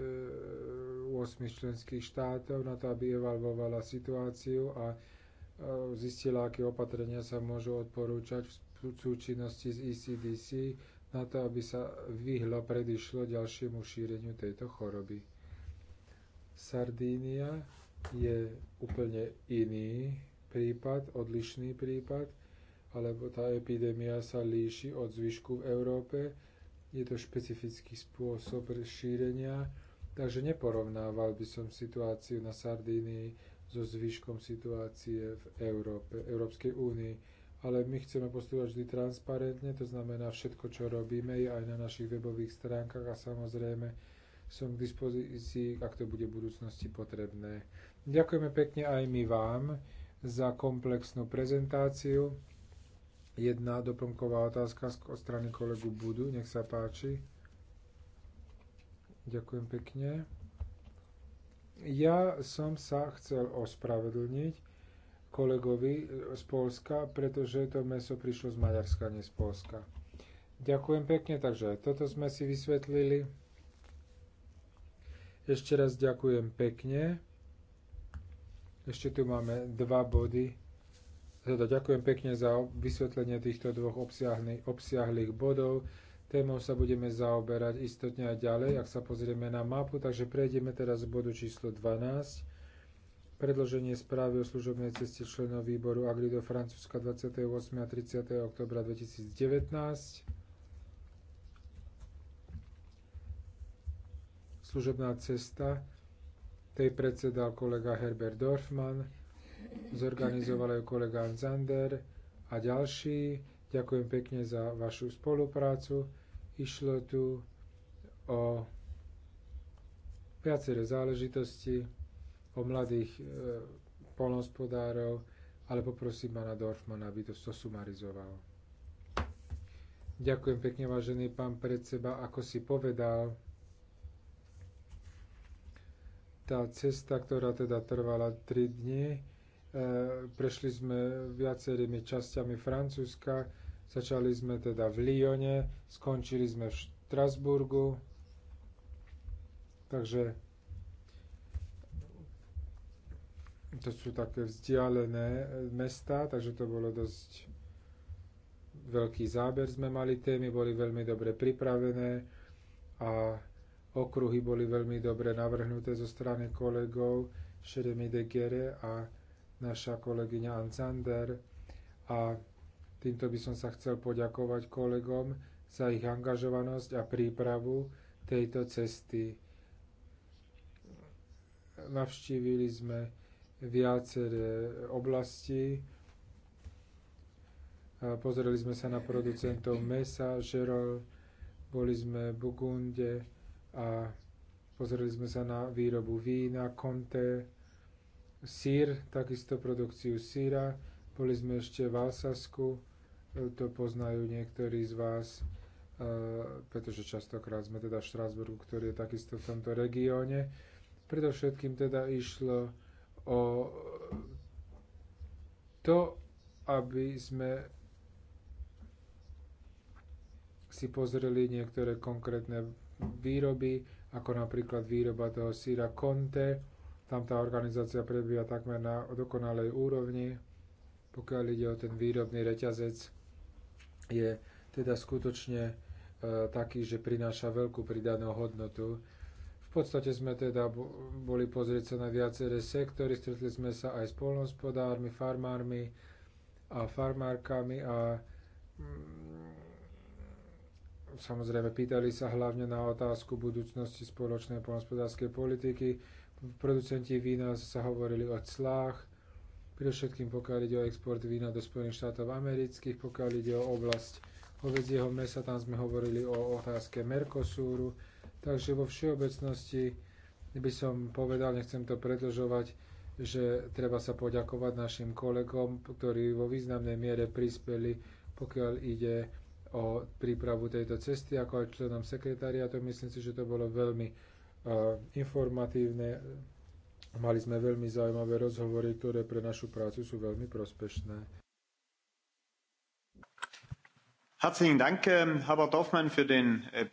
e, členských štátov na to, aby evalvovala situáciu a e, zistila, aké opatrenia sa môžu odporúčať v súčinnosti s ECDC na to, aby sa vyhlo predišlo ďalšiemu šíreniu tejto choroby. Sardínia je úplne iný prípad, odlišný prípad, alebo tá epidémia sa líši od zvyšku v Európe. Je to špecifický spôsob šírenia, takže neporovnával by som situáciu na Sardínii so zvyškom situácie v Európe, Európskej únii ale my chceme postupovať vždy transparentne, to znamená všetko, čo robíme, je aj na našich webových stránkach a samozrejme som k dispozícii, ak to bude v budúcnosti potrebné. Ďakujeme pekne aj my vám za komplexnú prezentáciu. Jedna doplnková otázka od strany kolegu Budu, nech sa páči. Ďakujem pekne. Ja som sa chcel ospravedlniť kolegovi e, z Polska, pretože to meso prišlo z Maďarska, nie z Polska. Ďakujem pekne, takže toto sme si vysvetlili. Ešte raz ďakujem pekne. Ešte tu máme dva body. Teda ďakujem pekne za vysvetlenie týchto dvoch obsiahlých bodov. Témou sa budeme zaoberať istotne aj ďalej, ak sa pozrieme na mapu. Takže prejdeme teraz z bodu číslo 12 predloženie správy o služobnej ceste členov výboru Agri do Francúzska 28. a 30. oktobra 2019. Služobná cesta, tej predsedal kolega Herbert Dorfman, zorganizoval ju kolega Zander a ďalší. Ďakujem pekne za vašu spoluprácu. Išlo tu o viaceré záležitosti o mladých e, polnospodárov, ale poprosím pána Dorfmana, aby to sosumarizoval. Ďakujem pekne, vážený pán predseba. Ako si povedal, tá cesta, ktorá teda trvala 3 dni, e, prešli sme viacerými časťami Francúzska, začali sme teda v Lyone, skončili sme v Strasburgu takže to sú také vzdialené e, mesta, takže to bolo dosť veľký záber sme mali, témy boli veľmi dobre pripravené a okruhy boli veľmi dobre navrhnuté zo strany kolegov Šeremi de Gere a naša kolegyňa Anzander. A týmto by som sa chcel poďakovať kolegom za ich angažovanosť a prípravu tejto cesty. Navštívili sme viaceré oblasti. Pozreli sme sa na producentov mesa, žerol, boli sme v Bugunde a pozreli sme sa na výrobu vína, konté, sír, takisto produkciu síra. Boli sme ešte v Alsasku, e, to poznajú niektorí z vás, e, pretože častokrát sme teda v Štrásburgu, ktorý je takisto v tomto regióne. Predovšetkým teda išlo o to, aby sme si pozreli niektoré konkrétne výroby, ako napríklad výroba toho síra Conte. Tam tá organizácia prebieha takmer na dokonalej úrovni. Pokiaľ ide o ten výrobný reťazec, je teda skutočne e, taký, že prináša veľkú pridanú hodnotu. V podstate sme teda boli pozrieť sa na viaceré sektory, stretli sme sa aj s polnohospodármi, farmármi a farmárkami a mm, samozrejme pýtali sa hlavne na otázku budúcnosti spoločnej polnospodárskej politiky. Producenti vína sa hovorili o clách, predovšetkým pokiaľ ide o export vína do Spojených štátov amerických, pokiaľ ide o oblasť hovedzieho mesa, tam sme hovorili o otázke Mercosuru, Takže vo všeobecnosti by som povedal, nechcem to predlžovať, že treba sa poďakovať našim kolegom, ktorí vo významnej miere prispeli, pokiaľ ide o prípravu tejto cesty, ako aj členom sekretariátu. Myslím si, že to bolo veľmi uh, informatívne. Mali sme veľmi zaujímavé rozhovory, ktoré pre našu prácu sú veľmi prospešné. Ähm, äh,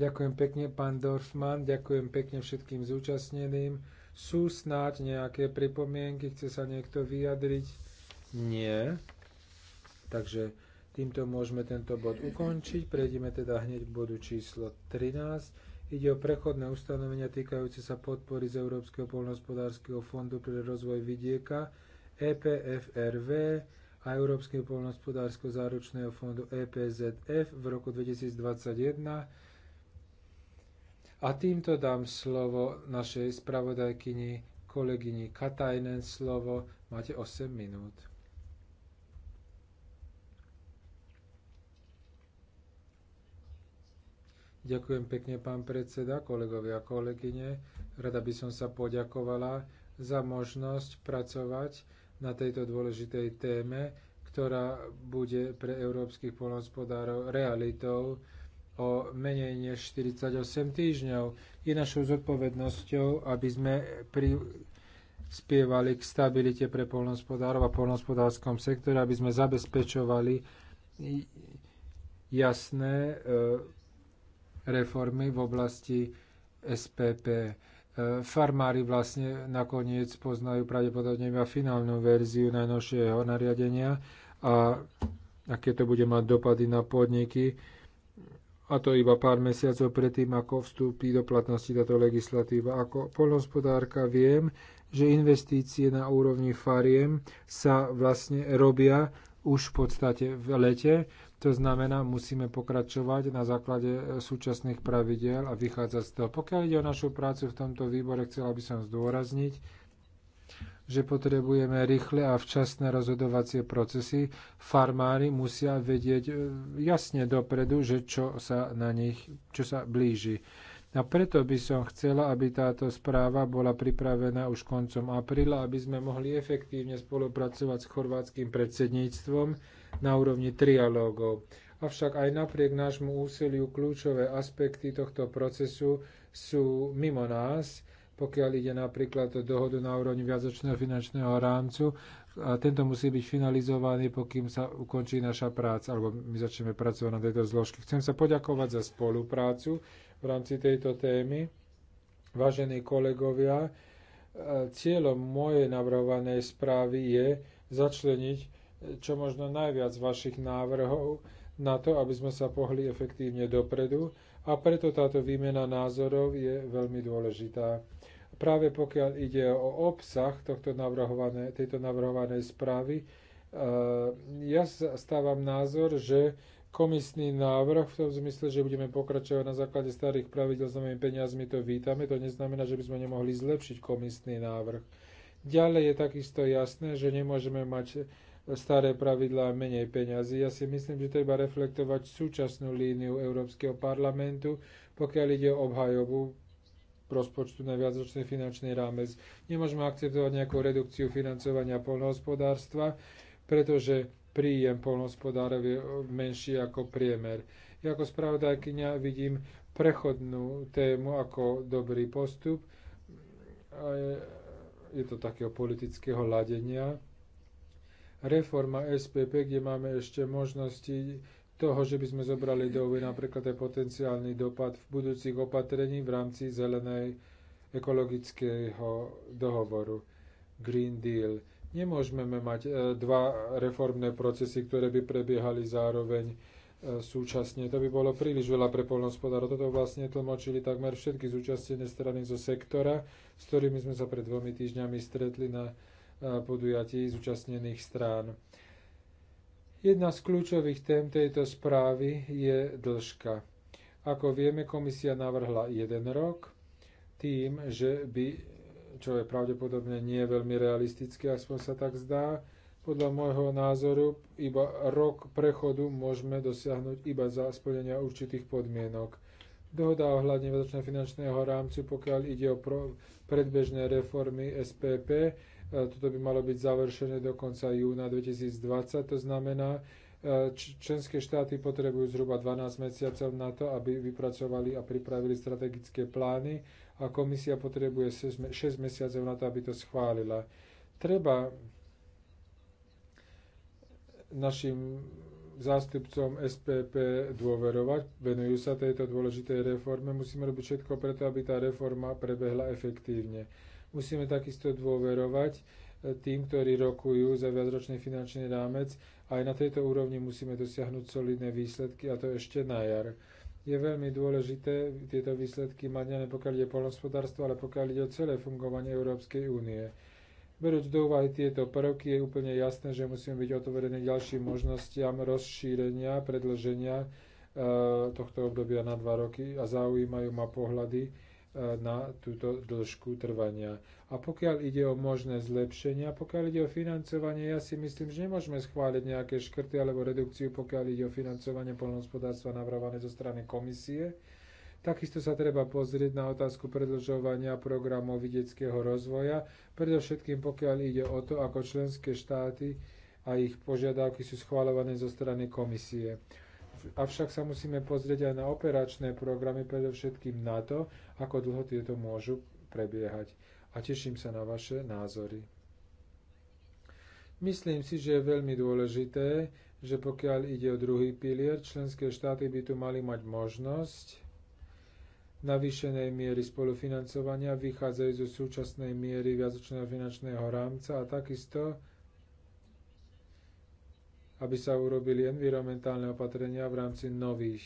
ďakujem pekne, pán Dorfman, ďakujem pekne všetkým zúčastneným. Sú snáď nejaké pripomienky, chce sa niekto vyjadriť? Nie. Takže týmto môžeme tento bod ukončiť. Prejdeme teda hneď k bodu číslo 13. Ide o prechodné ustanovenia týkajúce sa podpory z Európskeho poľnohospodárskeho fondu pre rozvoj vidieka EPFRV a Európskeho poľnohospodárskeho záručného fondu EPZF v roku 2021. A týmto dám slovo našej spravodajkyni, kolegyni Katajnen slovo. Máte 8 minút. Ďakujem pekne, pán predseda, kolegovia a kolegyne. Rada by som sa poďakovala za možnosť pracovať na tejto dôležitej téme, ktorá bude pre európskych poľnohospodárov realitou o menej než 48 týždňov. Je našou zodpovednosťou, aby sme pri spievali k stabilite pre polnohospodárov a poľnohospodárskom sektore, aby sme zabezpečovali jasné e, reformy v oblasti SPP. E, farmári vlastne nakoniec poznajú pravdepodobne iba finálnu verziu najnovšieho nariadenia a aké to bude mať dopady na podniky. A to iba pár mesiacov predtým, ako vstúpi do platnosti táto legislatíva. Ako poľnospodárka viem, že investície na úrovni fariem sa vlastne robia už v podstate v lete. To znamená, musíme pokračovať na základe e, súčasných pravidel a vychádzať z toho. Pokiaľ ide o našu prácu v tomto výbore, chcela by som zdôrazniť, že potrebujeme rýchle a včasné rozhodovacie procesy. Farmári musia vedieť e, jasne dopredu, že čo sa na nich, čo sa blíži a preto by som chcela, aby táto správa bola pripravená už koncom apríla, aby sme mohli efektívne spolupracovať s chorvátským predsedníctvom na úrovni trialógov. Avšak aj napriek nášmu úsiliu kľúčové aspekty tohto procesu sú mimo nás, pokiaľ ide napríklad o dohodu na úrovni viacočného finančného rámcu, a tento musí byť finalizovaný, pokým sa ukončí naša práca, alebo my začneme pracovať na tejto zložke. Chcem sa poďakovať za spoluprácu v rámci tejto témy. Vážení kolegovia, e, cieľom mojej navrhovanej správy je začleniť e, čo možno najviac vašich návrhov na to, aby sme sa pohli efektívne dopredu a preto táto výmena názorov je veľmi dôležitá. Práve pokiaľ ide o obsah tohto navrhované, tejto navrhovanej správy, e, ja stávam názor, že komisný návrh v tom zmysle, že budeme pokračovať na základe starých pravidel s novými peniazmi, to vítame. To neznamená, že by sme nemohli zlepšiť komisný návrh. Ďalej je takisto jasné, že nemôžeme mať staré pravidlá a menej peňazí. Ja si myslím, že treba reflektovať súčasnú líniu Európskeho parlamentu, pokiaľ ide o obhajobu rozpočtu na viacročný finančný rámec. Nemôžeme akceptovať nejakú redukciu financovania poľnohospodárstva, pretože príjem polnospodárov je menší ako priemer. Ja ako spravodajkynia vidím prechodnú tému ako dobrý postup. A je, je to takého politického ladenia. Reforma SPP, kde máme ešte možnosti toho, že by sme zobrali do úvy napríklad aj potenciálny dopad v budúcich opatrení v rámci zelenej ekologického dohovoru Green Deal Nemôžeme mať e, dva reformné procesy, ktoré by prebiehali zároveň e, súčasne. To by bolo príliš veľa pre polnohospodárov. Toto vlastne tlmočili takmer všetky zúčastnené strany zo sektora, s ktorými sme sa pred dvomi týždňami stretli na e, podujatí zúčastnených strán. Jedna z kľúčových tém tejto správy je dĺžka. Ako vieme, komisia navrhla jeden rok tým, že by čo je pravdepodobne nie veľmi realistické, aspoň sa tak zdá. Podľa môjho názoru iba rok prechodu môžeme dosiahnuť iba za splnenia určitých podmienok. Dohoda ohľadne vedočného finančného rámcu, pokiaľ ide o predbežné reformy SPP, e, toto by malo byť završené do konca júna 2020, to znamená, e, členské štáty potrebujú zhruba 12 mesiacov na to, aby vypracovali a pripravili strategické plány a komisia potrebuje 6 mesiacov na to, aby to schválila. Treba našim zástupcom SPP dôverovať, venujú sa tejto dôležitej reforme, musíme robiť všetko preto, aby tá reforma prebehla efektívne. Musíme takisto dôverovať eh, tým, ktorí rokujú za viacročný finančný rámec. Aj na tejto úrovni musíme dosiahnuť solidné výsledky, a to ešte na jar je veľmi dôležité tieto výsledky mať nielen pokiaľ ide poľnohospodárstvo, ale pokiaľ ide o celé fungovanie Európskej únie. Berúc do úvahy tieto prvky, je úplne jasné, že musíme byť otvorení ďalším možnostiam rozšírenia, predlženia e, eh, tohto obdobia na dva roky a zaujímajú ma pohľady na túto dĺžku trvania. A pokiaľ ide o možné zlepšenia, pokiaľ ide o financovanie, ja si myslím, že nemôžeme schváliť nejaké škrty alebo redukciu, pokiaľ ide o financovanie poľnohospodárstva navrhované zo strany komisie. Takisto sa treba pozrieť na otázku predlžovania programov vidieckého rozvoja, predovšetkým pokiaľ ide o to, ako členské štáty a ich požiadavky sú schváľované zo strany komisie avšak sa musíme pozrieť aj na operačné programy, predovšetkým na to, ako dlho tieto môžu prebiehať. A teším sa na vaše názory. Myslím si, že je veľmi dôležité, že pokiaľ ide o druhý pilier, členské štáty by tu mali mať možnosť navýšenej miery spolufinancovania vychádzajú zo súčasnej miery viacočného finančného rámca a takisto aby sa urobili environmentálne opatrenia v rámci nových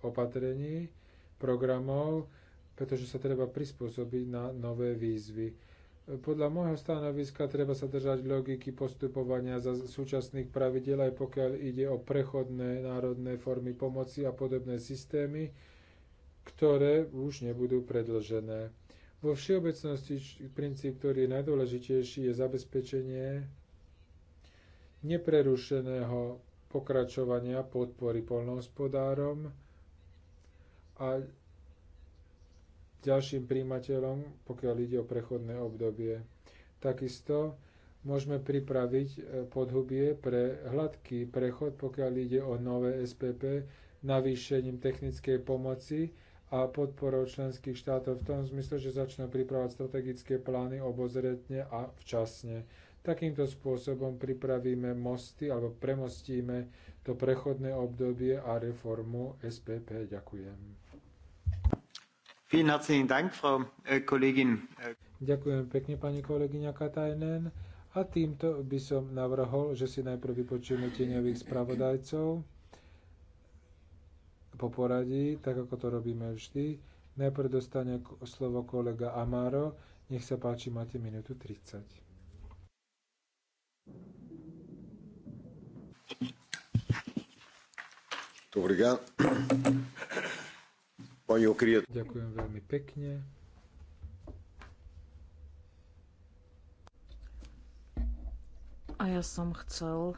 opatrení, programov, pretože sa treba prispôsobiť na nové výzvy. Podľa môjho stanoviska treba sa držať logiky postupovania za súčasných pravidel, aj pokiaľ ide o prechodné národné formy pomoci a podobné systémy, ktoré už nebudú predlžené. Vo všeobecnosti princíp, ktorý je najdôležitejší, je zabezpečenie neprerušeného pokračovania podpory polnohospodárom a ďalším príjimateľom, pokiaľ ide o prechodné obdobie. Takisto môžeme pripraviť e, podhubie pre hladký prechod, pokiaľ ide o nové SPP, navýšením technickej pomoci a podporou členských štátov v tom zmysle, že začnú pripravať strategické plány obozretne a včasne. Takýmto spôsobom pripravíme mosty alebo premostíme to prechodné obdobie a reformu SPP. Ďakujem. Äh, Ďakujem pekne, pani kolegyňa Katajnen. A týmto by som navrhol, že si najprv vypočujeme tieňových spravodajcov po poradí, tak ako to robíme vždy. Najprv dostane slovo kolega Amaro. Nech sa páči, máte minútu 30. Ďakujem veľmi pekne. A ja som chcel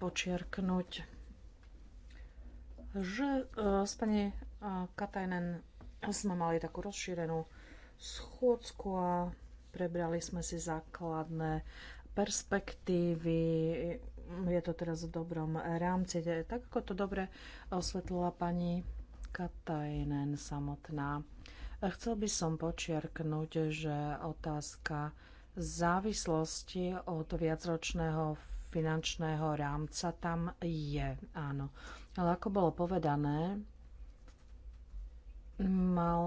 počiarknúť, že e, s pani e, Katajnen sme mali takú rozšírenú schôdzku a prebrali sme si základné perspektívy. Je to teraz v dobrom rámci, tak ako to dobre osvetlila pani Katajnen samotná. Chcel by som počiarknúť, že otázka závislosti od viacročného finančného rámca tam je, áno. Ale ako bolo povedané, Mal,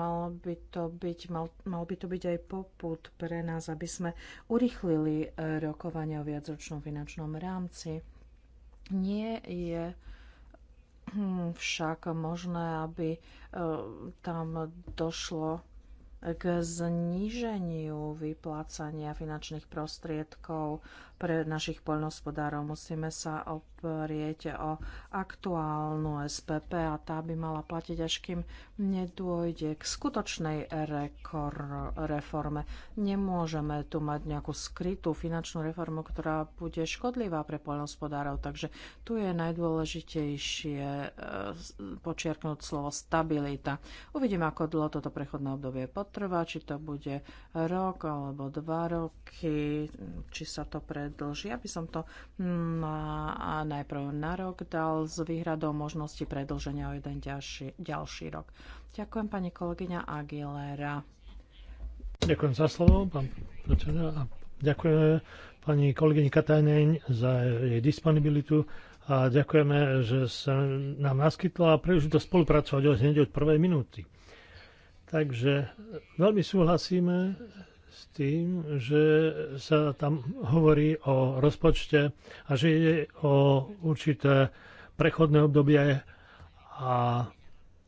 mal, by to byť, mal, mal by to byť aj poput pre nás, aby sme urychlili e, rokovania o viacročnom finančnom rámci. Nie je hm, však možné, aby e, tam došlo k zníženiu vyplácania finančných prostriedkov pre našich poľnohospodárov. Musíme sa oprieť o aktuálnu SPP a tá by mala platiť, až kým nedôjde k skutočnej reforme. Nemôžeme tu mať nejakú skrytú finančnú reformu, ktorá bude škodlivá pre poľnohospodárov. Takže tu je najdôležitejšie e, počiarknúť slovo stabilita. Uvidíme, ako dlho toto prechodné obdobie potrvá, či to bude rok alebo dva roky, či sa to pre predlží. Ja by som to na, mm, najprv na rok dal s výhradou možnosti predlženia o jeden ďalší, ďalší rok. Ďakujem pani kolegyňa Aguilera. Ďakujem za slovo, pán predseda. A ďakujeme pani kolegyni Katajnej za jej disponibilitu a ďakujeme, že sa nám naskytla príležitosť spolupracovať hneď od prvej minúty. Takže veľmi súhlasíme s tým, že sa tam hovorí o rozpočte a že ide o určité prechodné obdobie a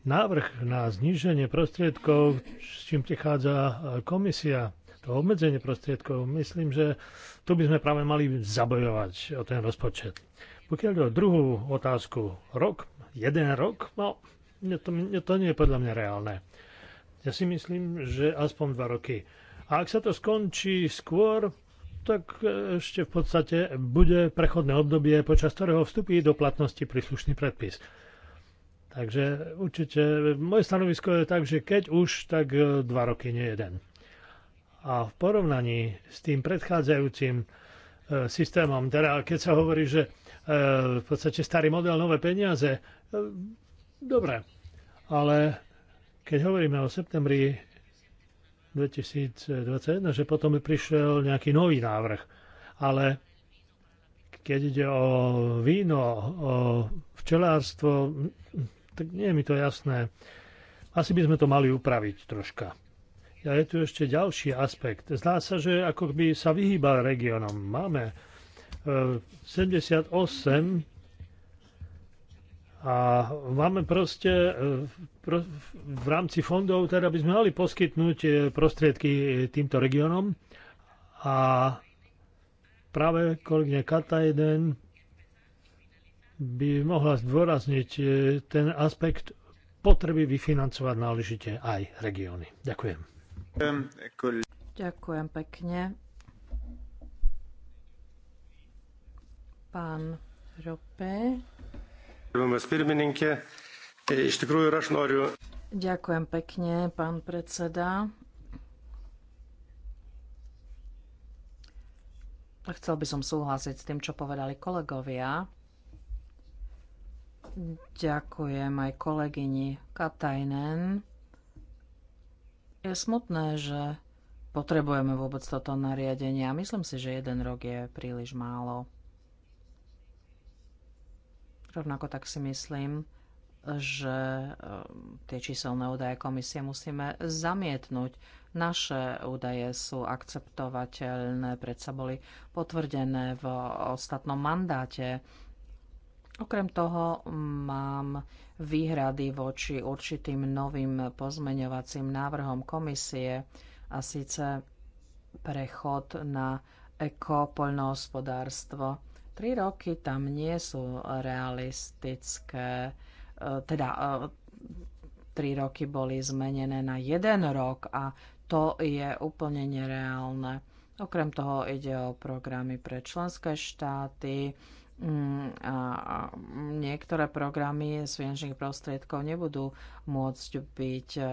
návrh na zníženie prostriedkov, s čím prichádza komisia, to obmedzenie prostriedkov, myslím, že tu by sme práve mali zabojovať o ten rozpočet. Pokiaľ o druhú otázku, rok, jeden rok, no, to, to nie je podľa mňa reálne. Ja si myslím, že aspoň dva roky. A ak sa to skončí skôr, tak e, ešte v podstate bude prechodné obdobie, počas ktorého vstupí do platnosti príslušný predpis. Takže určite moje stanovisko je tak, že keď už, tak e, dva roky, nie jeden. A v porovnaní s tým predchádzajúcim e, systémom, teda keď sa hovorí, že v podstate starý model, nové peniaze, dobre, ale keď hovoríme o septembri 2021, no, že potom by prišiel nejaký nový návrh. Ale keď ide o víno, o včelárstvo, tak nie je mi to jasné. Asi by sme to mali upraviť troška. A je tu ešte ďalší aspekt. Zdá sa, že ako by sa vyhýbal regiónom. Máme 78 e, a máme proste e, v rámci fondov, teda by sme mali poskytnúť e, prostriedky e, týmto regiónom a práve kolegyňa jeden by mohla zdôrazniť ten aspekt potreby vyfinancovať náležite aj regióny. Ďakujem. Ďakujem pekne. Pán Rope. E, Ďakujem pekne, pán predseda. Chcel by som súhlasiť s tým, čo povedali kolegovia. Ďakujem aj kolegyni Katajnen. Je smutné, že potrebujeme vôbec toto nariadenie a myslím si, že jeden rok je príliš málo. Rovnako tak si myslím, že ehm, tie číselné údaje komisie musíme zamietnúť. Naše údaje sú akceptovateľné, predsa boli potvrdené v ostatnom mandáte. Okrem toho mám výhrady voči určitým novým pozmeňovacím návrhom komisie a síce prechod na ekopoľnohospodárstvo Tri roky tam nie sú realistické, e, teda e, tri roky boli zmenené na jeden rok a to je úplne nereálne. Okrem toho ide o programy pre členské štáty, Mm, a niektoré programy z finančných prostriedkov nebudú môcť byť e,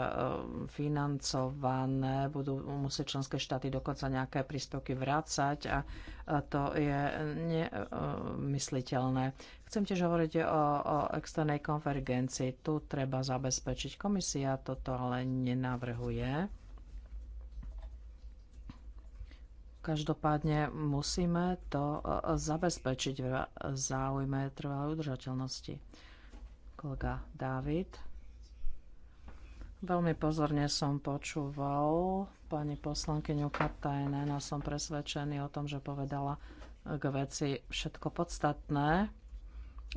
financované, budú musieť členské štáty dokonca nejaké príspevky vrácať a to je nemysliteľné. Chcem tiež hovoriť o, o externej konvergencii. Tu treba zabezpečiť. Komisia toto ale nenavrhuje. Každopádne musíme to e, zabezpečiť v záujme trvalej udržateľnosti. Kolega Dávid. Veľmi pozorne som počúval pani poslankyňu Katajnen a som presvedčený o tom, že povedala k veci všetko podstatné.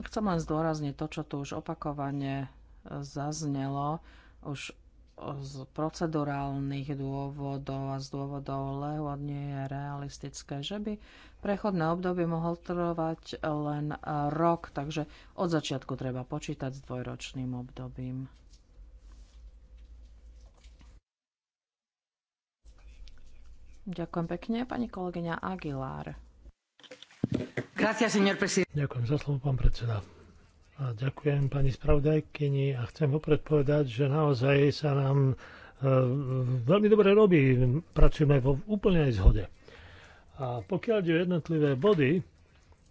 Chcem len zdôrazniť to, čo tu už opakovane zaznelo. Už z procedurálnych dôvodov a z dôvodov leho nie je realistické, že by prechodné obdobie mohol trvať len rok, takže od začiatku treba počítať s dvojročným obdobím. Ďakujem pekne, pani kolegyňa Aguilar. Gracias, señor Ďakujem za slovo, pán predseda. A ďakujem pani spravodajkyni a chcem opred povedať, že naozaj sa nám e, veľmi dobre robí. Pracujeme vo úplnej zhode. A pokiaľ ide jednotlivé body,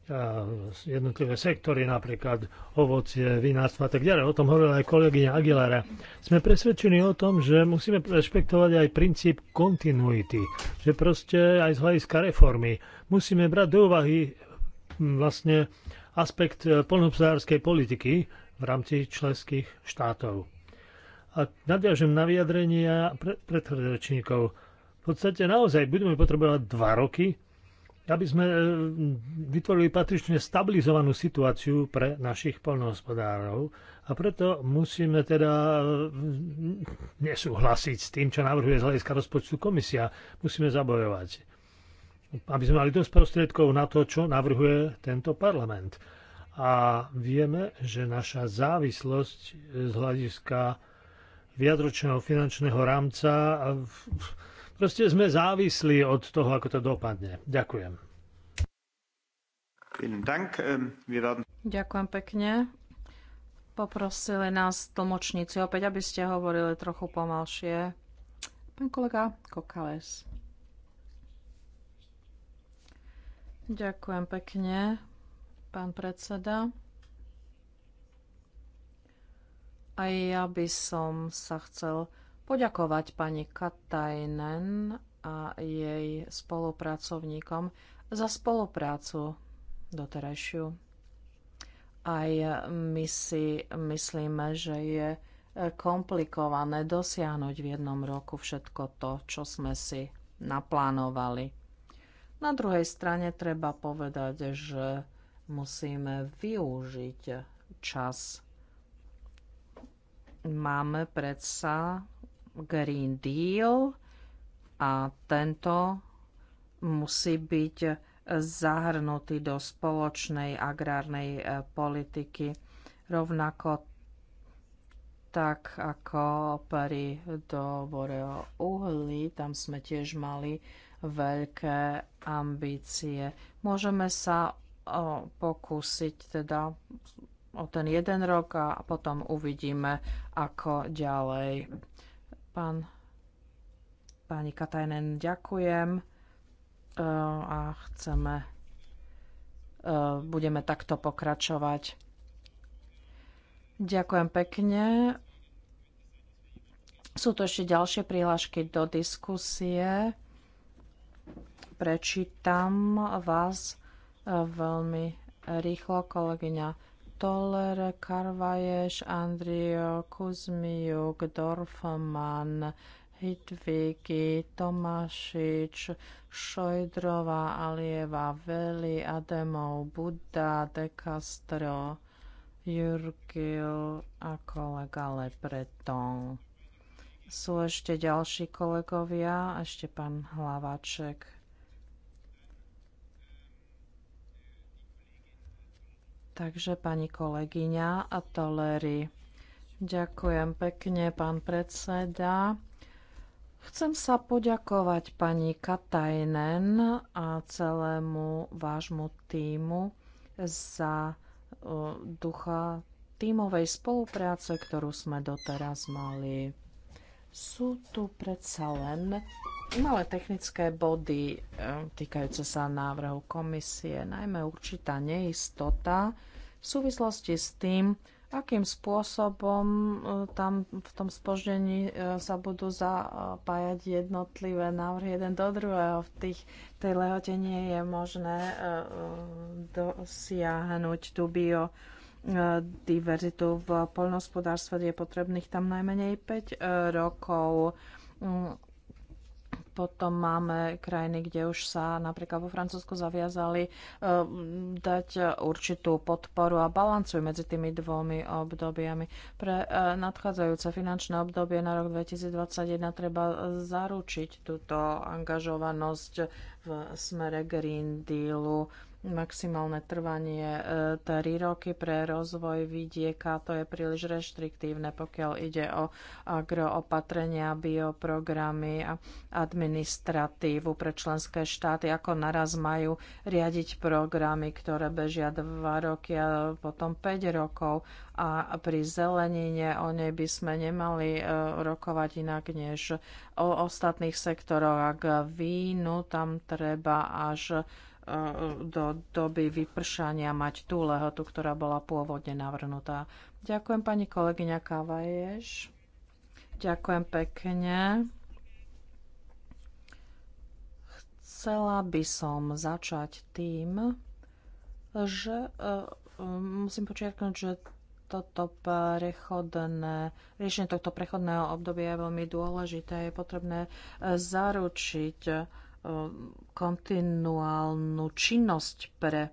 a jednotlivé sektory, napríklad ovocie, vinárstvo a tak ďalej. O tom hovorila aj kolegyňa Aguilera. Sme presvedčení o tom, že musíme rešpektovať aj princíp kontinuity, že proste aj z hľadiska reformy musíme brať do úvahy vlastne aspekt e, poľnohospodárskej politiky v rámci členských štátov. A nadviažem na vyjadrenia predrečníkov. V podstate naozaj budeme potrebovať dva roky, aby sme e, vytvorili patrične stabilizovanú situáciu pre našich poľnohospodárov. A preto musíme teda e, nesúhlasiť s tým, čo navrhuje z hľadiska rozpočtu komisia. Musíme zabojovať aby sme mali dosť prostriedkov na to, čo navrhuje tento parlament a vieme, že naša závislosť e, z hľadiska viadročného finančného rámca proste sme závislí od toho, ako to dopadne. Ďakujem. Ähm, Ďakujem pekne. Poprosili nás tlmočníci opäť, aby ste hovorili trochu pomalšie. Pán kolega Kokales. Ďakujem pekne pán predseda. Aj ja by som sa chcel poďakovať pani Katajnen a jej spolupracovníkom za spoluprácu doterajšiu. Aj my si myslíme, že je komplikované dosiahnuť v jednom roku všetko to, čo sme si naplánovali. Na druhej strane treba povedať, že Musíme využiť čas. Máme predsa Green Deal a tento musí byť zahrnutý do spoločnej agrárnej e, politiky. Rovnako tak ako pri dobore o tam sme tiež mali veľké ambície. Môžeme sa pokúsiť teda o ten jeden rok a potom uvidíme, ako ďalej. Pán, pani Katajnen, ďakujem e, a chceme, e, budeme takto pokračovať. Ďakujem pekne. Sú to ešte ďalšie prihlášky do diskusie. Prečítam vás veľmi rýchlo. Kolegyňa Toller, Karvaješ, Andrio, Kuzmiuk, Dorfman, Hitvigi, Tomašič, Šojdrová, Alieva, Veli, Ademov, Buda, De Castro, Jurgil a kolega Le Breton. Sú ešte ďalší kolegovia, ešte pán Hlavaček Takže pani kolegyňa a toleri, Ďakujem pekne, pán predseda. Chcem sa poďakovať pani Katajnen a celému vášmu týmu za ducha tímovej spolupráce, ktorú sme doteraz mali. Sú tu predsa len malé technické body e, týkajúce sa návrhu komisie, najmä určitá neistota v súvislosti s tým, akým spôsobom e, tam v tom spoždení e, sa budú zapájať jednotlivé návrhy jeden do druhého. V tých, tej lehote nie je možné dosiahnuť tú bio diverzitu v poľnohospodárstve, je potrebných tam najmenej 5 e, rokov. Mm, potom máme krajiny, kde už sa napríklad vo Francúzsku zaviazali e, dať určitú podporu a balancuj medzi tými dvomi obdobiami. Pre e, nadchádzajúce finančné obdobie na rok 2021 treba zaručiť túto angažovanosť v smere Green Dealu maximálne trvanie 3 e, roky pre rozvoj vidieka, to je príliš reštriktívne, pokiaľ ide o agroopatrenia, bioprogramy a administratívu pre členské štáty, ako naraz majú riadiť programy, ktoré bežia 2 roky a potom 5 rokov a pri zelenine o nej by sme nemali e, rokovať inak než o ostatných sektoroch. Ak vínu tam treba až E, do doby vypršania mať tú lehotu, ktorá bola pôvodne navrhnutá. Ďakujem pani kolegyňa Kavaješ. Ďakujem pekne. Chcela by som začať tým, že e, musím počiarknúť, že toto prechodné, riešenie tohto prechodného obdobia je veľmi dôležité. Je potrebné e, zaručiť kontinuálnu činnosť pre e,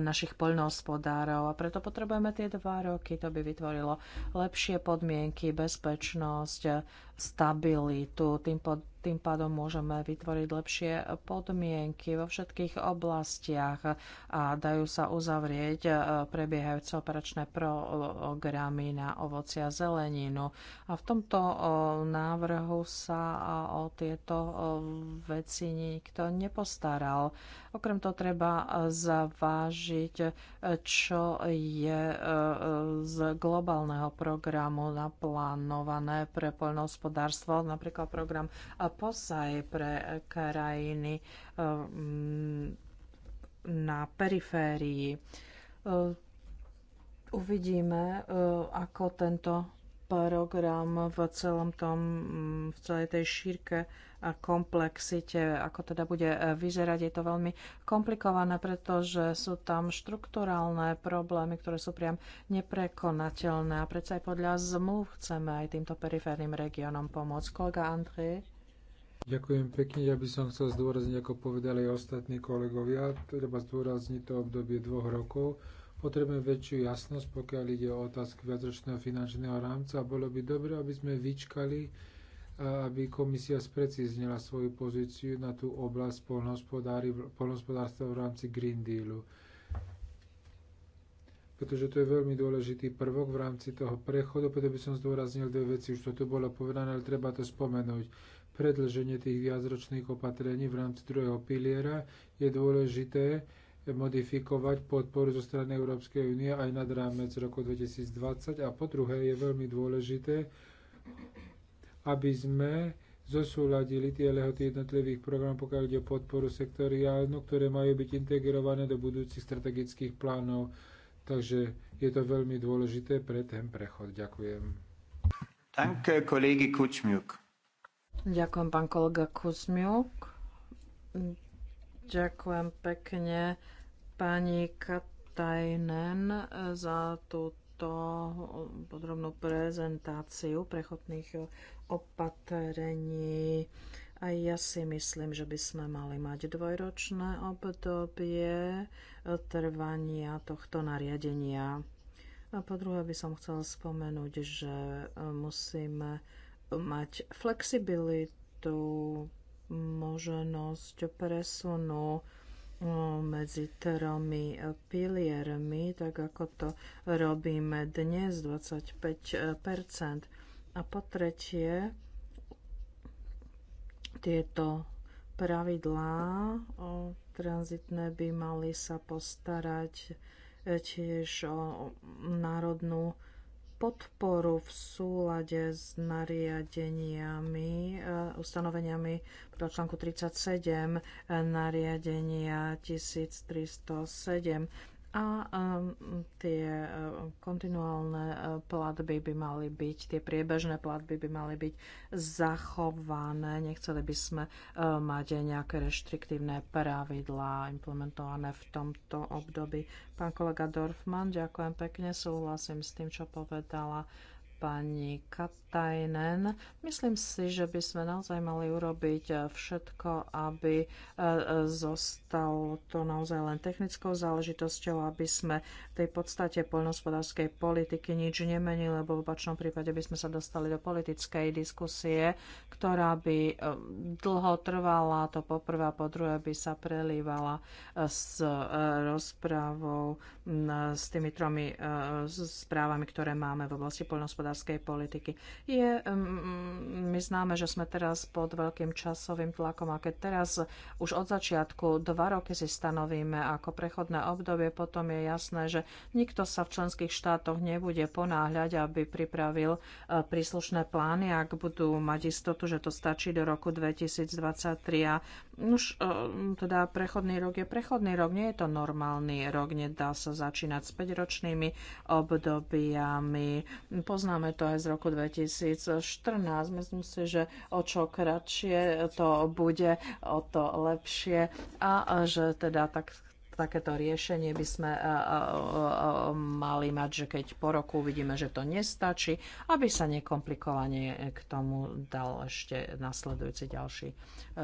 našich poľnohospodárov. A preto potrebujeme tie dva roky. To by vytvorilo lepšie podmienky, bezpečnosť, stabilitu. Tým pod tým pádom môžeme vytvoriť lepšie podmienky vo všetkých oblastiach a dajú sa uzavrieť e, prebiehajúce operačné programy na ovoci a zeleninu. A v tomto e, návrhu sa e, o tieto veci nikto nepostaral. Okrem toho treba eh, zavážiť, eh, čo je eh, z globálneho programu naplánované pre poľnohospodárstvo, napríklad program POSAJ pre krajiny na periférii. Uvidíme, ako tento program v celom tom, mm, v celej tej šírke a komplexite, ako teda bude e, vyzerať. Je to veľmi komplikované, pretože sú tam štruktúrálne problémy, ktoré sú priam neprekonateľné a predsa aj podľa zmluv chceme aj týmto periférnym regiónom pomôcť. Kolega Andrej? Ďakujem pekne. Ja by som chcel zdôrazniť, ako povedali ostatní kolegovia, treba zdôrazniť to obdobie dvoch rokov, Potrebujeme väčšiu jasnosť, pokiaľ ide o otázky viacročného finančného rámca a bolo by dobre, aby sme vyčkali, aby komisia spreciznila svoju pozíciu na tú oblasť poľnohospodárstva v rámci Green Dealu pretože to je veľmi dôležitý prvok v rámci toho prechodu, preto by som zdôraznil dve veci, už to tu bolo povedané, ale treba to spomenúť. Predlženie tých viacročných opatrení v rámci druhého piliera je dôležité, modifikovať podporu zo strany Európskej únie aj nad rámec roku 2020 a po druhé je veľmi dôležité, aby sme zosúladili tie lehoty jednotlivých programov, pokiaľ ide o podporu sektoriálnu, ktoré majú byť integrované do budúcich strategických plánov. Takže je to veľmi dôležité pre ten prechod. Ďakujem. Danke, Kučmiuk. Ďakujem, pán kolega Kučmiuk. Ďakujem pekne pani Katajnen e, za túto podrobnú prezentáciu prechodných opatrení. A ja si myslím, že by sme mali mať dvojročné obdobie e, trvania tohto nariadenia. A po druhé by som chcela spomenúť, že e, musíme mať flexibilitu, možnosť presunu medzi tromi e, piliermi, tak ako to robíme dnes, 25 A po tretie, tieto pravidlá o tranzitné by mali sa postarať e, tiež o národnú podporu v súlade s nariadeniami, eh, ustanoveniami podľa článku 37 eh, nariadenia 1307 a um, tie um, kontinuálne uh, platby by mali byť, tie priebežné platby by mali byť zachované. Nechceli by sme uh, mať nejaké reštriktívne pravidlá implementované v tomto období. Pán kolega Dorfman, ďakujem pekne, súhlasím s tým, čo povedala pani Katajnen. Myslím si, že by sme naozaj mali urobiť eh, všetko, aby eh, eh, zostalo to naozaj len technickou záležitosťou, aby sme tej podstate poľnohospodárskej politiky nič nemení, lebo v opačnom prípade by sme sa dostali do politickej diskusie, ktorá by e, dlho trvala, to poprvé a po druhé by sa prelívala e, s e, rozprávou, s tými tromi správami, ktoré máme v oblasti poľnohospodárskej politiky. Je, my známe, že sme teraz pod veľkým časovým tlakom a keď teraz už od začiatku dva roky si stanovíme ako prechodné obdobie, potom je jasné, že nikto sa v členských štátoch nebude ponáhľať, aby pripravil e, príslušné plány, ak budú mať istotu, že to stačí do roku 2023. A už e, teda prechodný rok je prechodný rok, nie je to normálny rok, nedá sa začínať s 5-ročnými obdobiami. Poznáme to aj z roku 2014. Myslím si, že o čo kratšie to bude, o to lepšie a že teda tak takéto riešenie by sme eh, eh, eh, mali mať, že keď po roku vidíme, že to nestačí, aby sa nekomplikovanie k tomu dal ešte nasledujúci ďalší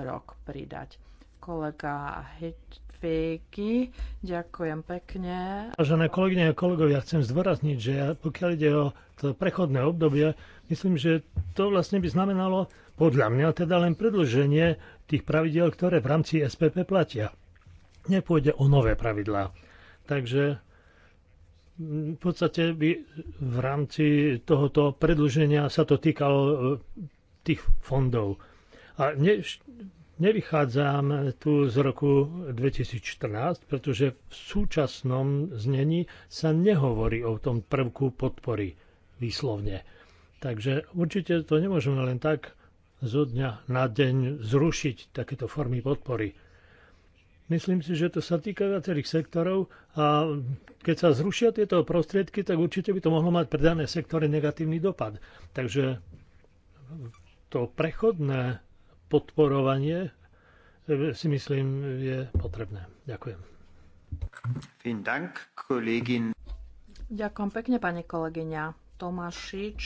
rok pridať. Kolega Hitviki, ďakujem pekne. Vážené kolegyne a kolegovia, chcem zdôrazniť, že ja, pokiaľ ide o to prechodné obdobie, myslím, že to vlastne by znamenalo podľa mňa teda len predlženie tých pravidel, ktoré v rámci SPP platia nepôjde o nové pravidlá. Takže mm, v podstate by v rámci tohoto predlženia sa to týkalo e, tých fondov. A ne, nevychádzam tu z roku 2014, pretože v súčasnom znení sa nehovorí o tom prvku podpory výslovne. Takže určite to nemôžeme len tak zo dňa na deň zrušiť takéto formy podpory. Myslím si, že to sa týka viacerých sektorov a keď sa zrušia tieto prostriedky, tak určite by to mohlo mať pre dané sektory negatívny dopad. Takže to prechodné podporovanie eh, si myslím je potrebné. Ďakujem. Ďakujem pekne, pani kolegyňa Tomášič.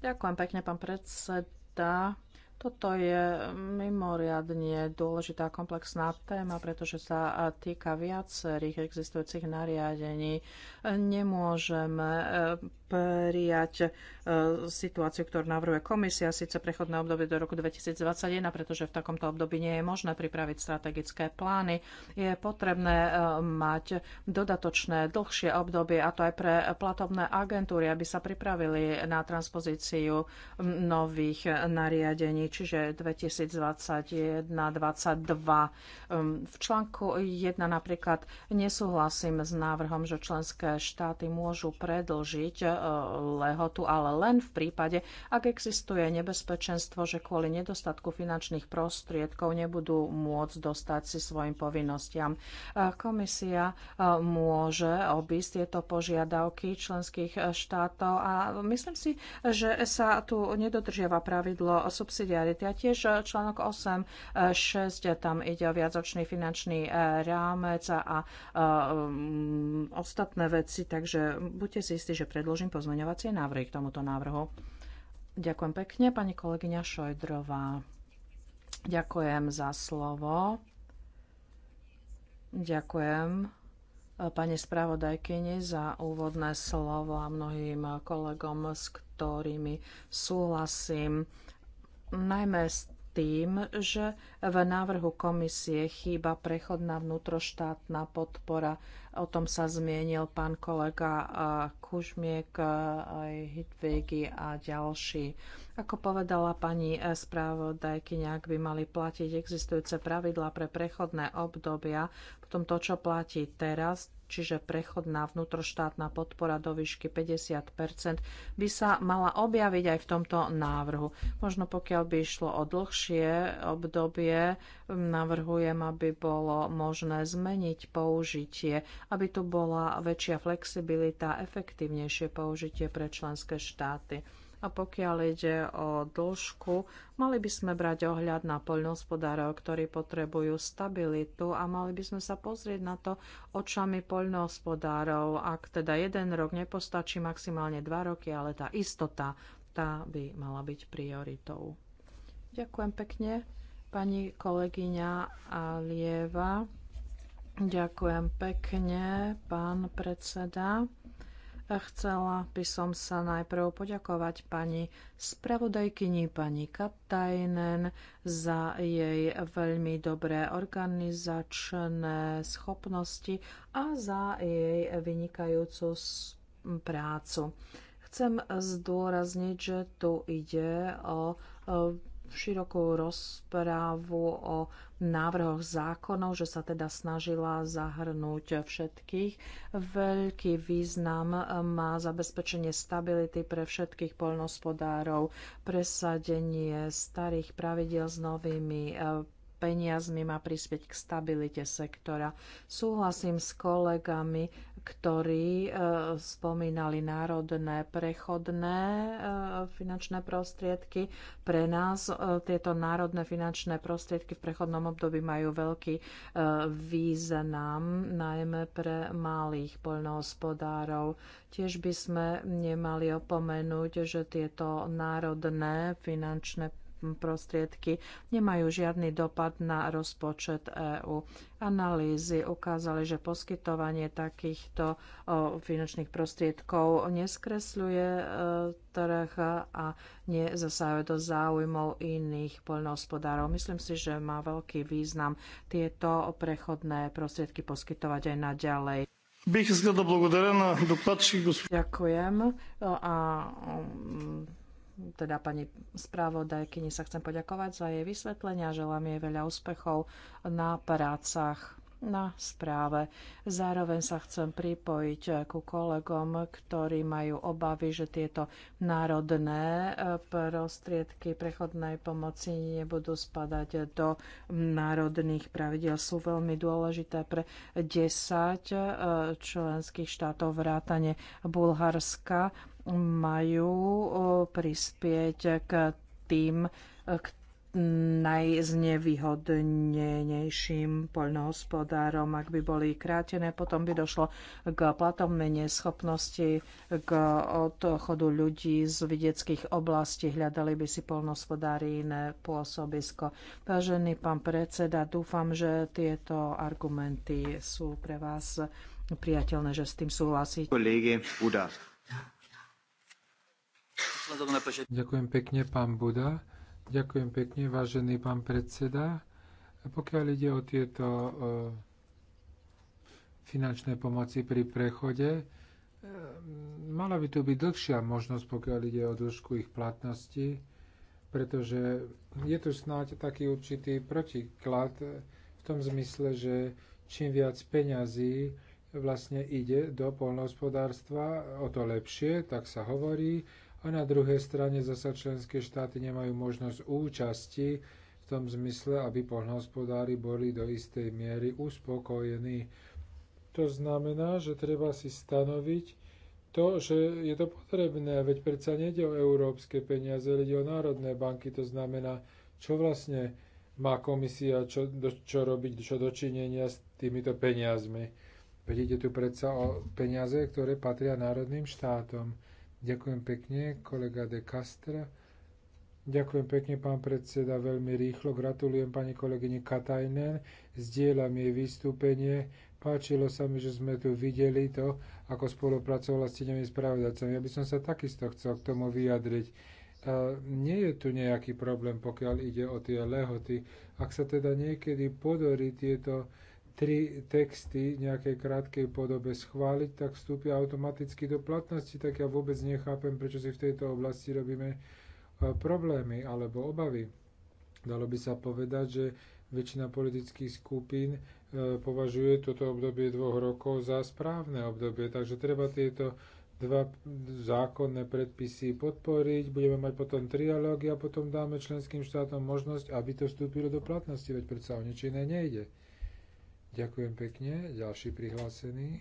Ďakujem pekne, pán predseda. Toto je mimoriadne dôležitá komplexná téma, pretože sa týka viacerých existujúcich nariadení. Nemôžeme eh, prijať e, situáciu, ktorú navrhuje komisia, síce prechodné obdobie do roku 2021, pretože v takomto období nie je možné pripraviť strategické plány. Je potrebné e, mať dodatočné, dlhšie obdobie, a to aj pre platovné agentúry, aby sa pripravili na transpozíciu nových nariadení, čiže 2021-2022. V článku 1 napríklad nesúhlasím s návrhom, že členské štáty môžu predlžiť lehotu, ale len v prípade, ak existuje nebezpečenstvo, že kvôli nedostatku finančných prostriedkov nebudú môcť dostať si svojim povinnostiam. Komisia môže obísť tieto požiadavky členských štátov a myslím si, že sa tu nedodržiava pravidlo subsidiarity a tiež článok 8, 6, tam ide o viacočný finančný e, rámec a ostatné veci, takže buďte si istí, že predložím predložím pozmeňovacie návrhy k tomuto návrhu. Ďakujem pekne, pani kolegyňa Šojdrová. Ďakujem za slovo. Ďakujem e, pani spravodajkyni za úvodné slovo a mnohým kolegom, s ktorými súhlasím. Najmä s tým, že v návrhu komisie chýba prechodná vnútroštátna podpora. O tom sa zmienil pán kolega Kužmiek, Hitvigi a ďalší. Ako povedala pani správodajkyňa, ak by mali platiť existujúce pravidlá pre prechodné obdobia, potom to, čo platí teraz, čiže prechodná vnútroštátna podpora do výšky 50 by sa mala objaviť aj v tomto návrhu. Možno pokiaľ by išlo o dlhšie obdobie, navrhujem, aby bolo možné zmeniť použitie, aby tu bola väčšia flexibilita, efektívnejšie použitie pre členské štáty. A pokiaľ ide o dĺžku, mali by sme brať ohľad na poľnohospodárov, ktorí potrebujú stabilitu a mali by sme sa pozrieť na to očami poľnohospodárov. Ak teda jeden rok nepostačí, maximálne dva roky, ale tá istota, tá by mala byť prioritou. Ďakujem pekne, pani kolegyňa Alieva. Ďakujem pekne, pán predseda. Chcela by som sa najprv poďakovať pani spravodajkyni pani Katajnen za jej veľmi dobré organizačné schopnosti a za jej vynikajúcu prácu. Chcem zdôrazniť, že tu ide o širokú rozprávu o návrhoch zákonov, že sa teda snažila zahrnúť všetkých. Veľký význam má zabezpečenie stability pre všetkých poľnospodárov, presadenie starých pravidel s novými e, peniazmi má prispieť k stabilite sektora. Súhlasím s kolegami, ktorí e, spomínali národné prechodné e, finančné prostriedky. Pre nás e, tieto národné finančné prostriedky v prechodnom období majú veľký význam, najmä pre malých poľnohospodárov. Tiež by sme nemali opomenúť, že tieto národné finančné prostriedky nemajú žiadny dopad na rozpočet EÚ. Analýzy ukázali, že poskytovanie takýchto finančných prostriedkov neskresľuje e, trh a nezasahuje do záujmov iných poľnohospodárov. Myslím si, že má veľký význam tieto prechodné prostriedky poskytovať aj naďalej. Бих teda pani správodajkyni sa chcem poďakovať za jej vysvetlenia. Želám jej veľa úspechov na prácach na správe. Zároveň sa chcem pripojiť ku kolegom, ktorí majú obavy, že tieto národné eh, prostriedky prechodnej pomoci nebudú spadať do národných pravidel. Sú veľmi dôležité pre 10 eh, členských štátov vrátane Bulharska majú prispieť k tým, e, k najznevýhodnenejším poľnohospodárom, ak by boli krátené. Potom by došlo k platovnej neschopnosti, k odchodu ľudí z vidieckých oblastí. Hľadali by si poľnohospodári iné pôsobisko. Vážený pán predseda, dúfam, že tieto argumenty sú pre vás priateľné, že s tým súhlasíte. Kolege Ďakujem pekne, pán Buda. Ďakujem pekne, vážený pán predseda. A pokiaľ ide o tieto e, finančné pomoci pri prechode, e, mala by tu byť dlhšia možnosť, pokiaľ ide o dĺžku ich platnosti, pretože je tu snáď taký určitý protiklad v tom zmysle, že čím viac peňazí vlastne ide do poľnohospodárstva, o to lepšie, tak sa hovorí, a na druhej strane zasa členské štáty nemajú možnosť účasti v tom zmysle, aby poľnohospodári boli do istej miery uspokojení. To znamená, že treba si stanoviť to, že je to potrebné, veď predsa nejde o európske peniaze, ide o národné banky, to znamená, čo vlastne má komisia čo, do, čo robiť, čo dočinenia s týmito peniazmi. Vedíte tu predsa o peniaze, ktoré patria národným štátom. Ďakujem pekne, kolega de Castra. Ďakujem pekne, pán predseda, veľmi rýchlo. Gratulujem pani kolegyni Katajnen, zdieľam jej vystúpenie. Páčilo sa mi, že sme tu videli to, ako spolupracovala s tenými spravodajcami. Ja by som sa takisto chcel k tomu vyjadriť. A nie je tu nejaký problém, pokiaľ ide o tie lehoty. Ak sa teda niekedy podorí tieto tri texty v nejakej krátkej podobe schváliť, tak vstúpia automaticky do platnosti, tak ja vôbec nechápem, prečo si v tejto oblasti robíme e, problémy alebo obavy. Dalo by sa povedať, že väčšina politických skupín e, považuje toto obdobie dvoch rokov za správne obdobie, takže treba tieto dva zákonné predpisy podporiť, budeme mať potom trialógy a potom dáme členským štátom možnosť, aby to vstúpilo do platnosti, veď predsa o nič iné nejde. Ďakujem pekne. Ďalší prihlásený.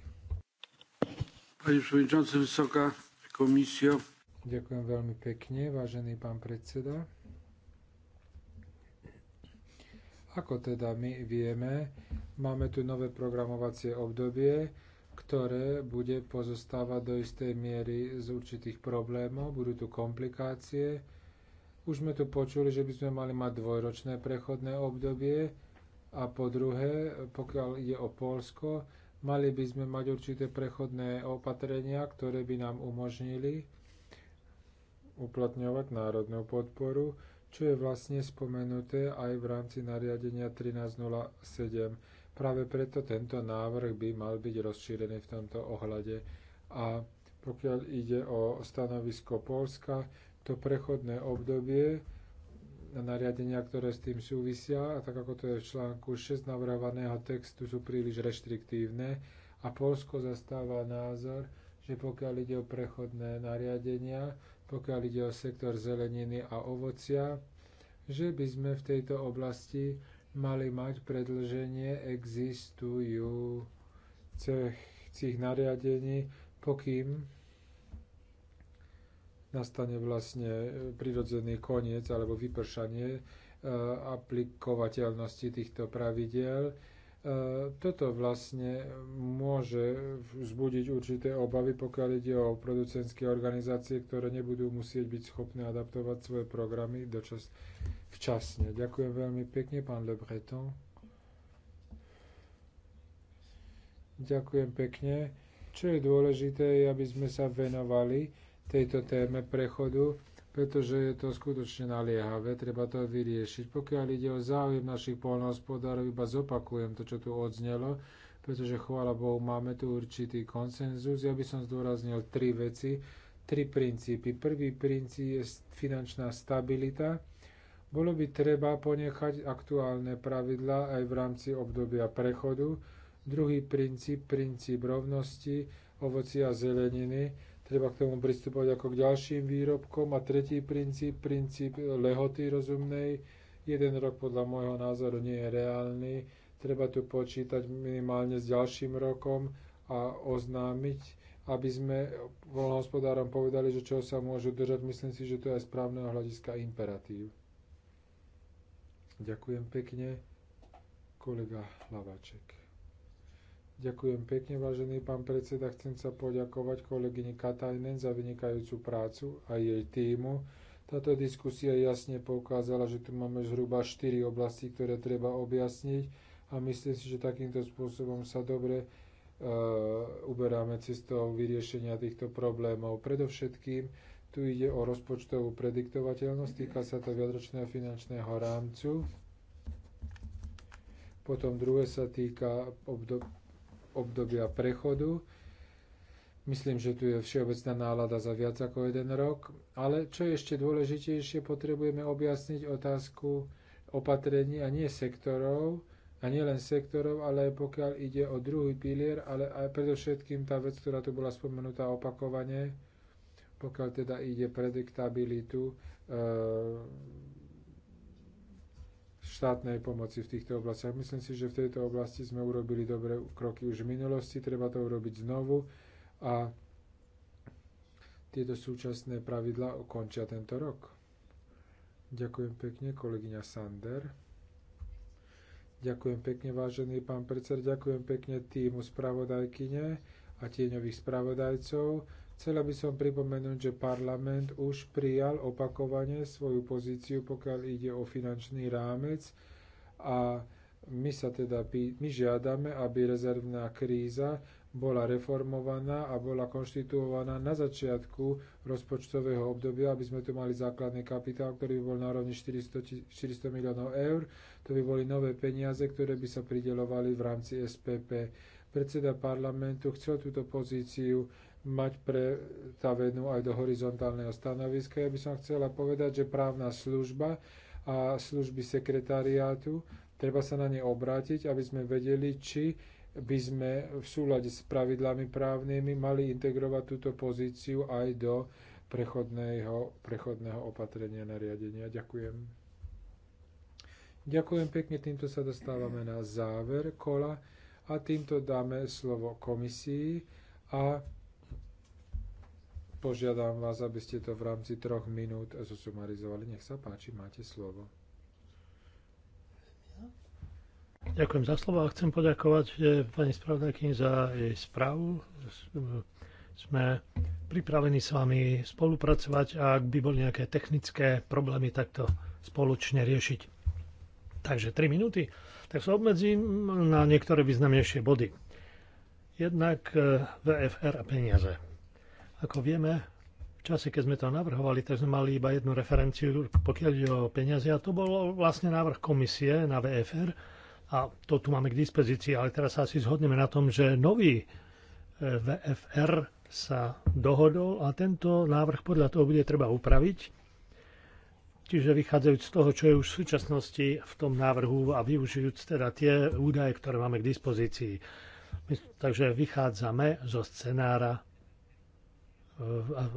Pani predsedajúca, vysoká komisia. Ďakujem veľmi pekne, vážený pán predseda. Ako teda my vieme, máme tu nové programovacie obdobie, ktoré bude pozostávať do istej miery z určitých problémov, budú tu komplikácie. Už sme tu počuli, že by sme mali mať dvojročné prechodné obdobie, a po druhé, pokiaľ ide o Polsko, mali by sme mať určité prechodné opatrenia, ktoré by nám umožnili uplatňovať národnú podporu, čo je vlastne spomenuté aj v rámci nariadenia 1307. Práve preto tento návrh by mal byť rozšírený v tomto ohľade. A pokiaľ ide o stanovisko Polska, to prechodné obdobie nariadenia, ktoré s tým súvisia, a tak ako to je v článku 6 navrhovaného textu, sú príliš reštriktívne a Polsko zastáva názor, že pokiaľ ide o prechodné nariadenia, pokiaľ ide o sektor zeleniny a ovocia, že by sme v tejto oblasti mali mať predlženie existujúcich nariadení, pokým nastane vlastne e, prirodzený koniec alebo vypršanie e, aplikovateľnosti týchto pravidel. E, toto vlastne môže vzbudiť určité obavy, pokiaľ ide o producentské organizácie, ktoré nebudú musieť byť schopné adaptovať svoje programy dočas včasne. Ďakujem veľmi pekne, pán Le Breton. Ďakujem pekne. Čo je dôležité, aby sme sa venovali tejto téme prechodu, pretože je to skutočne naliehavé, treba to vyriešiť. Pokiaľ ide o záujem našich poľnohospodárov, iba zopakujem to, čo tu odznelo, pretože chvála Bohu máme tu určitý konsenzus. Ja by som zdôraznil tri veci, tri princípy. Prvý princíp je finančná stabilita. Bolo by treba ponechať aktuálne pravidlá aj v rámci obdobia prechodu. Druhý princíp, princíp rovnosti ovoci a zeleniny Treba k tomu pristupovať ako k ďalším výrobkom. A tretí princíp, princíp lehoty rozumnej. Jeden rok podľa môjho názoru nie je reálny. Treba tu počítať minimálne s ďalším rokom a oznámiť, aby sme voľnohospodárom povedali, že čo sa môžu držať. Myslím si, že to je aj správneho hľadiska imperatív. Ďakujem pekne, kolega Lavaček. Ďakujem pekne, vážený pán predseda. Chcem sa poďakovať kolegyni Katajnen za vynikajúcu prácu a jej týmu. Táto diskusia jasne poukázala, že tu máme zhruba 4 oblasti, ktoré treba objasniť a myslím si, že takýmto spôsobom sa dobre e, uberáme cestou vyriešenia týchto problémov. Predovšetkým tu ide o rozpočtovú prediktovateľnosť, týka sa to viadročného finančného rámcu. Potom druhé sa týka obdobia obdobia prechodu. Myslím, že tu je všeobecná nálada za viac ako jeden rok, ale čo je ešte dôležitejšie, potrebujeme objasniť otázku opatrení a nie sektorov, a nie len sektorov, ale aj pokiaľ ide o druhý pilier, ale aj predovšetkým tá vec, ktorá tu bola spomenutá opakovane, pokiaľ teda ide prediktabilitu e, štátnej pomoci v týchto oblastiach. Myslím si, že v tejto oblasti sme urobili dobré kroky už v minulosti, treba to urobiť znovu a tieto súčasné pravidlá ukončia tento rok. Ďakujem pekne, kolegyňa Sander. Ďakujem pekne, vážený pán predseda. ďakujem pekne týmu spravodajkyne a tieňových spravodajcov Chcela by som pripomenúť, že parlament už prijal opakovane svoju pozíciu, pokiaľ ide o finančný rámec a my sa teda my žiadame, aby rezervná kríza bola reformovaná a bola konštituovaná na začiatku rozpočtového obdobia, aby sme tu mali základný kapitál, ktorý by bol na rovni 400, 400 miliónov eur. To by boli nové peniaze, ktoré by sa pridelovali v rámci SPP. Predseda parlamentu chcel túto pozíciu mať pretavenú aj do horizontálneho stanoviska. Ja by som chcela povedať, že právna služba a služby sekretariátu, treba sa na ne obrátiť, aby sme vedeli, či by sme v súlade s pravidlami právnymi mali integrovať túto pozíciu aj do prechodného, prechodného opatrenia nariadenia. Ďakujem. Ďakujem pekne, týmto sa dostávame na záver kola a týmto dáme slovo komisii a Požiadam vás, aby ste to v rámci troch minút zosumarizovali. Nech sa páči, máte slovo. Ďakujem za slovo a chcem poďakovať e, pani spravodajkyni za jej správu. E, sme pripravení s vami spolupracovať a ak by boli nejaké technické problémy, tak to spoločne riešiť. Takže 3 minúty. Tak sa obmedzím na niektoré významnejšie body. Jednak e, VFR a peniaze. Ako vieme, v čase, keď sme to navrhovali, tak sme mali iba jednu referenciu, pokiaľ ide o peniaze, a to bol vlastne návrh komisie na VFR, a to tu máme k dispozícii, ale teraz sa asi zhodneme na tom, že nový e, VFR sa dohodol a tento návrh podľa toho bude treba upraviť. Čiže vychádzajúc z toho, čo je už v súčasnosti v tom návrhu a využijúc teda tie údaje, ktoré máme k dispozícii. My, takže vychádzame zo scenára Eh, a,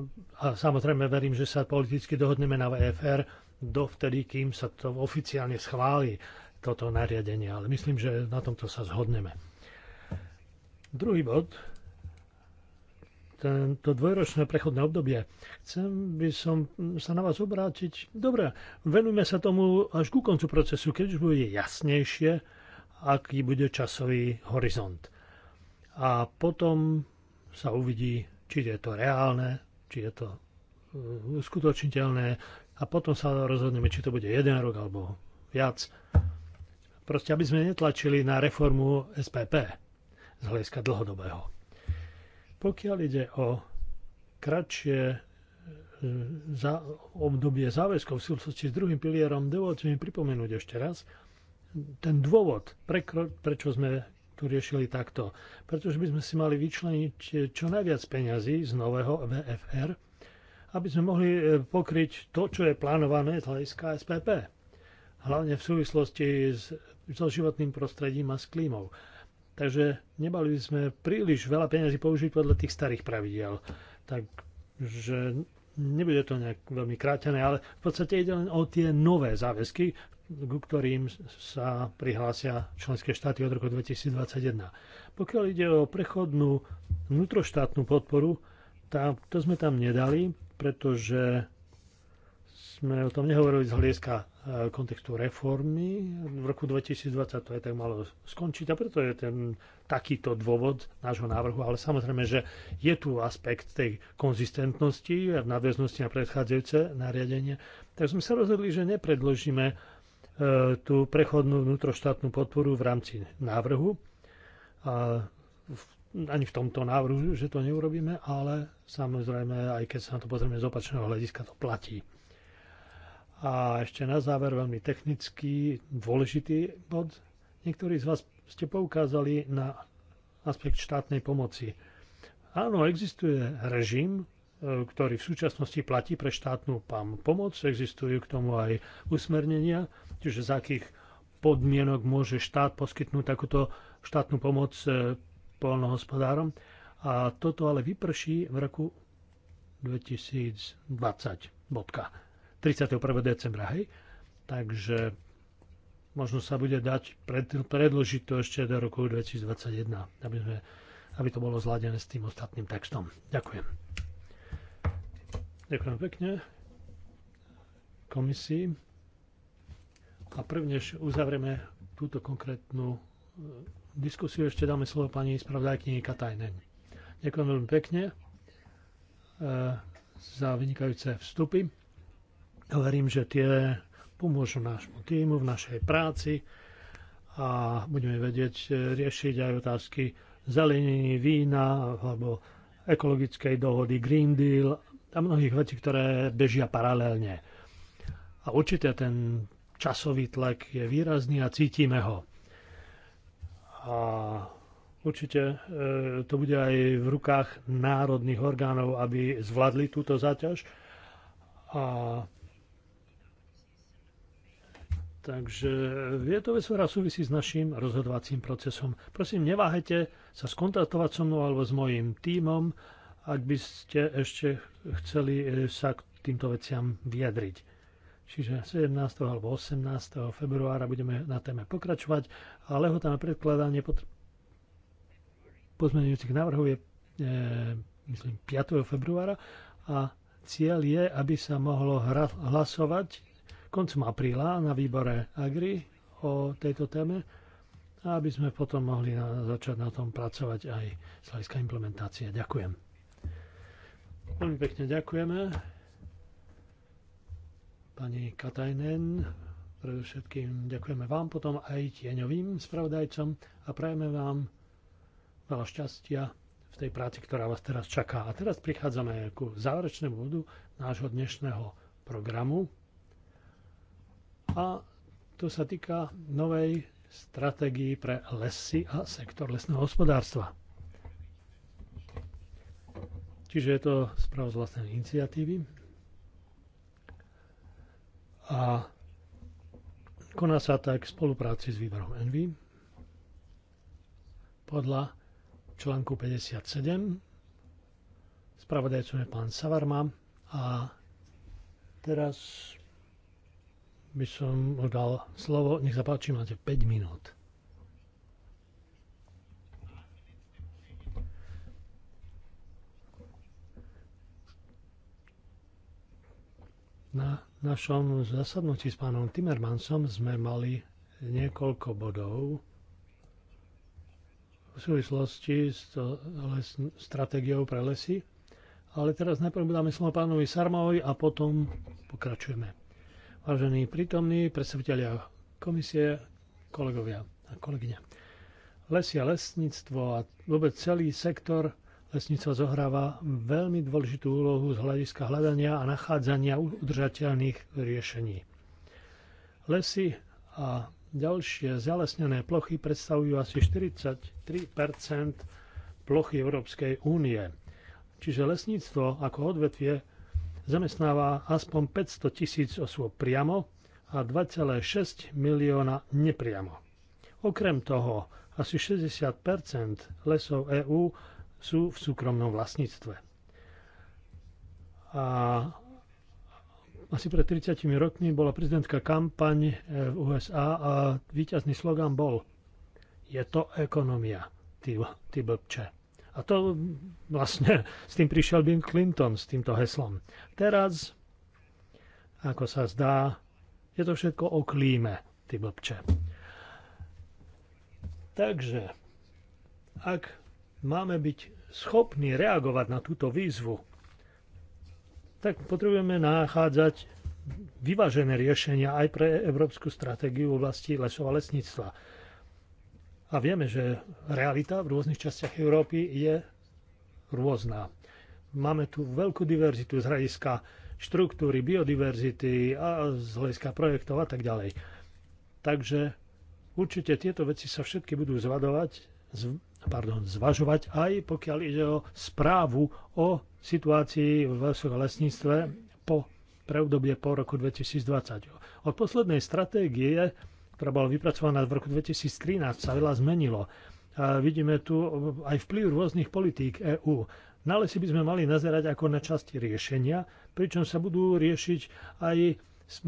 a samozrejme verím, že sa politicky dohodneme na VFR dovtedy, kým sa to oficiálne schváli toto nariadenie, ale myslím, že na tomto sa zhodneme. Druhý bod, tento dvojročné prechodné obdobie. Chcem by som sa na vás obrátiť. Dobre, venujme sa tomu až ku koncu procesu, keď už bude jasnejšie, aký bude časový horizont. A potom sa uvidí, či je to reálne, či je to uh, uskutočniteľné a potom sa rozhodneme, či to bude jeden rok alebo viac. Proste, aby sme netlačili na reformu SPP z hľadiska dlhodobého. Pokiaľ ide o kratšie uh, za obdobie záväzkov v súvislosti s druhým pilierom, dovolte mi pripomenúť ešte raz ten dôvod, prečo sme tu riešili takto. Pretože by sme si mali vyčleniť eh, čo najviac peňazí z nového VFR, aby sme mohli eh, pokryť to, čo je plánované z hľadiska SPP. Hlavne v súvislosti s, so životným prostredím a s klímou. Takže nebali by sme príliš veľa peňazí použiť podľa tých starých pravidiel. Takže nebude to nejak veľmi krátené, ale v podstate ide len o tie nové záväzky, ku ktorým sa prihlásia členské štáty od roku 2021. Pokiaľ ide o prechodnú vnútroštátnu podporu, tá, to sme tam nedali, pretože sme o tom nehovorili z hlieska e, kontextu reformy. V roku 2020 to aj tak malo skončiť a preto je ten takýto dôvod nášho návrhu. Ale samozrejme, že je tu aspekt tej konzistentnosti a v nadväznosti na predchádzajúce nariadenie. Tak sme sa rozhodli, že nepredložíme E, tú prechodnú vnútroštátnu podporu v rámci návrhu. A ani v tomto návrhu, že to neurobíme, ale samozrejme, aj keď sa na to pozrieme z opačného hľadiska, to platí. A ešte na záver veľmi technický, dôležitý bod. Niektorí z vás ste poukázali na aspekt štátnej pomoci. Áno, existuje režim, E, ktorý v súčasnosti platí pre štátnu pomoc. Existujú k tomu aj usmernenia, čiže z akých podmienok môže štát poskytnúť takúto štátnu pomoc e, polnohospodárom. A toto ale vyprší v roku 2020. Bodka. 31. decembra, hej? Takže možno sa bude dať predložiť to ešte do roku 2021, aby, sme, aby to bolo zladené s tým ostatným textom. Ďakujem. Ďakujem pekne komisii. A prvnež uzavrieme túto konkrétnu e, diskusiu. Ešte dáme slovo pani spravodajkyni Katajnen. Ďakujem veľmi pekne e, za vynikajúce vstupy. Verím, že tie pomôžu nášmu týmu v našej práci a budeme vedieť e, riešiť aj otázky zelenení vína alebo ekologickej dohody Green Deal a mnohých vecí, ktoré bežia paralelne. A určite ten časový tlak je výrazný a cítime ho. A určite e, to bude aj v rukách národných orgánov, aby zvládli túto záťaž. A Takže je to vesmera súvisí s našim rozhodovacím procesom. Prosím, neváhajte sa skontaktovať so mnou alebo s mojím tímom ak by ste ešte chceli e, sa k týmto veciam vyjadriť. Čiže 17. alebo 18. februára budeme na téme pokračovať a lehota na predkladanie potr- pozmeňujúcich návrhov je, e, myslím, 5. februára a cieľ je, aby sa mohlo hlasovať koncom apríla na výbore Agri o tejto téme a aby sme potom mohli na, začať na tom pracovať aj z hľadiska implementácie. Ďakujem. Veľmi pekne ďakujeme. Pani Katajnen, predovšetkým ďakujeme vám, potom aj tieňovým spravodajcom a prajeme vám veľa šťastia v tej práci, ktorá vás teraz čaká. A teraz prichádzame ku záverečnému bodu nášho dnešného programu. A to sa týka novej stratégii pre lesy a sektor lesného hospodárstva. Čiže je to správa z vlastnej iniciatívy. A koná sa tak v spolupráci s výborom Envy podľa článku 57. Spravodajcom je pán Savarma a teraz by som mu dal slovo. Nech sa páči, máte 5 minút. Na našom zasadnutí s pánom Timmermansom sme mali niekoľko bodov v súvislosti s to, les, stratégiou pre lesy. Ale teraz najprv dáme slovo pánovi Sarmovi a potom pokračujeme. Vážení prítomní predstaviteľia komisie, kolegovia a kolegyne. Lesy a lesníctvo a vôbec celý sektor Lesníctvo zohráva veľmi dôležitú úlohu z hľadiska hľadania a nachádzania udržateľných riešení. Lesy a ďalšie zalesnené plochy predstavujú asi 43 plochy Európskej únie. Čiže lesníctvo ako odvetvie zamestnáva aspoň 500 tisíc osôb priamo a 2,6 milióna nepriamo. Okrem toho, asi 60 lesov EÚ sú v súkromnom vlastníctve. A asi pred 30 rokmi bola prezidentská kampaň eh, v USA a víťazný slogan bol Je to ekonomia, ty, ty blbče. A to vlastne s tým prišiel Bill Clinton, s týmto heslom. Teraz, ako sa zdá, je to všetko o klíme, ty blbče. Takže, ak máme byť schopní reagovať na túto výzvu, tak potrebujeme nachádzať vyvážené riešenia aj pre európsku stratégiu v oblasti lesov a lesníctva. A vieme, že realita v rôznych častiach Európy je rôzna. Máme tu veľkú diverzitu z hľadiska štruktúry, biodiverzity a z hľadiska projektov a tak ďalej. Takže určite tieto veci sa všetky budú zvadovať, pardon, zvažovať aj pokiaľ ide o správu o situácii v lesníctve po pre po roku 2020. Od poslednej stratégie, ktorá bola vypracovaná v roku 2013, sa veľa zmenilo. A vidíme tu aj vplyv rôznych politík EÚ. Na lesy by sme mali nazerať ako na časti riešenia, pričom sa budú riešiť aj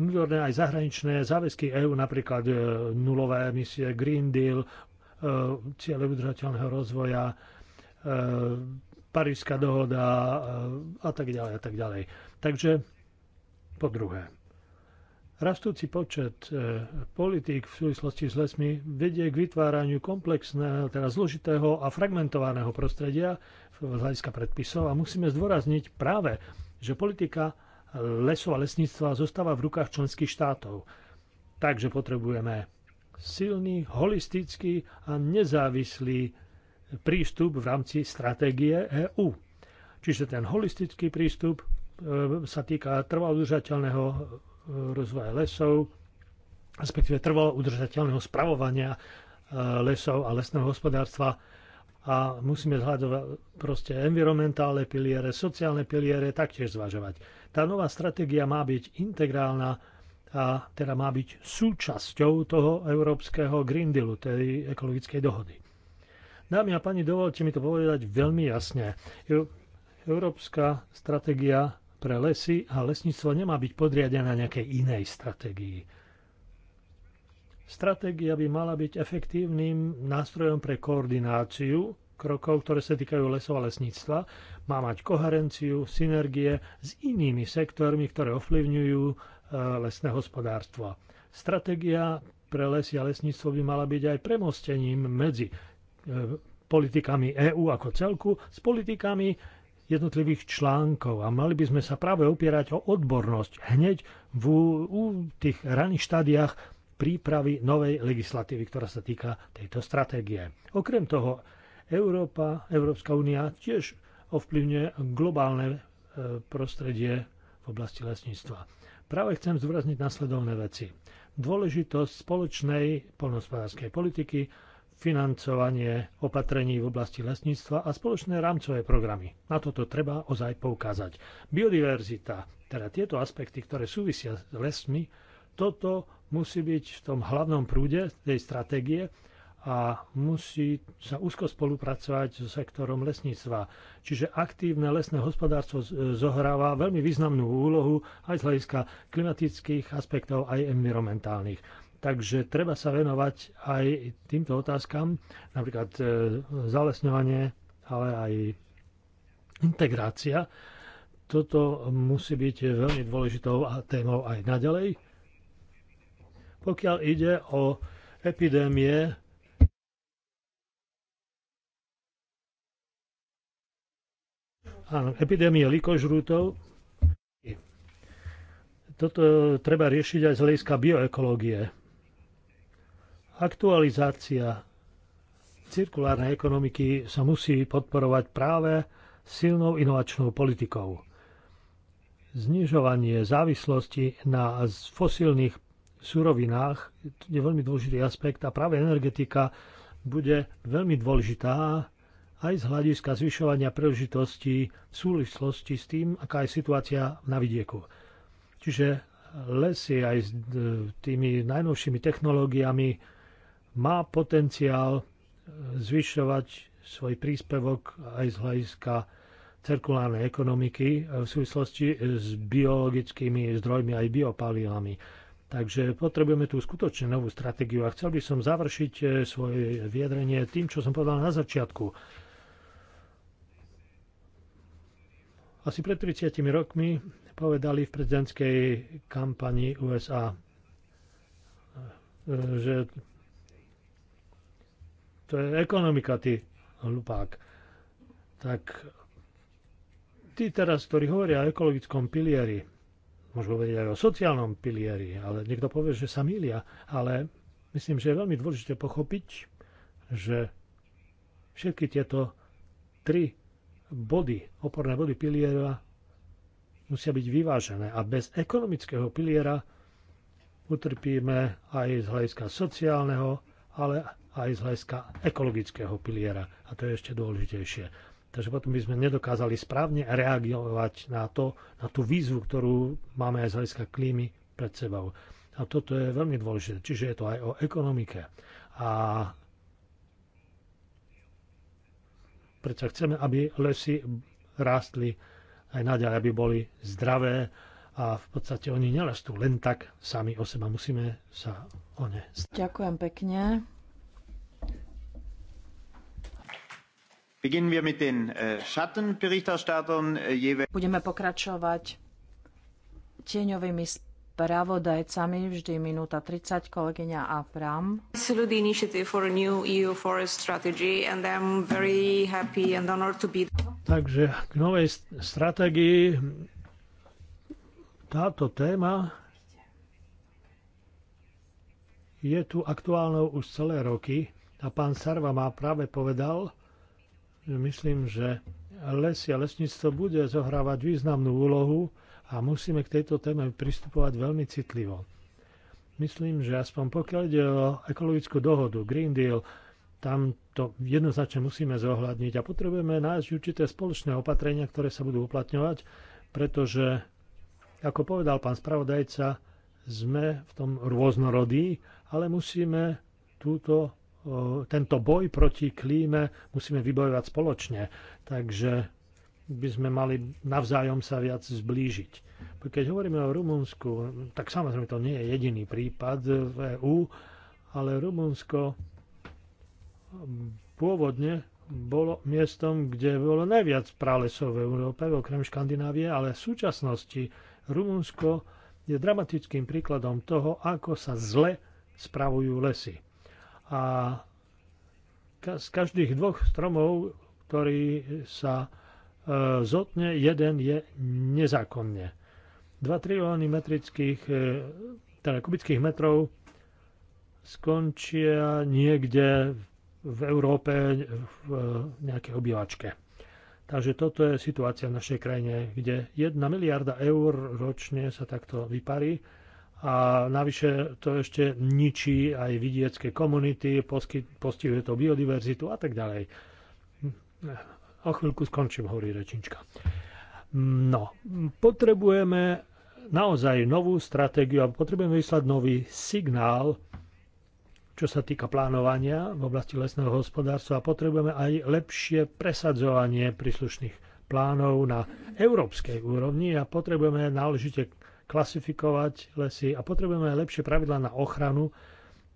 vnútorné aj zahraničné záväzky EÚ, napríklad e, nulové emisie Green Deal, E, cieľe udržateľného rozvoja, e, Parížská dohoda e, a tak ďalej a tak ďalej. Takže po druhé, rastúci počet politík v súvislosti s lesmi vedie k vytváraniu komplexného, teda zložitého a fragmentovaného prostredia z hľadiska predpisov a musíme zdôrazniť práve, že politika lesov a lesníctva zostáva v rukách členských štátov. Takže potrebujeme silný, holistický a nezávislý prístup v rámci stratégie EÚ. Čiže ten holistický prístup e, sa týka trvalo udržateľného e, rozvoja lesov, respektíve trvalo udržateľného spravovania e, lesov a lesného hospodárstva a musíme zhľadovať proste environmentálne piliere, sociálne piliere taktiež zvažovať. Tá nová stratégia má byť integrálna a teda má byť súčasťou toho európskeho Green Dealu, tej ekologickej dohody. Dámy a pani, dovolte mi to povedať veľmi jasne. Európska stratégia pre lesy a lesníctvo nemá byť podriadená nejakej inej stratégii. Stratégia by mala byť efektívnym nástrojom pre koordináciu krokov, ktoré sa týkajú lesov a lesníctva. Má mať koherenciu, synergie s inými sektormi, ktoré ovplyvňujú E, lesné hospodárstvo. Stratégia pre lesy a lesníctvo by mala byť aj premostením medzi e, politikami EÚ ako celku s politikami jednotlivých článkov a mali by sme sa práve opierať o odbornosť hneď v v tých raných štádiách prípravy novej legislatívy, ktorá sa týka tejto stratégie. Okrem toho, Európa, Európska únia tiež ovplyvňuje globálne e, prostredie v oblasti lesníctva. Práve chcem zdôrazniť nasledovné veci. Dôležitosť spoločnej polnospodárskej politiky, financovanie opatrení v oblasti lesníctva a spoločné rámcové programy. Na toto treba ozaj poukázať. Biodiverzita, teda tieto aspekty, ktoré súvisia s lesmi, toto musí byť v tom hlavnom prúde tej stratégie a musí sa úzko spolupracovať so sektorom lesníctva. Čiže aktívne lesné hospodárstvo zohráva veľmi významnú úlohu aj z hľadiska klimatických aspektov, aj environmentálnych. Takže treba sa venovať aj týmto otázkam, napríklad e, zalesňovanie, ale aj integrácia. Toto musí byť veľmi dôležitou témou aj naďalej. Pokiaľ ide o epidémie, Áno, epidémie likožrútov. Toto treba riešiť aj z hľadiska bioekológie. Aktualizácia cirkulárnej ekonomiky sa musí podporovať práve silnou inovačnou politikou. Znižovanie závislosti na fosílnych surovinách je veľmi dôležitý aspekt a práve energetika bude veľmi dôležitá aj z hľadiska zvyšovania príležitostí v súvislosti s tým, aká je situácia na vidieku. Čiže lesy aj s e, tými najnovšími technológiami má potenciál e, zvyšovať svoj príspevok aj z hľadiska cirkulárnej ekonomiky e, v súvislosti s biologickými zdrojmi aj biopalivami. Takže potrebujeme tú skutočne novú stratégiu a chcel by som završiť svoje vyjadrenie tým, čo som povedal na začiatku. Asi pred 30 rokmi povedali v prezidentskej kampani USA, e, že to je ekonomika, ty hlupák. Tak tí teraz, ktorí hovoria o ekologickom pilieri, môžu povedať aj o sociálnom pilieri, ale niekto povie, že sa milia, ale myslím, že je veľmi dôležité pochopiť, že všetky tieto tri body, oporné body piliera musia byť vyvážené a bez ekonomického piliera utrpíme aj z hľadiska sociálneho, ale aj z hľadiska ekologického piliera. A to je ešte dôležitejšie. Takže potom by sme nedokázali správne reagovať na, to, na tú výzvu, ktorú máme aj z hľadiska klímy pred sebou. A toto je veľmi dôležité. Čiže je to aj o ekonomike. A Preto chceme, aby lesy rástli aj naďalej, aby boli zdravé a v podstate oni nerastú len tak sami o seba. Musíme sa o ne starať. Ďakujem pekne. Äh, äh, Budeme pokračovať tieňovými sp- spravodajcami, vždy minúta 30, kolegyňa Afram. E Takže k novej stratégii táto téma je tu aktuálnou už celé roky a pán Sarva má práve povedal, že myslím, že lesy a lesníctvo bude zohrávať významnú úlohu a musíme k tejto téme pristupovať veľmi citlivo. Myslím, že aspoň pokiaľ ide o ekologickú dohodu, Green Deal, tam to jednoznačne musíme zohľadniť a potrebujeme nájsť určité spoločné opatrenia, ktoré sa budú uplatňovať, pretože, ako povedal pán spravodajca, sme v tom rôznorodí, ale musíme túto, tento boj proti klíme musíme vybojovať spoločne. Takže by sme mali navzájom sa viac zblížiť. Keď hovoríme o Rumunsku, tak samozrejme to nie je jediný prípad v EÚ, ale Rumunsko pôvodne bolo miestom, kde bolo najviac pralesov v Európe, okrem Škandinávie, ale v súčasnosti Rumunsko je dramatickým príkladom toho, ako sa zle spravujú lesy. A z každých dvoch stromov, ktorí sa zotne, jeden je nezákonne. 2 trilióny metrických, e, teda kubických metrov skončia niekde v Európe v e, nejakej obývačke. Takže toto je situácia v našej krajine, kde 1 miliarda eur ročne sa takto vyparí a navyše to ešte ničí aj vidiecké komunity, postihuje to biodiverzitu a tak ďalej a chvíľku skončím, hovorí rečnička. No, potrebujeme naozaj novú stratégiu a potrebujeme vyslať nový signál, čo sa týka plánovania v oblasti lesného hospodárstva a potrebujeme aj lepšie presadzovanie príslušných plánov na európskej úrovni a potrebujeme náležite klasifikovať lesy a potrebujeme aj lepšie pravidla na ochranu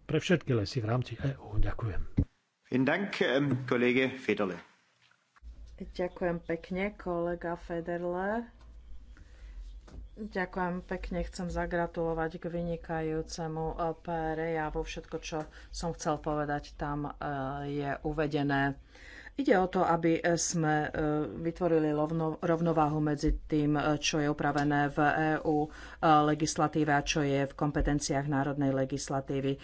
pre všetky lesy v rámci EÚ. Ďakujem. Vielen Dank, ähm, kolege Federle. Ďakujem pekne, kolega Federle. Ďakujem pekne, chcem zagratulovať k vynikajúcemu eh, prejavu. Všetko, čo som chcel povedať, tam eh, je uvedené. Ide o to, aby sme e, vytvorili rovnováhu medzi tým, e, čo je upravené v EÚ e, legislatíve a čo je v kompetenciách národnej legislatívy.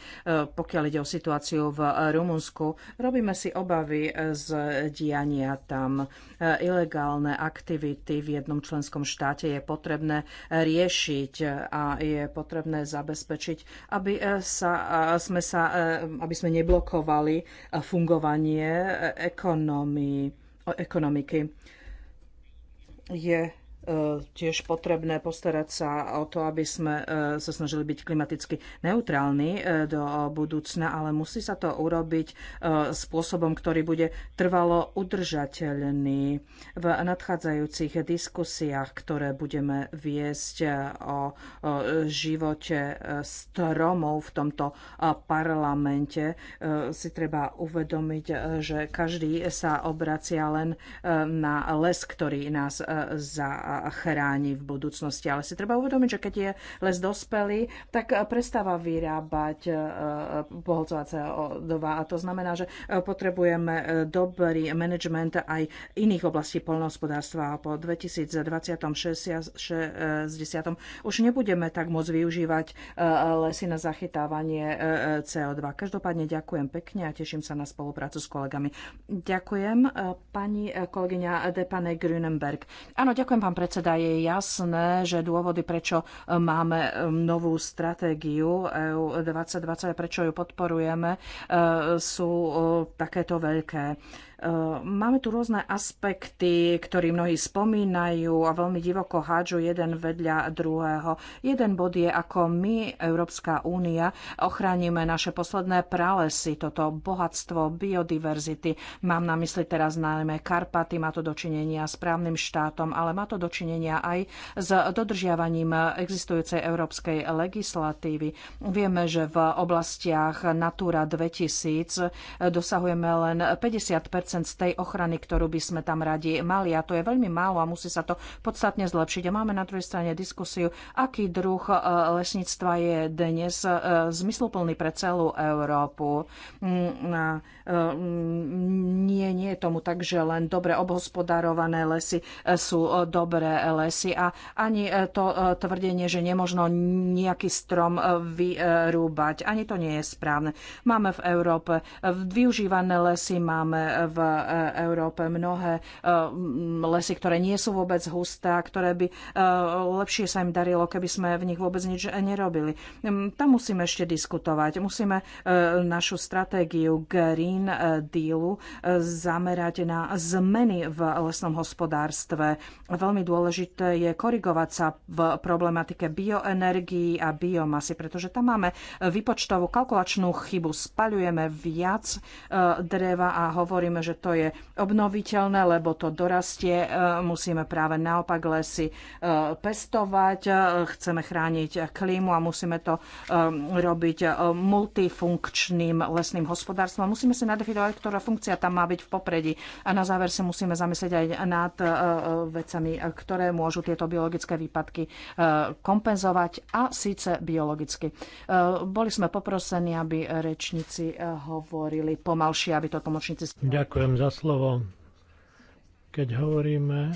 Pokiaľ ide o situáciu v Rumunsku, robíme si obavy z diania tam. Ilegálne aktivity v jednom členskom štáte je potrebné riešiť a je potrebné zabezpečiť, aby, sa, sme, sa, aby sme neblokovali fungovanie ekonomiky ekonomii, ekonomiky. Je E, tiež potrebné postarať sa o to, aby sme e, sa snažili byť klimaticky neutrálni e, do budúcna, ale musí sa to urobiť spôsobom, ktorý bude trvalo udržateľný. V nadchádzajúcich diskusiách, ktoré budeme viesť o živote stromov v tomto parlamente, si treba uvedomiť, že každý sa obracia len na les, ktorý nás za a chráni v budúcnosti. Ale si treba uvedomiť, že keď je les dospelý, tak eh, prestáva vyrábať eh, eh, poholcová CO2 a to znamená, že potrebujeme dobrý management aj iných oblastí polnohospodárstva a po 2020 už nebudeme tak môcť využívať lesy na zachytávanie CO2. Každopádne ďakujem pekne a teším sa na spoluprácu s kolegami. Ďakujem pani kolegyňa Depane Grünenberg. Áno, ďakujem vám predseda, je jasné, že dôvody, prečo máme um, novú stratégiu EU 2020 a prečo ju podporujeme, uh, sú uh, takéto veľké. Ehm, máme tu rôzne aspekty, ktoré mnohí spomínajú a veľmi divoko hádžu jeden vedľa druhého. Jeden bod je, ako my, Európska únia, ochránime naše posledné pralesy, toto bohatstvo biodiverzity. Mám na mysli teraz najmä Karpaty, má to dočinenia s právnym štátom, ale má to dočinenia aj s dodržiavaním existujúcej európskej legislatívy. Vieme, že v oblastiach Natura 2000 dosahujeme len 50 z tej ochrany, ktorú by sme tam radi mali. A to je veľmi málo a musí sa to podstatne zlepšiť. A máme na druhej strane diskusiu, aký druh e, lesníctva je dnes e, zmysluplný pre celú Európu. Mm, e, mm, nie, nie je tomu tak, že len dobre obhospodárované lesy sú dobré lesy a ani to tvrdenie, že nemožno nejaký strom vyrúbať, ani to nie je správne. Máme v Európe využívané lesy, máme v E, Európe mnohé e, lesy, ktoré nie sú vôbec husté, ktoré by e, lepšie sa im darilo, keby sme v nich vôbec nič nerobili. Tam musíme ešte diskutovať. Musíme našu stratégiu Green Dealu zamerať na zmeny v lesnom hospodárstve. Veľmi dôležité je korigovať sa v problematike bioenergii a biomasy, pretože tam máme vypočtovú kalkulačnú chybu. Spaľujeme viac dreva a hovoríme, že že to je obnoviteľné, lebo to dorastie. E, musíme práve naopak lesy e, pestovať, e, chceme chrániť klímu a musíme to robiť multifunkčným lesným hospodárstvom. Musíme si nadefinovať, ktorá funkcia tam má byť v popredí. A na záver si musíme zamyslieť aj nad vecami, ktoré môžu tieto biologické výpadky kompenzovať a síce biologicky. Boli sme poprosení, aby rečníci hovorili pomalšie, aby to tlmočníci... Ďakujem. Ďakujem za slovo. Keď hovoríme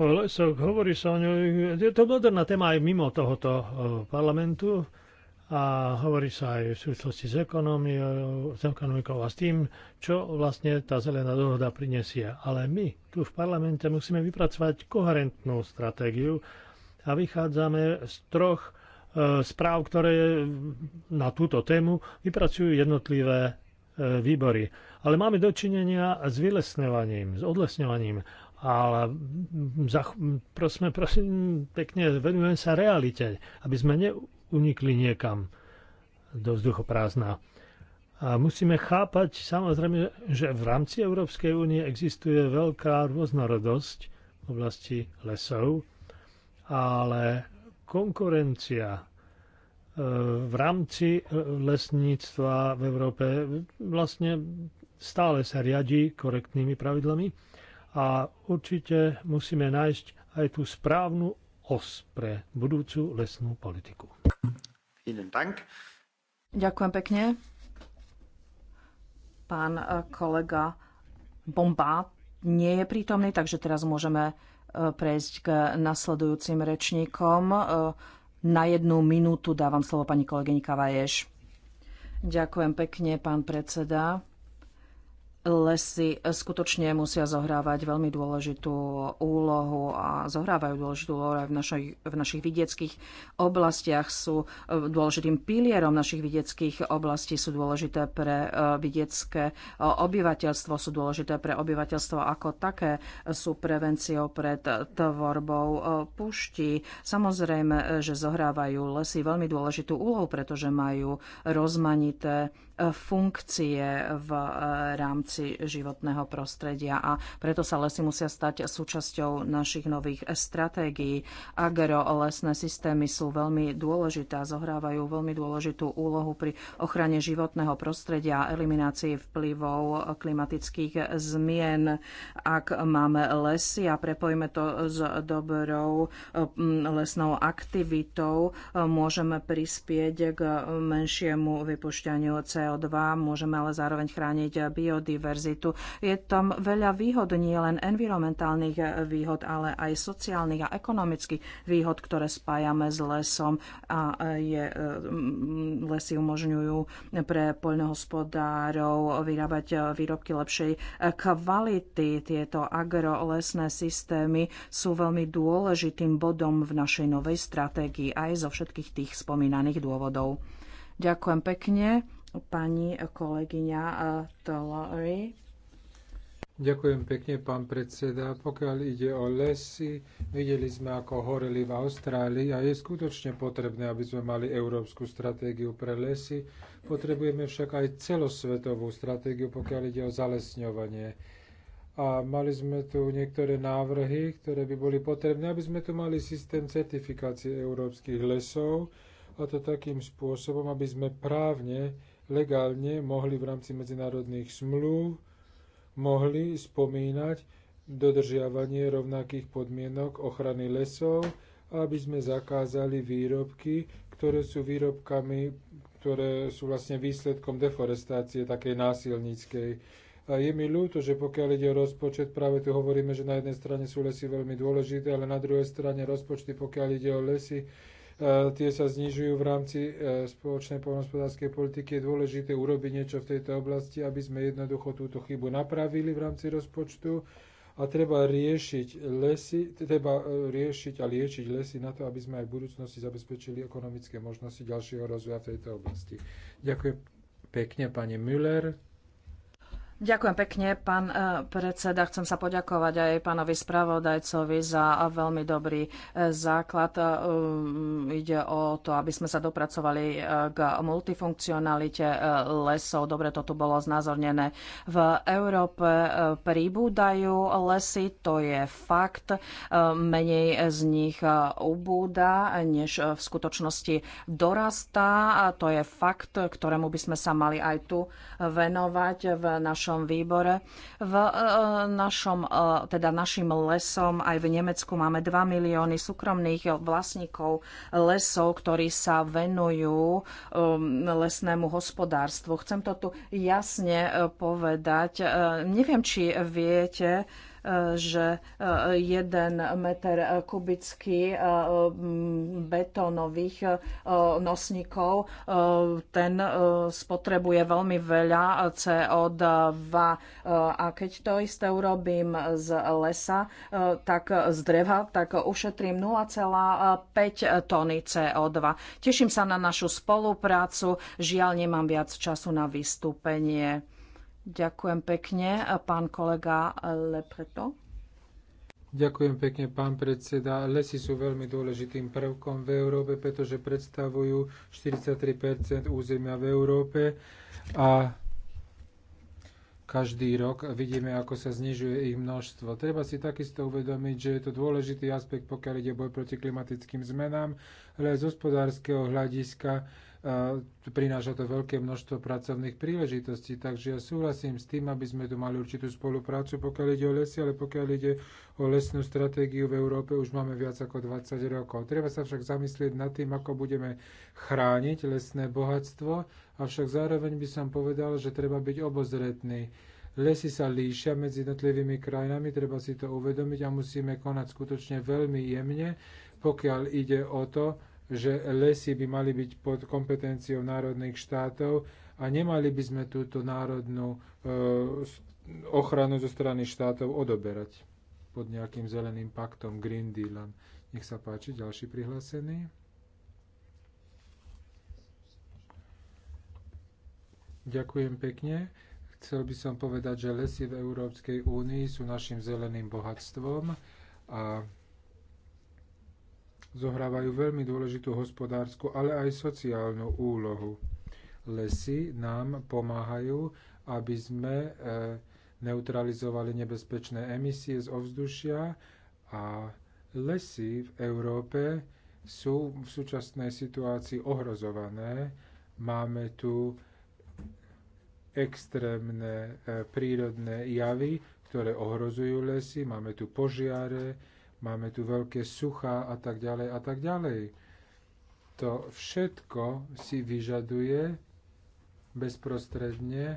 o lesoch, hovorí sa o ňu, je to moderná téma aj mimo tohoto parlamentu a hovorí sa aj v súvislosti s, ekonomiou, s ekonomikou a s tým, čo vlastne tá zelená dohoda prinesie. Ale my tu v parlamente musíme vypracovať koherentnú stratégiu a vychádzame z troch e, správ, ktoré na túto tému vypracujú jednotlivé e, výbory. Ale máme dočinenia s vylesňovaním, s odlesňovaním. Ale zach, prosme, prosím, pekne venujeme sa realite, aby sme neunikli niekam do vzduchoprázdna. A musíme chápať samozrejme, že v rámci Európskej únie existuje veľká rôznorodosť v oblasti lesov, ale konkurencia e, v rámci e, lesníctva v Európe e, vlastne stále sa riadi korektnými pravidlami a určite musíme nájsť aj tú správnu os pre budúcu lesnú politiku. Ďakujem pekne. Pán eh, kolega Bomba nie je prítomný, takže teraz môžeme eh, prejsť k nasledujúcim rečníkom. Eh, na jednu minútu dávam slovo pani kolegyni Kavaješ. Ďakujem pekne, pán predseda lesy skutočne musia zohrávať veľmi dôležitú úlohu a zohrávajú dôležitú úlohu aj v, našoj, v našich vidieckých oblastiach. Sú e, dôležitým pilierom našich vidieckých oblastí, sú dôležité pre e, vidiecké e, obyvateľstvo, sú dôležité pre obyvateľstvo ako také, sú prevenciou pred tvorbou pušti. Samozrejme, že zohrávajú lesy veľmi dôležitú úlohu, pretože majú rozmanité funkcie v e, rámci životného prostredia a preto sa lesy musia stať súčasťou našich nových stratégií. Agrolesné lesné systémy sú veľmi dôležité a zohrávajú veľmi dôležitú úlohu pri ochrane životného prostredia a eliminácii vplyvov klimatických zmien. Ak máme lesy a prepojíme to s dobrou lesnou aktivitou, e, môžeme prispieť k menšiemu vypušťaniu CO CO2, môžeme ale zároveň chrániť biodiverzitu. Je tam veľa výhod, nie len environmentálnych výhod, ale aj sociálnych a ekonomických výhod, ktoré spájame s lesom a je, mm, lesy umožňujú pre poľnohospodárov vyrábať výrobky lepšej kvality. Tieto agrolesné systémy sú veľmi dôležitým bodom v našej novej stratégii aj zo všetkých tých spomínaných dôvodov. Ďakujem pekne pani kolegyňa eh, Tolori. Ďakujem pekne, pán predseda. Pokiaľ ide o lesy, videli sme, ako horeli v Austrálii a je skutočne potrebné, aby sme mali európsku stratégiu pre lesy. Potrebujeme však aj celosvetovú stratégiu, pokiaľ ide o zalesňovanie. A mali sme tu niektoré návrhy, ktoré by boli potrebné, aby sme tu mali systém certifikácie európskych lesov, a to takým spôsobom, aby sme právne legálne mohli v rámci medzinárodných zmluv mohli spomínať dodržiavanie rovnakých podmienok ochrany lesov, aby sme zakázali výrobky, ktoré sú výrobkami, ktoré sú vlastne výsledkom deforestácie takej násilníckej. A je mi ľúto, že pokiaľ ide o rozpočet, práve tu hovoríme, že na jednej strane sú lesy veľmi dôležité, ale na druhej strane rozpočty, pokiaľ ide o lesy, tie sa znižujú v rámci e, spoločnej poľnohospodárskej politiky. Je dôležité urobiť niečo v tejto oblasti, aby sme jednoducho túto chybu napravili v rámci rozpočtu a treba riešiť lesy, treba e, riešiť a liečiť lesy na to, aby sme aj v budúcnosti zabezpečili ekonomické možnosti ďalšieho rozvoja v tejto oblasti. Ďakujem pekne, pani Müller. Ďakujem pekne, pán e, predseda. Chcem sa poďakovať aj pánovi spravodajcovi za veľmi dobrý e, základ. E, um, ide o to, aby sme sa dopracovali k multifunkcionalite lesov. Dobre, to tu bolo znázornené. V Európe pribúdajú lesy, to je fakt. Menej z nich ubúda, než v skutočnosti dorastá. to je fakt, ktorému by sme sa mali aj tu venovať v našom našom výbore. V e, našom, e, teda našim lesom aj v Nemecku máme 2 milióny súkromných vlastníkov lesov, ktorí sa venujú um, lesnému hospodárstvu. Chcem to tu jasne e, povedať. Neviem, či viete, že e, jeden meter kubický e, betónových e, nosníkov ten spotrebuje veľmi veľa CO2 a keď to isté urobím z lesa, tak z dreva, tak ušetrím 0,5 tony CO2. Teším sa na našu spoluprácu, žiaľ nemám viac času na vystúpenie. Ďakujem pekne, pán kolega Lepreto. Ďakujem pekne, pán predseda. Lesy sú veľmi dôležitým prvkom v Európe, pretože predstavujú 43 územia v Európe a každý rok vidíme, ako sa znižuje ich množstvo. Treba si takisto uvedomiť, že je to dôležitý aspekt, pokiaľ ide boj proti klimatickým zmenám, ale aj z hospodárskeho hľadiska prináša to veľké množstvo pracovných príležitostí. Takže ja súhlasím s tým, aby sme tu mali určitú spoluprácu, pokiaľ ide o lesy, ale pokiaľ ide o lesnú stratégiu v Európe, už máme viac ako 20 rokov. Treba sa však zamyslieť nad tým, ako budeme chrániť lesné bohatstvo, avšak zároveň by som povedal, že treba byť obozretný. Lesy sa líšia medzi jednotlivými krajinami, treba si to uvedomiť a musíme konať skutočne veľmi jemne, pokiaľ ide o to, že lesy by mali byť pod kompetenciou národných štátov a nemali by sme túto národnú eh, ochranu zo strany štátov odoberať pod nejakým zeleným paktom, Green Dealom. Nech sa páči, ďalší prihlásený. Ďakujem pekne. Chcel by som povedať, že lesy v Európskej únii sú našim zeleným bohatstvom a zohrávajú veľmi dôležitú hospodársku, ale aj sociálnu úlohu. Lesy nám pomáhajú, aby sme e, neutralizovali nebezpečné emisie z ovzdušia a lesy v Európe sú v súčasnej situácii ohrozované. Máme tu extrémne e, prírodné javy, ktoré ohrozujú lesy, máme tu požiare, Máme tu veľké suchá a tak ďalej a tak ďalej. To všetko si vyžaduje bezprostredne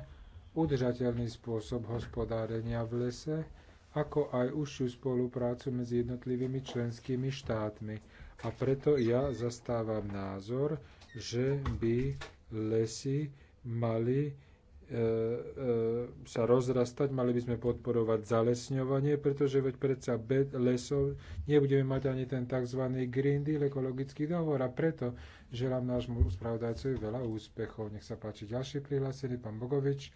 udržateľný spôsob hospodárenia v lese, ako aj užšiu spoluprácu medzi jednotlivými členskými štátmi. A preto ja zastávam názor, že by lesy mali E, e, sa rozrastať, mali by sme podporovať zalesňovanie, pretože veď predsa bez lesov nebudeme mať ani ten tzv. Green Deal, ekologický dohovor a preto želám nášmu spravodajcovi veľa úspechov. Nech sa páči ďalší prihlásený, pán Bogovič.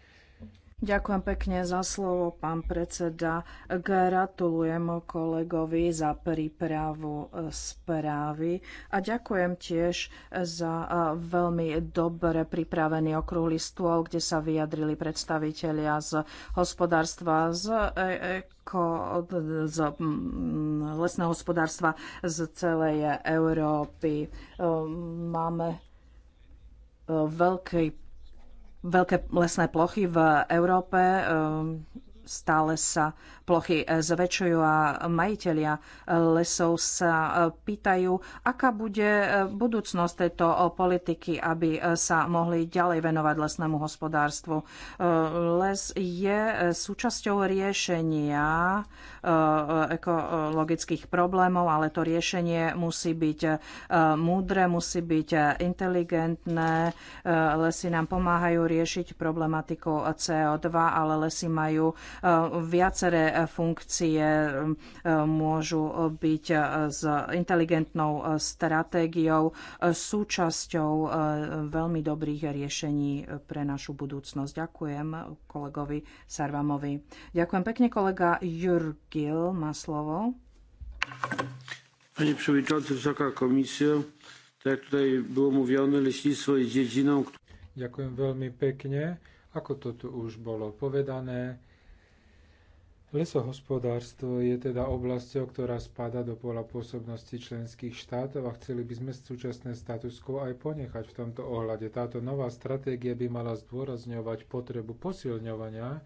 Ďakujem pekne za slovo, pán predseda. Gratulujem kolegovi za prípravu e, správy a ďakujem tiež za e, veľmi dobre pripravený okrúhly stôl, kde sa vyjadrili predstavitelia z hospodárstva, z e, z mm, lesného hospodárstva z celej Európy. Máme veľký veľké lesné plochy v Európe ehm, stále sa plochy zväčšujú a majiteľia lesov sa pýtajú, aká bude budúcnosť tejto politiky, aby sa mohli ďalej venovať lesnému hospodárstvu. Les je súčasťou riešenia eh, ekologických problémov, ale to riešenie musí byť eh, múdre, musí byť eh, inteligentné. Lesy nám pomáhajú riešiť problematiku CO2, ale lesy majú viaceré funkcie eh, môžu byť eh, s inteligentnou eh, stratégiou súčasťou veľmi dobrých riešení pre našu budúcnosť. Ďakujem kolegovi Sarvamovi. Ďakujem pekne, kolega Jurgil má slovo. Panie Przewodniczący, Wysoka Komisja, tak jak tutaj było mówione, leśnictwo jest dziedziną... Ďakujem veľmi pekne. Ako to tu už bolo povedané, Lesohospodárstvo je teda oblasťou, ktorá spada do pola pôsobnosti členských štátov a chceli by sme súčasné status quo aj ponechať v tomto ohľade. Táto nová stratégia by mala zdôrazňovať potrebu posilňovania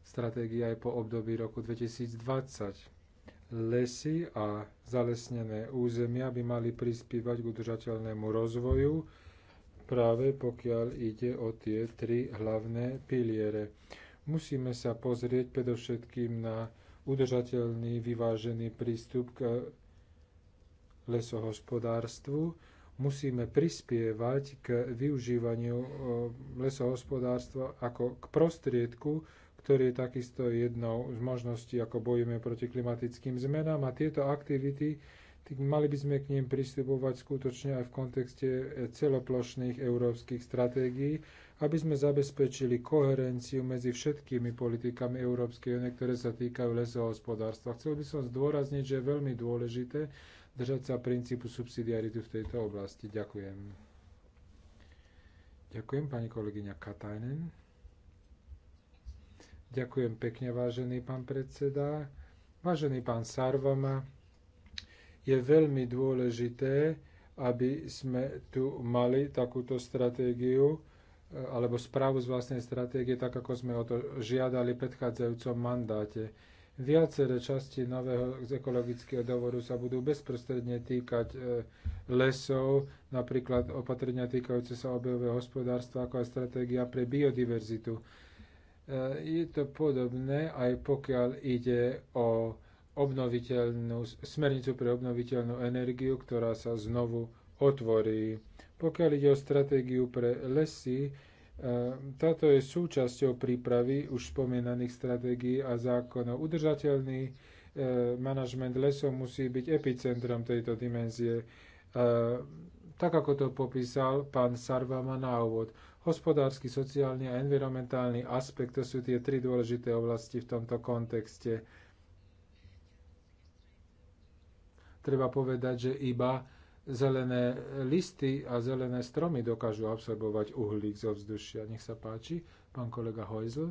stratégie aj po období roku 2020. Lesy a zalesnené územia by mali prispievať k udržateľnému rozvoju práve pokiaľ ide o tie tri hlavné piliere Musíme sa pozrieť predovšetkým na udržateľný, vyvážený prístup k lesohospodárstvu. Musíme prispievať k využívaniu eh, lesohospodárstva ako k prostriedku, ktorý je takisto jednou z možností, ako bojujeme proti klimatickým zmenám. A tieto aktivity, mali by sme k ním pristupovať skutočne aj v kontexte eh, celoplošných európskych stratégií, aby sme zabezpečili koherenciu medzi všetkými politikami Európskej únie, ktoré sa týkajú lesohospodárstva. Chcel by som zdôrazniť, že je veľmi dôležité držať sa princípu subsidiarity v tejto oblasti. Ďakujem. Ďakujem, pani kolegyňa Katajnen. Ďakujem pekne, vážený pán predseda. Vážený pán Sarvama, je veľmi dôležité, aby sme tu mali takúto stratégiu, alebo správu z vlastnej stratégie, tak ako sme o to žiadali v predchádzajúcom mandáte. Viaceré časti nového ekologického dohovoru sa budú bezprostredne týkať e, lesov, napríklad opatrenia týkajúce sa obehového hospodárstva, ako aj stratégia pre biodiverzitu. E, je to podobné aj pokiaľ ide o obnoviteľnú, smernicu pre obnoviteľnú energiu, ktorá sa znovu otvorí. Pokiaľ ide o stratégiu pre lesy, e, táto je súčasťou prípravy už spomínaných stratégií a zákonov. Udržateľný e, manažment lesov musí byť epicentrom tejto dimenzie. E, tak ako to popísal pán Sarvama na úvod, hospodársky, sociálny a environmentálny aspekt, to sú tie tri dôležité oblasti v tomto kontexte. Treba povedať, že iba Zelené listy a zelené stromy dokážu absorbovať uhlík zo vzdušia. Nech sa páči, pán kolega Hojzl.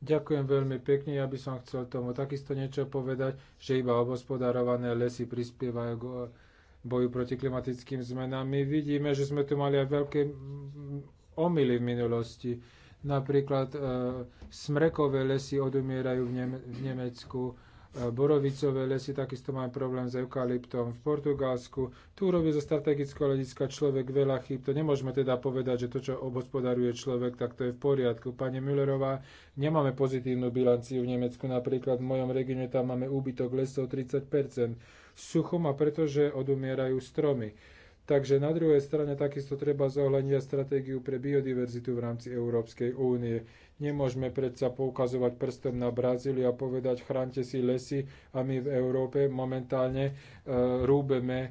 Ďakujem veľmi pekne. Ja by som chcel tomu takisto niečo povedať, že iba obospodárované lesy prispievajú k boju proti klimatickým zmenám. My vidíme, že sme tu mali aj veľké omily v minulosti. Napríklad e, smrekové lesy odumierajú v, Neme- v Nemecku borovicové lesy, takisto máme problém s eukalyptom v Portugalsku. Tu robí zo strategického hľadiska človek veľa chýb. To nemôžeme teda povedať, že to, čo obhospodaruje človek, tak to je v poriadku. Pani Müllerová, nemáme pozitívnu bilanciu v Nemecku. Napríklad v mojom regióne tam máme úbytok lesov 30 suchom a pretože odumierajú stromy. Takže na druhej strane takisto treba zohľadniť stratégiu pre biodiverzitu v rámci Európskej únie. Nemôžeme predsa poukazovať prstom na Brazíliu a povedať, chránte si lesy a my v Európe momentálne e, rúbeme e,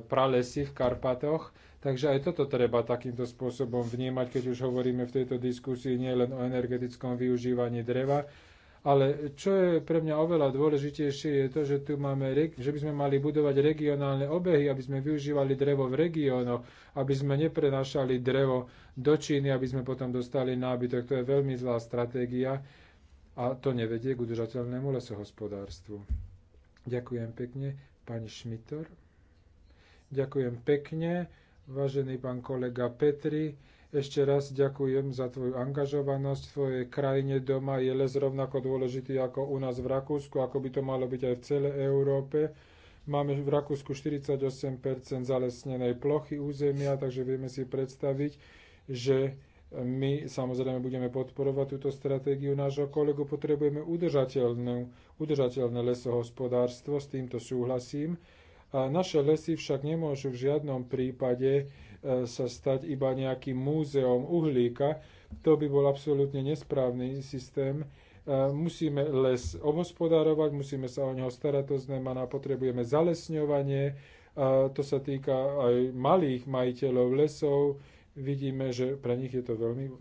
pralesy v Karpatoch. Takže aj toto treba takýmto spôsobom vnímať, keď už hovoríme v tejto diskusii nielen o energetickom využívaní dreva, ale čo je pre mňa oveľa dôležitejšie je to, že tu máme, že by sme mali budovať regionálne obehy, aby sme využívali drevo v regiónoch, aby sme neprenašali drevo do Číny, aby sme potom dostali nábytok. To je veľmi zlá stratégia a to nevedie k udržateľnému lesohospodárstvu. Ďakujem pekne, pani Šmitor. Ďakujem pekne, vážený pán kolega Petri. Ešte raz ďakujem za tvoju angažovanosť. V tvojej krajine doma je les rovnako dôležitý ako u nás v Rakúsku, ako by to malo byť aj v celej Európe. Máme v Rakúsku 48 zalesnenej plochy územia, takže vieme si predstaviť, že my samozrejme budeme podporovať túto stratégiu nášho kolegu. Potrebujeme udržateľné lesohospodárstvo, s týmto súhlasím. A naše lesy však nemôžu v žiadnom prípade E, sa stať iba nejakým múzeom uhlíka. To by bol absolútne nesprávny systém. E, musíme les obhospodárovať, musíme sa o neho starať, to znamená, potrebujeme zalesňovanie, e, to sa týka aj malých majiteľov lesov. Vidíme, že pre nich je to veľmi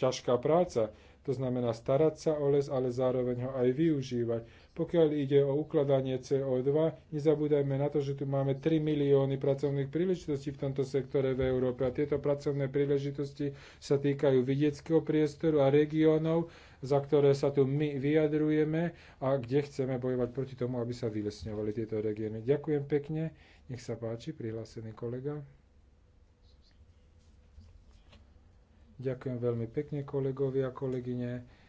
ťažká práca. To znamená starať sa o les, ale zároveň ho aj využívať. Pokiaľ ide o ukladanie CO2, nezabúdajme na to, že tu máme 3 milióny pracovných príležitostí v tomto sektore v Európe a tieto pracovné príležitosti sa týkajú vidieckého priestoru a regiónov, za ktoré sa tu my vyjadrujeme a kde chceme bojovať proti tomu, aby sa vylesňovali tieto regióny. Ďakujem pekne. Nech sa páči, prihlásený kolega. Ďakujem veľmi pekne kolegovia a kolegyne.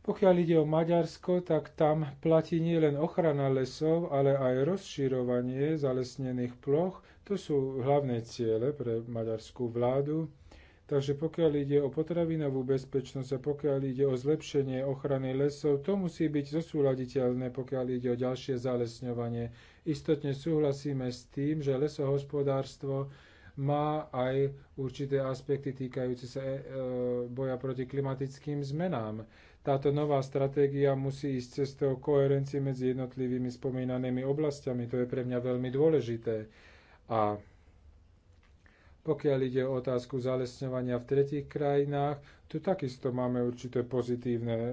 Pokiaľ ide o Maďarsko, tak tam platí nielen ochrana lesov, ale aj rozširovanie zalesnených ploch. To sú hlavné ciele pre maďarskú vládu. Takže pokiaľ ide o potravinovú bezpečnosť a pokiaľ ide o zlepšenie ochrany lesov, to musí byť zosúladiteľné, pokiaľ ide o ďalšie zalesňovanie. Istotne súhlasíme s tým, že lesohospodárstvo má aj určité aspekty týkajúce sa e, e, boja proti klimatickým zmenám. Táto nová stratégia musí ísť cestou koherencie medzi jednotlivými spomínanými oblastiami. To je pre mňa veľmi dôležité. A pokiaľ ide o otázku zalesňovania v tretích krajinách, tu takisto máme určité pozitívne e,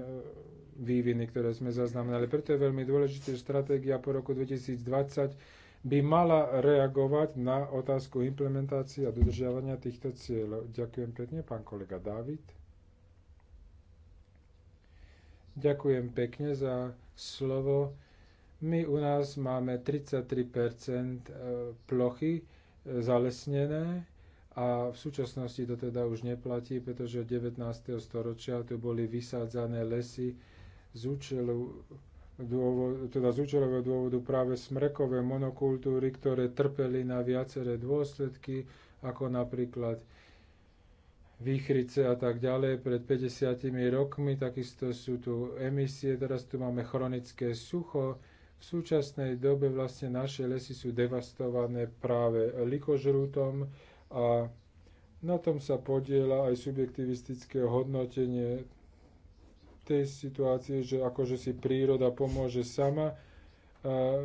výviny, ktoré sme zaznamenali. Preto je veľmi dôležité, že stratégia po roku 2020 by mala reagovať na otázku implementácie a dodržiavania týchto cieľov. Ďakujem pekne, pán kolega David. Ďakujem pekne za slovo. My u nás máme 33% e, plochy e, zalesnené a v súčasnosti to teda už neplatí, pretože od 19. storočia tu boli vysádzané lesy z účelu dôvod, teda z účelového dôvodu práve smrekové monokultúry, ktoré trpeli na viaceré dôsledky, ako napríklad výchrice a tak ďalej pred 50 rokmi, takisto sú tu emisie, teraz tu máme chronické sucho. V súčasnej dobe vlastne naše lesy sú devastované práve likožrútom a na tom sa podiela aj subjektivistické hodnotenie tej situácie, že akože si príroda pomôže sama.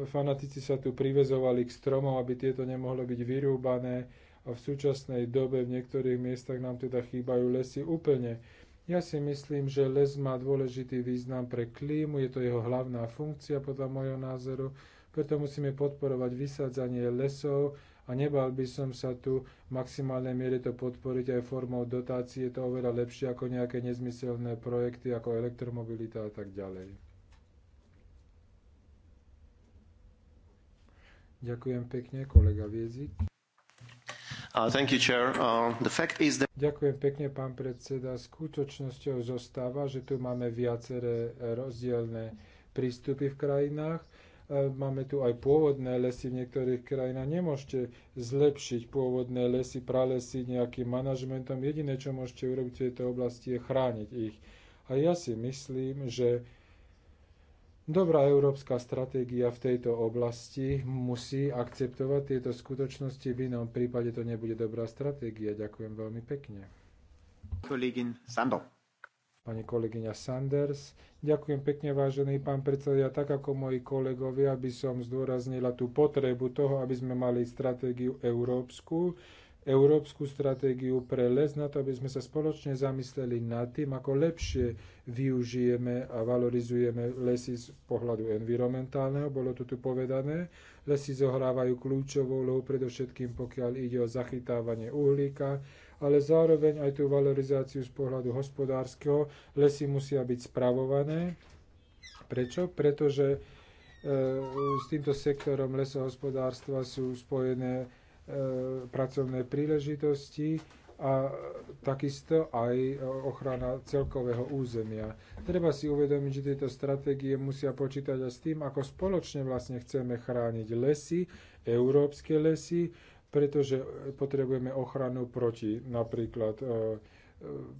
Fanatici sa tu privezovali k stromom, aby tieto nemohlo byť vyrúbané a v súčasnej dobe v niektorých miestach nám teda chýbajú lesy úplne. Ja si myslím, že les má dôležitý význam pre klímu, je to jeho hlavná funkcia podľa môjho názoru, preto musíme podporovať vysádzanie lesov a nebal by som sa tu v maximálnej miere to podporiť aj formou dotácií, je to oveľa lepšie ako nejaké nezmyselné projekty ako elektromobilita a tak ďalej. Ďakujem pekne, kolega Viezik. Uh, uh, Ďakujem pekne, pán predseda. Skutočnosťou zostáva, že tu máme viaceré eh, rozdielne prístupy v krajinách. Eh, máme tu aj pôvodné lesy v niektorých krajinách. Nemôžete zlepšiť pôvodné lesy, pralesy nejakým manažmentom. Jediné, čo môžete urobiť v tejto oblasti, je chrániť ich. A ja si myslím, že Dobrá európska stratégia v tejto oblasti musí akceptovať tieto skutočnosti, v inom prípade to nebude dobrá stratégia. Ďakujem veľmi pekne. Kolegin Sando. Pani kolegyňa Sanders, ďakujem pekne, vážený pán predseda. Tak ako moji kolegovia by som zdôraznila tú potrebu toho, aby sme mali stratégiu európsku, európsku stratégiu pre les, na to, aby sme sa spoločne zamysleli nad tým, ako lepšie využijeme a valorizujeme lesy z pohľadu environmentálneho. Bolo to tu povedané. Lesy zohrávajú kľúčovú úlohu, predovšetkým pokiaľ ide o zachytávanie uhlíka, ale zároveň aj tú valorizáciu z pohľadu hospodárskeho. Lesy musia byť spravované. Prečo? Pretože e, s týmto sektorom lesohospodárstva sú spojené E, pracovné príležitosti a takisto aj e, ochrana celkového územia. Treba si uvedomiť, že tieto stratégie musia počítať aj s tým, ako spoločne vlastne chceme chrániť lesy, európske lesy, pretože potrebujeme ochranu proti napríklad e,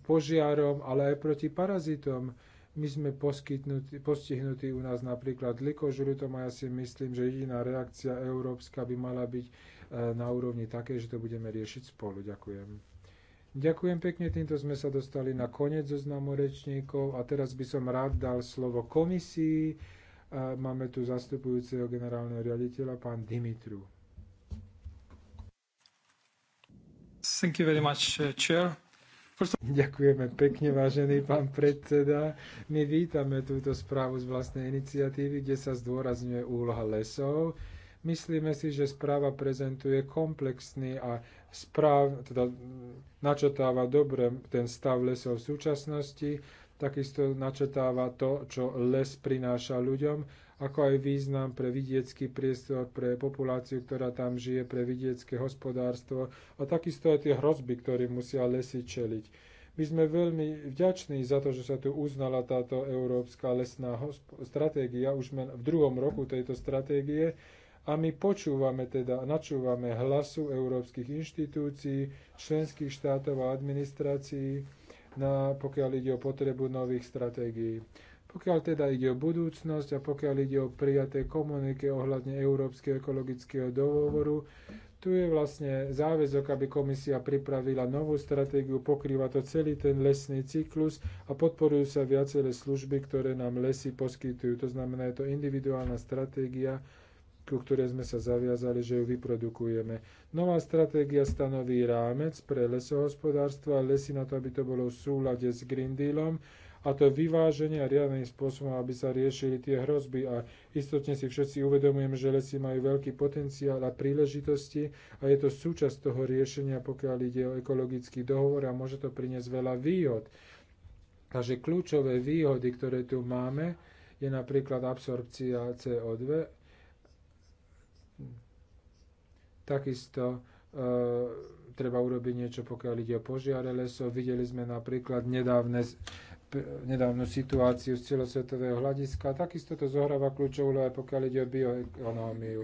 požiarom, ale aj proti parazitom my sme postihnutí u nás napríklad likožrutom a ja si myslím, že jediná reakcia európska by mala byť E, na úrovni také, že to budeme riešiť spolu. Ďakujem. Ďakujem pekne, týmto sme sa dostali na koniec zoznamu rečníkov a teraz by som rád dal slovo komisii. E, máme tu zastupujúceho generálneho riaditeľa, pán Dimitru. Thank you very much, uh, chair. First... Ďakujeme pekne, vážený pán predseda. My vítame túto správu z vlastnej iniciatívy, kde sa zdôrazňuje úloha lesov Myslíme si, že správa prezentuje komplexný a správ, teda načetáva dobre ten stav lesov v súčasnosti, takisto načetáva to, čo les prináša ľuďom, ako aj význam pre vidiecký priestor, pre populáciu, ktorá tam žije, pre vidiecké hospodárstvo a takisto aj tie hrozby, ktoré musia lesy čeliť. My sme veľmi vďační za to, že sa tu uznala táto európska lesná stratégia už v druhom roku tejto stratégie a my počúvame teda, načúvame hlasu európskych inštitúcií, členských štátov a administrácií, na, pokiaľ ide o potrebu nových stratégií. Pokiaľ teda ide o budúcnosť a pokiaľ ide o prijaté komunike ohľadne Európskeho ekologického dohovoru, tu je vlastne záväzok, aby komisia pripravila novú stratégiu, pokrýva to celý ten lesný cyklus a podporujú sa viaceré služby, ktoré nám lesy poskytujú. To znamená, je to individuálna stratégia, ku ktoré sme sa zaviazali, že ju vyprodukujeme. Nová stratégia stanoví rámec pre lesohospodárstvo a lesy na to, aby to bolo v súlade s Green Dealom a to vyváženie a riadným spôsobom, aby sa riešili tie hrozby. A istotne si všetci uvedomujeme, že lesy majú veľký potenciál a príležitosti a je to súčasť toho riešenia, pokiaľ ide o ekologický dohovor a môže to priniesť veľa výhod. Takže kľúčové výhody, ktoré tu máme, je napríklad absorpcia CO2 Takisto e, treba urobiť niečo, pokiaľ ide o požiare lesov. Videli sme napríklad nedávne, nedávnu situáciu z celosvetového hľadiska. Takisto to zohráva kľúčovú aj pokiaľ ide o bioekonómiu.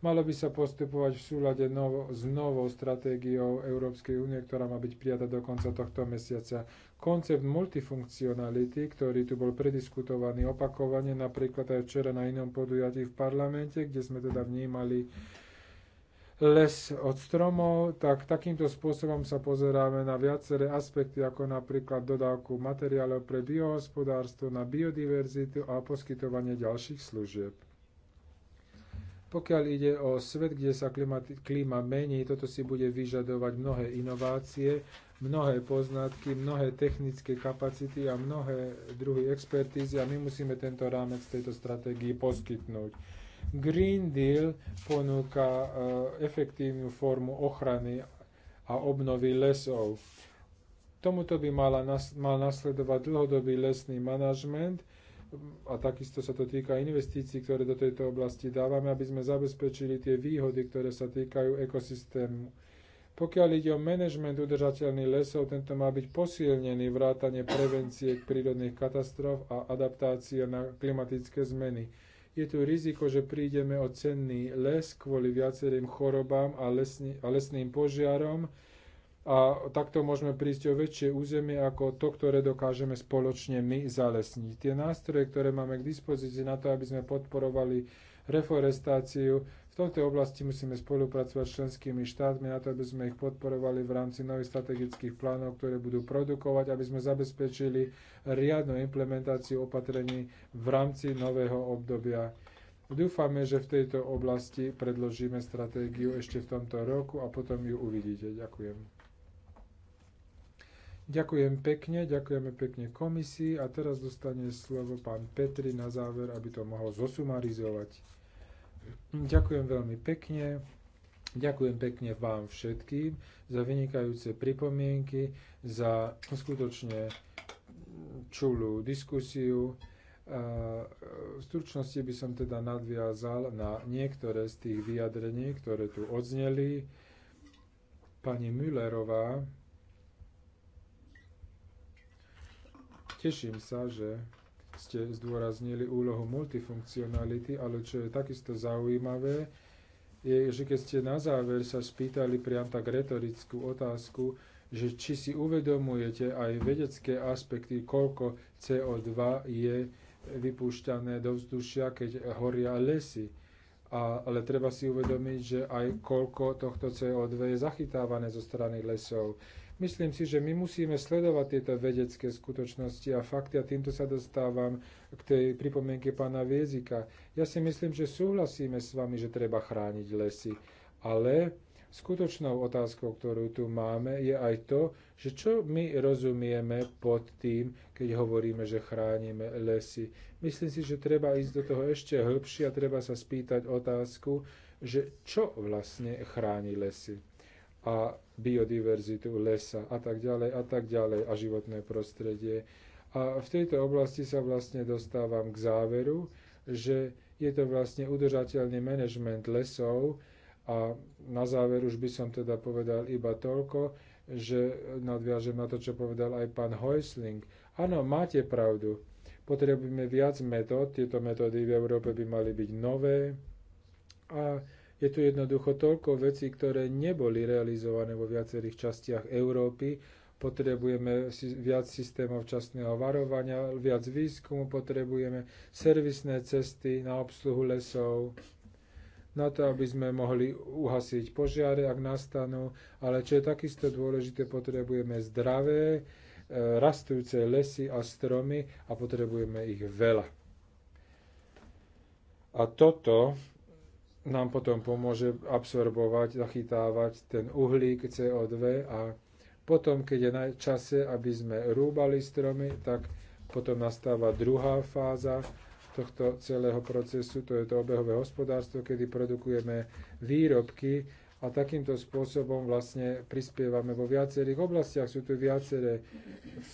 Malo by sa postupovať v súlade novo, s novou stratégiou Európskej únie, ktorá má byť prijata do konca tohto mesiaca. Koncept multifunkcionality, ktorý tu bol prediskutovaný opakovane, napríklad aj včera na inom podujatí v parlamente, kde sme teda vnímali uh, les od stromov, tak takýmto spôsobom sa pozeráme na viaceré aspekty, ako napríklad dodávku materiálov pre biohospodárstvo, na biodiverzitu a poskytovanie ďalších služieb. Pokiaľ ide o svet, kde sa klima, klíma mení, toto si bude vyžadovať mnohé inovácie, mnohé poznatky, mnohé technické kapacity a mnohé druhy expertízy a my musíme tento rámec tejto stratégii poskytnúť. Green Deal ponúka eh, efektívnu formu ochrany a obnovy lesov. Tomuto by mala, mal nasledovať dlhodobý lesný manažment a takisto sa to týka investícií, ktoré do tejto oblasti dávame, aby sme zabezpečili tie výhody, ktoré sa týkajú ekosystému. Pokiaľ ide o manažment udržateľných lesov, tento má byť posilnený vrátane prevencie k prírodných katastrof a adaptácia na klimatické zmeny je tu riziko, že prídeme o cenný les kvôli viacerým chorobám a, a lesným požiarom a takto môžeme prísť o väčšie územie ako to, ktoré dokážeme spoločne my zalesniť. Tie nástroje, ktoré máme k dispozícii na to, aby sme podporovali reforestáciu, tejto oblasti musíme spolupracovať s členskými štátmi na to, aby sme ich podporovali v rámci nových strategických plánov, ktoré budú produkovať, aby sme zabezpečili riadnu implementáciu opatrení v rámci nového obdobia. Dúfame, že v tejto oblasti predložíme stratégiu ešte v tomto roku a potom ju uvidíte. Ďakujem. Ďakujem pekne, ďakujeme pekne komisii a teraz dostane slovo pán Petri na záver, aby to mohol zosumarizovať. Ďakujem veľmi pekne. Ďakujem pekne vám všetkým za vynikajúce pripomienky, za skutočne čulú diskusiu. E, v stručnosti by som teda nadviazal na niektoré z tých vyjadrení, ktoré tu odzneli. Pani Müllerová, teším sa, že ste zdôraznili úlohu multifunkcionality, ale čo je takisto zaujímavé, je, že keď ste na záver sa spýtali priam tak retorickú otázku, že či si uvedomujete aj vedecké aspekty, koľko CO2 je vypúšťané do vzdušia, keď horia lesy. A, ale treba si uvedomiť, že aj koľko tohto CO2 je zachytávané zo strany lesov. Myslím si, že my musíme sledovať tieto vedecké skutočnosti a fakty a týmto sa dostávam k tej pripomienke pána Viezika. Ja si myslím, že súhlasíme s vami, že treba chrániť lesy, ale skutočnou otázkou, ktorú tu máme, je aj to, že čo my rozumieme pod tým, keď hovoríme, že chránime lesy. Myslím si, že treba ísť do toho ešte hĺbšie a treba sa spýtať otázku, že čo vlastne chráni lesy. A biodiverzitu lesa a tak ďalej a tak ďalej a životné prostredie. A v tejto oblasti sa vlastne dostávam k záveru, že je to vlastne udržateľný manažment lesov a na záver už by som teda povedal iba toľko, že nadviažem na to, čo povedal aj pán Heusling. Áno, máte pravdu. Potrebujeme viac metód. Tieto metódy v Európe by mali byť nové a je tu jednoducho toľko vecí, ktoré neboli realizované vo viacerých častiach Európy. Potrebujeme viac systémov včasného varovania, viac výskumu, potrebujeme servisné cesty na obsluhu lesov, na to, aby sme mohli uhasiť požiare, ak nastanú, ale čo je takisto dôležité, potrebujeme zdravé, e, rastúce lesy a stromy a potrebujeme ich veľa. A toto nám potom pomôže absorbovať, zachytávať ten uhlík CO2 a potom, keď je na čase, aby sme rúbali stromy, tak potom nastáva druhá fáza tohto celého procesu, to je to obehové hospodárstvo, kedy produkujeme výrobky a takýmto spôsobom vlastne prispievame vo viacerých oblastiach. Sú tu viaceré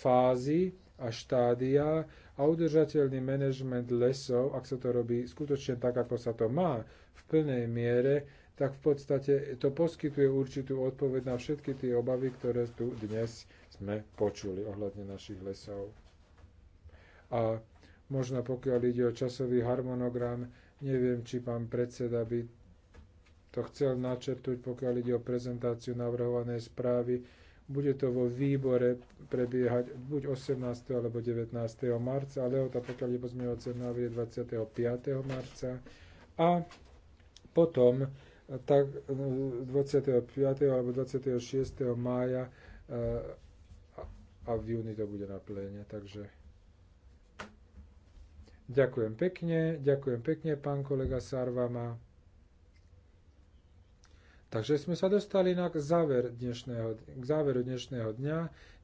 fázy a štádia a udržateľný manažment lesov, ak sa to robí skutočne tak, ako sa to má, v plnej miere, tak v podstate to poskytuje určitú odpoveď na všetky tie obavy, ktoré tu dnes sme počuli ohľadne našich lesov. A možno pokiaľ ide o časový harmonogram, neviem, či pán predseda by to chcel načrtuť, pokiaľ ide o prezentáciu navrhovanej správy. Bude to vo výbore prebiehať buď 18. alebo 19. marca, ale o to pokiaľ je pozmeňovacie návrhy 25. marca. A potom tak 25. Eh, alebo 26. mája eh, a v júni to bude na pléne, takže ďakujem pekne, ďakujem pekne pán kolega Sarvama. Takže sme sa dostali na záver dnešného, k záveru dnešného dňa.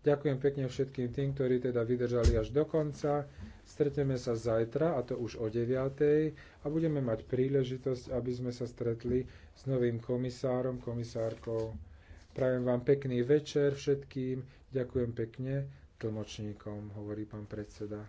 Ďakujem pekne všetkým tým, ktorí teda vydržali až do konca. Stretneme sa zajtra, a to už o 9. a budeme mať príležitosť, aby sme sa stretli s novým komisárom, komisárkou. Prajem vám pekný večer všetkým. Ďakujem pekne tlmočníkom, hovorí pán predseda.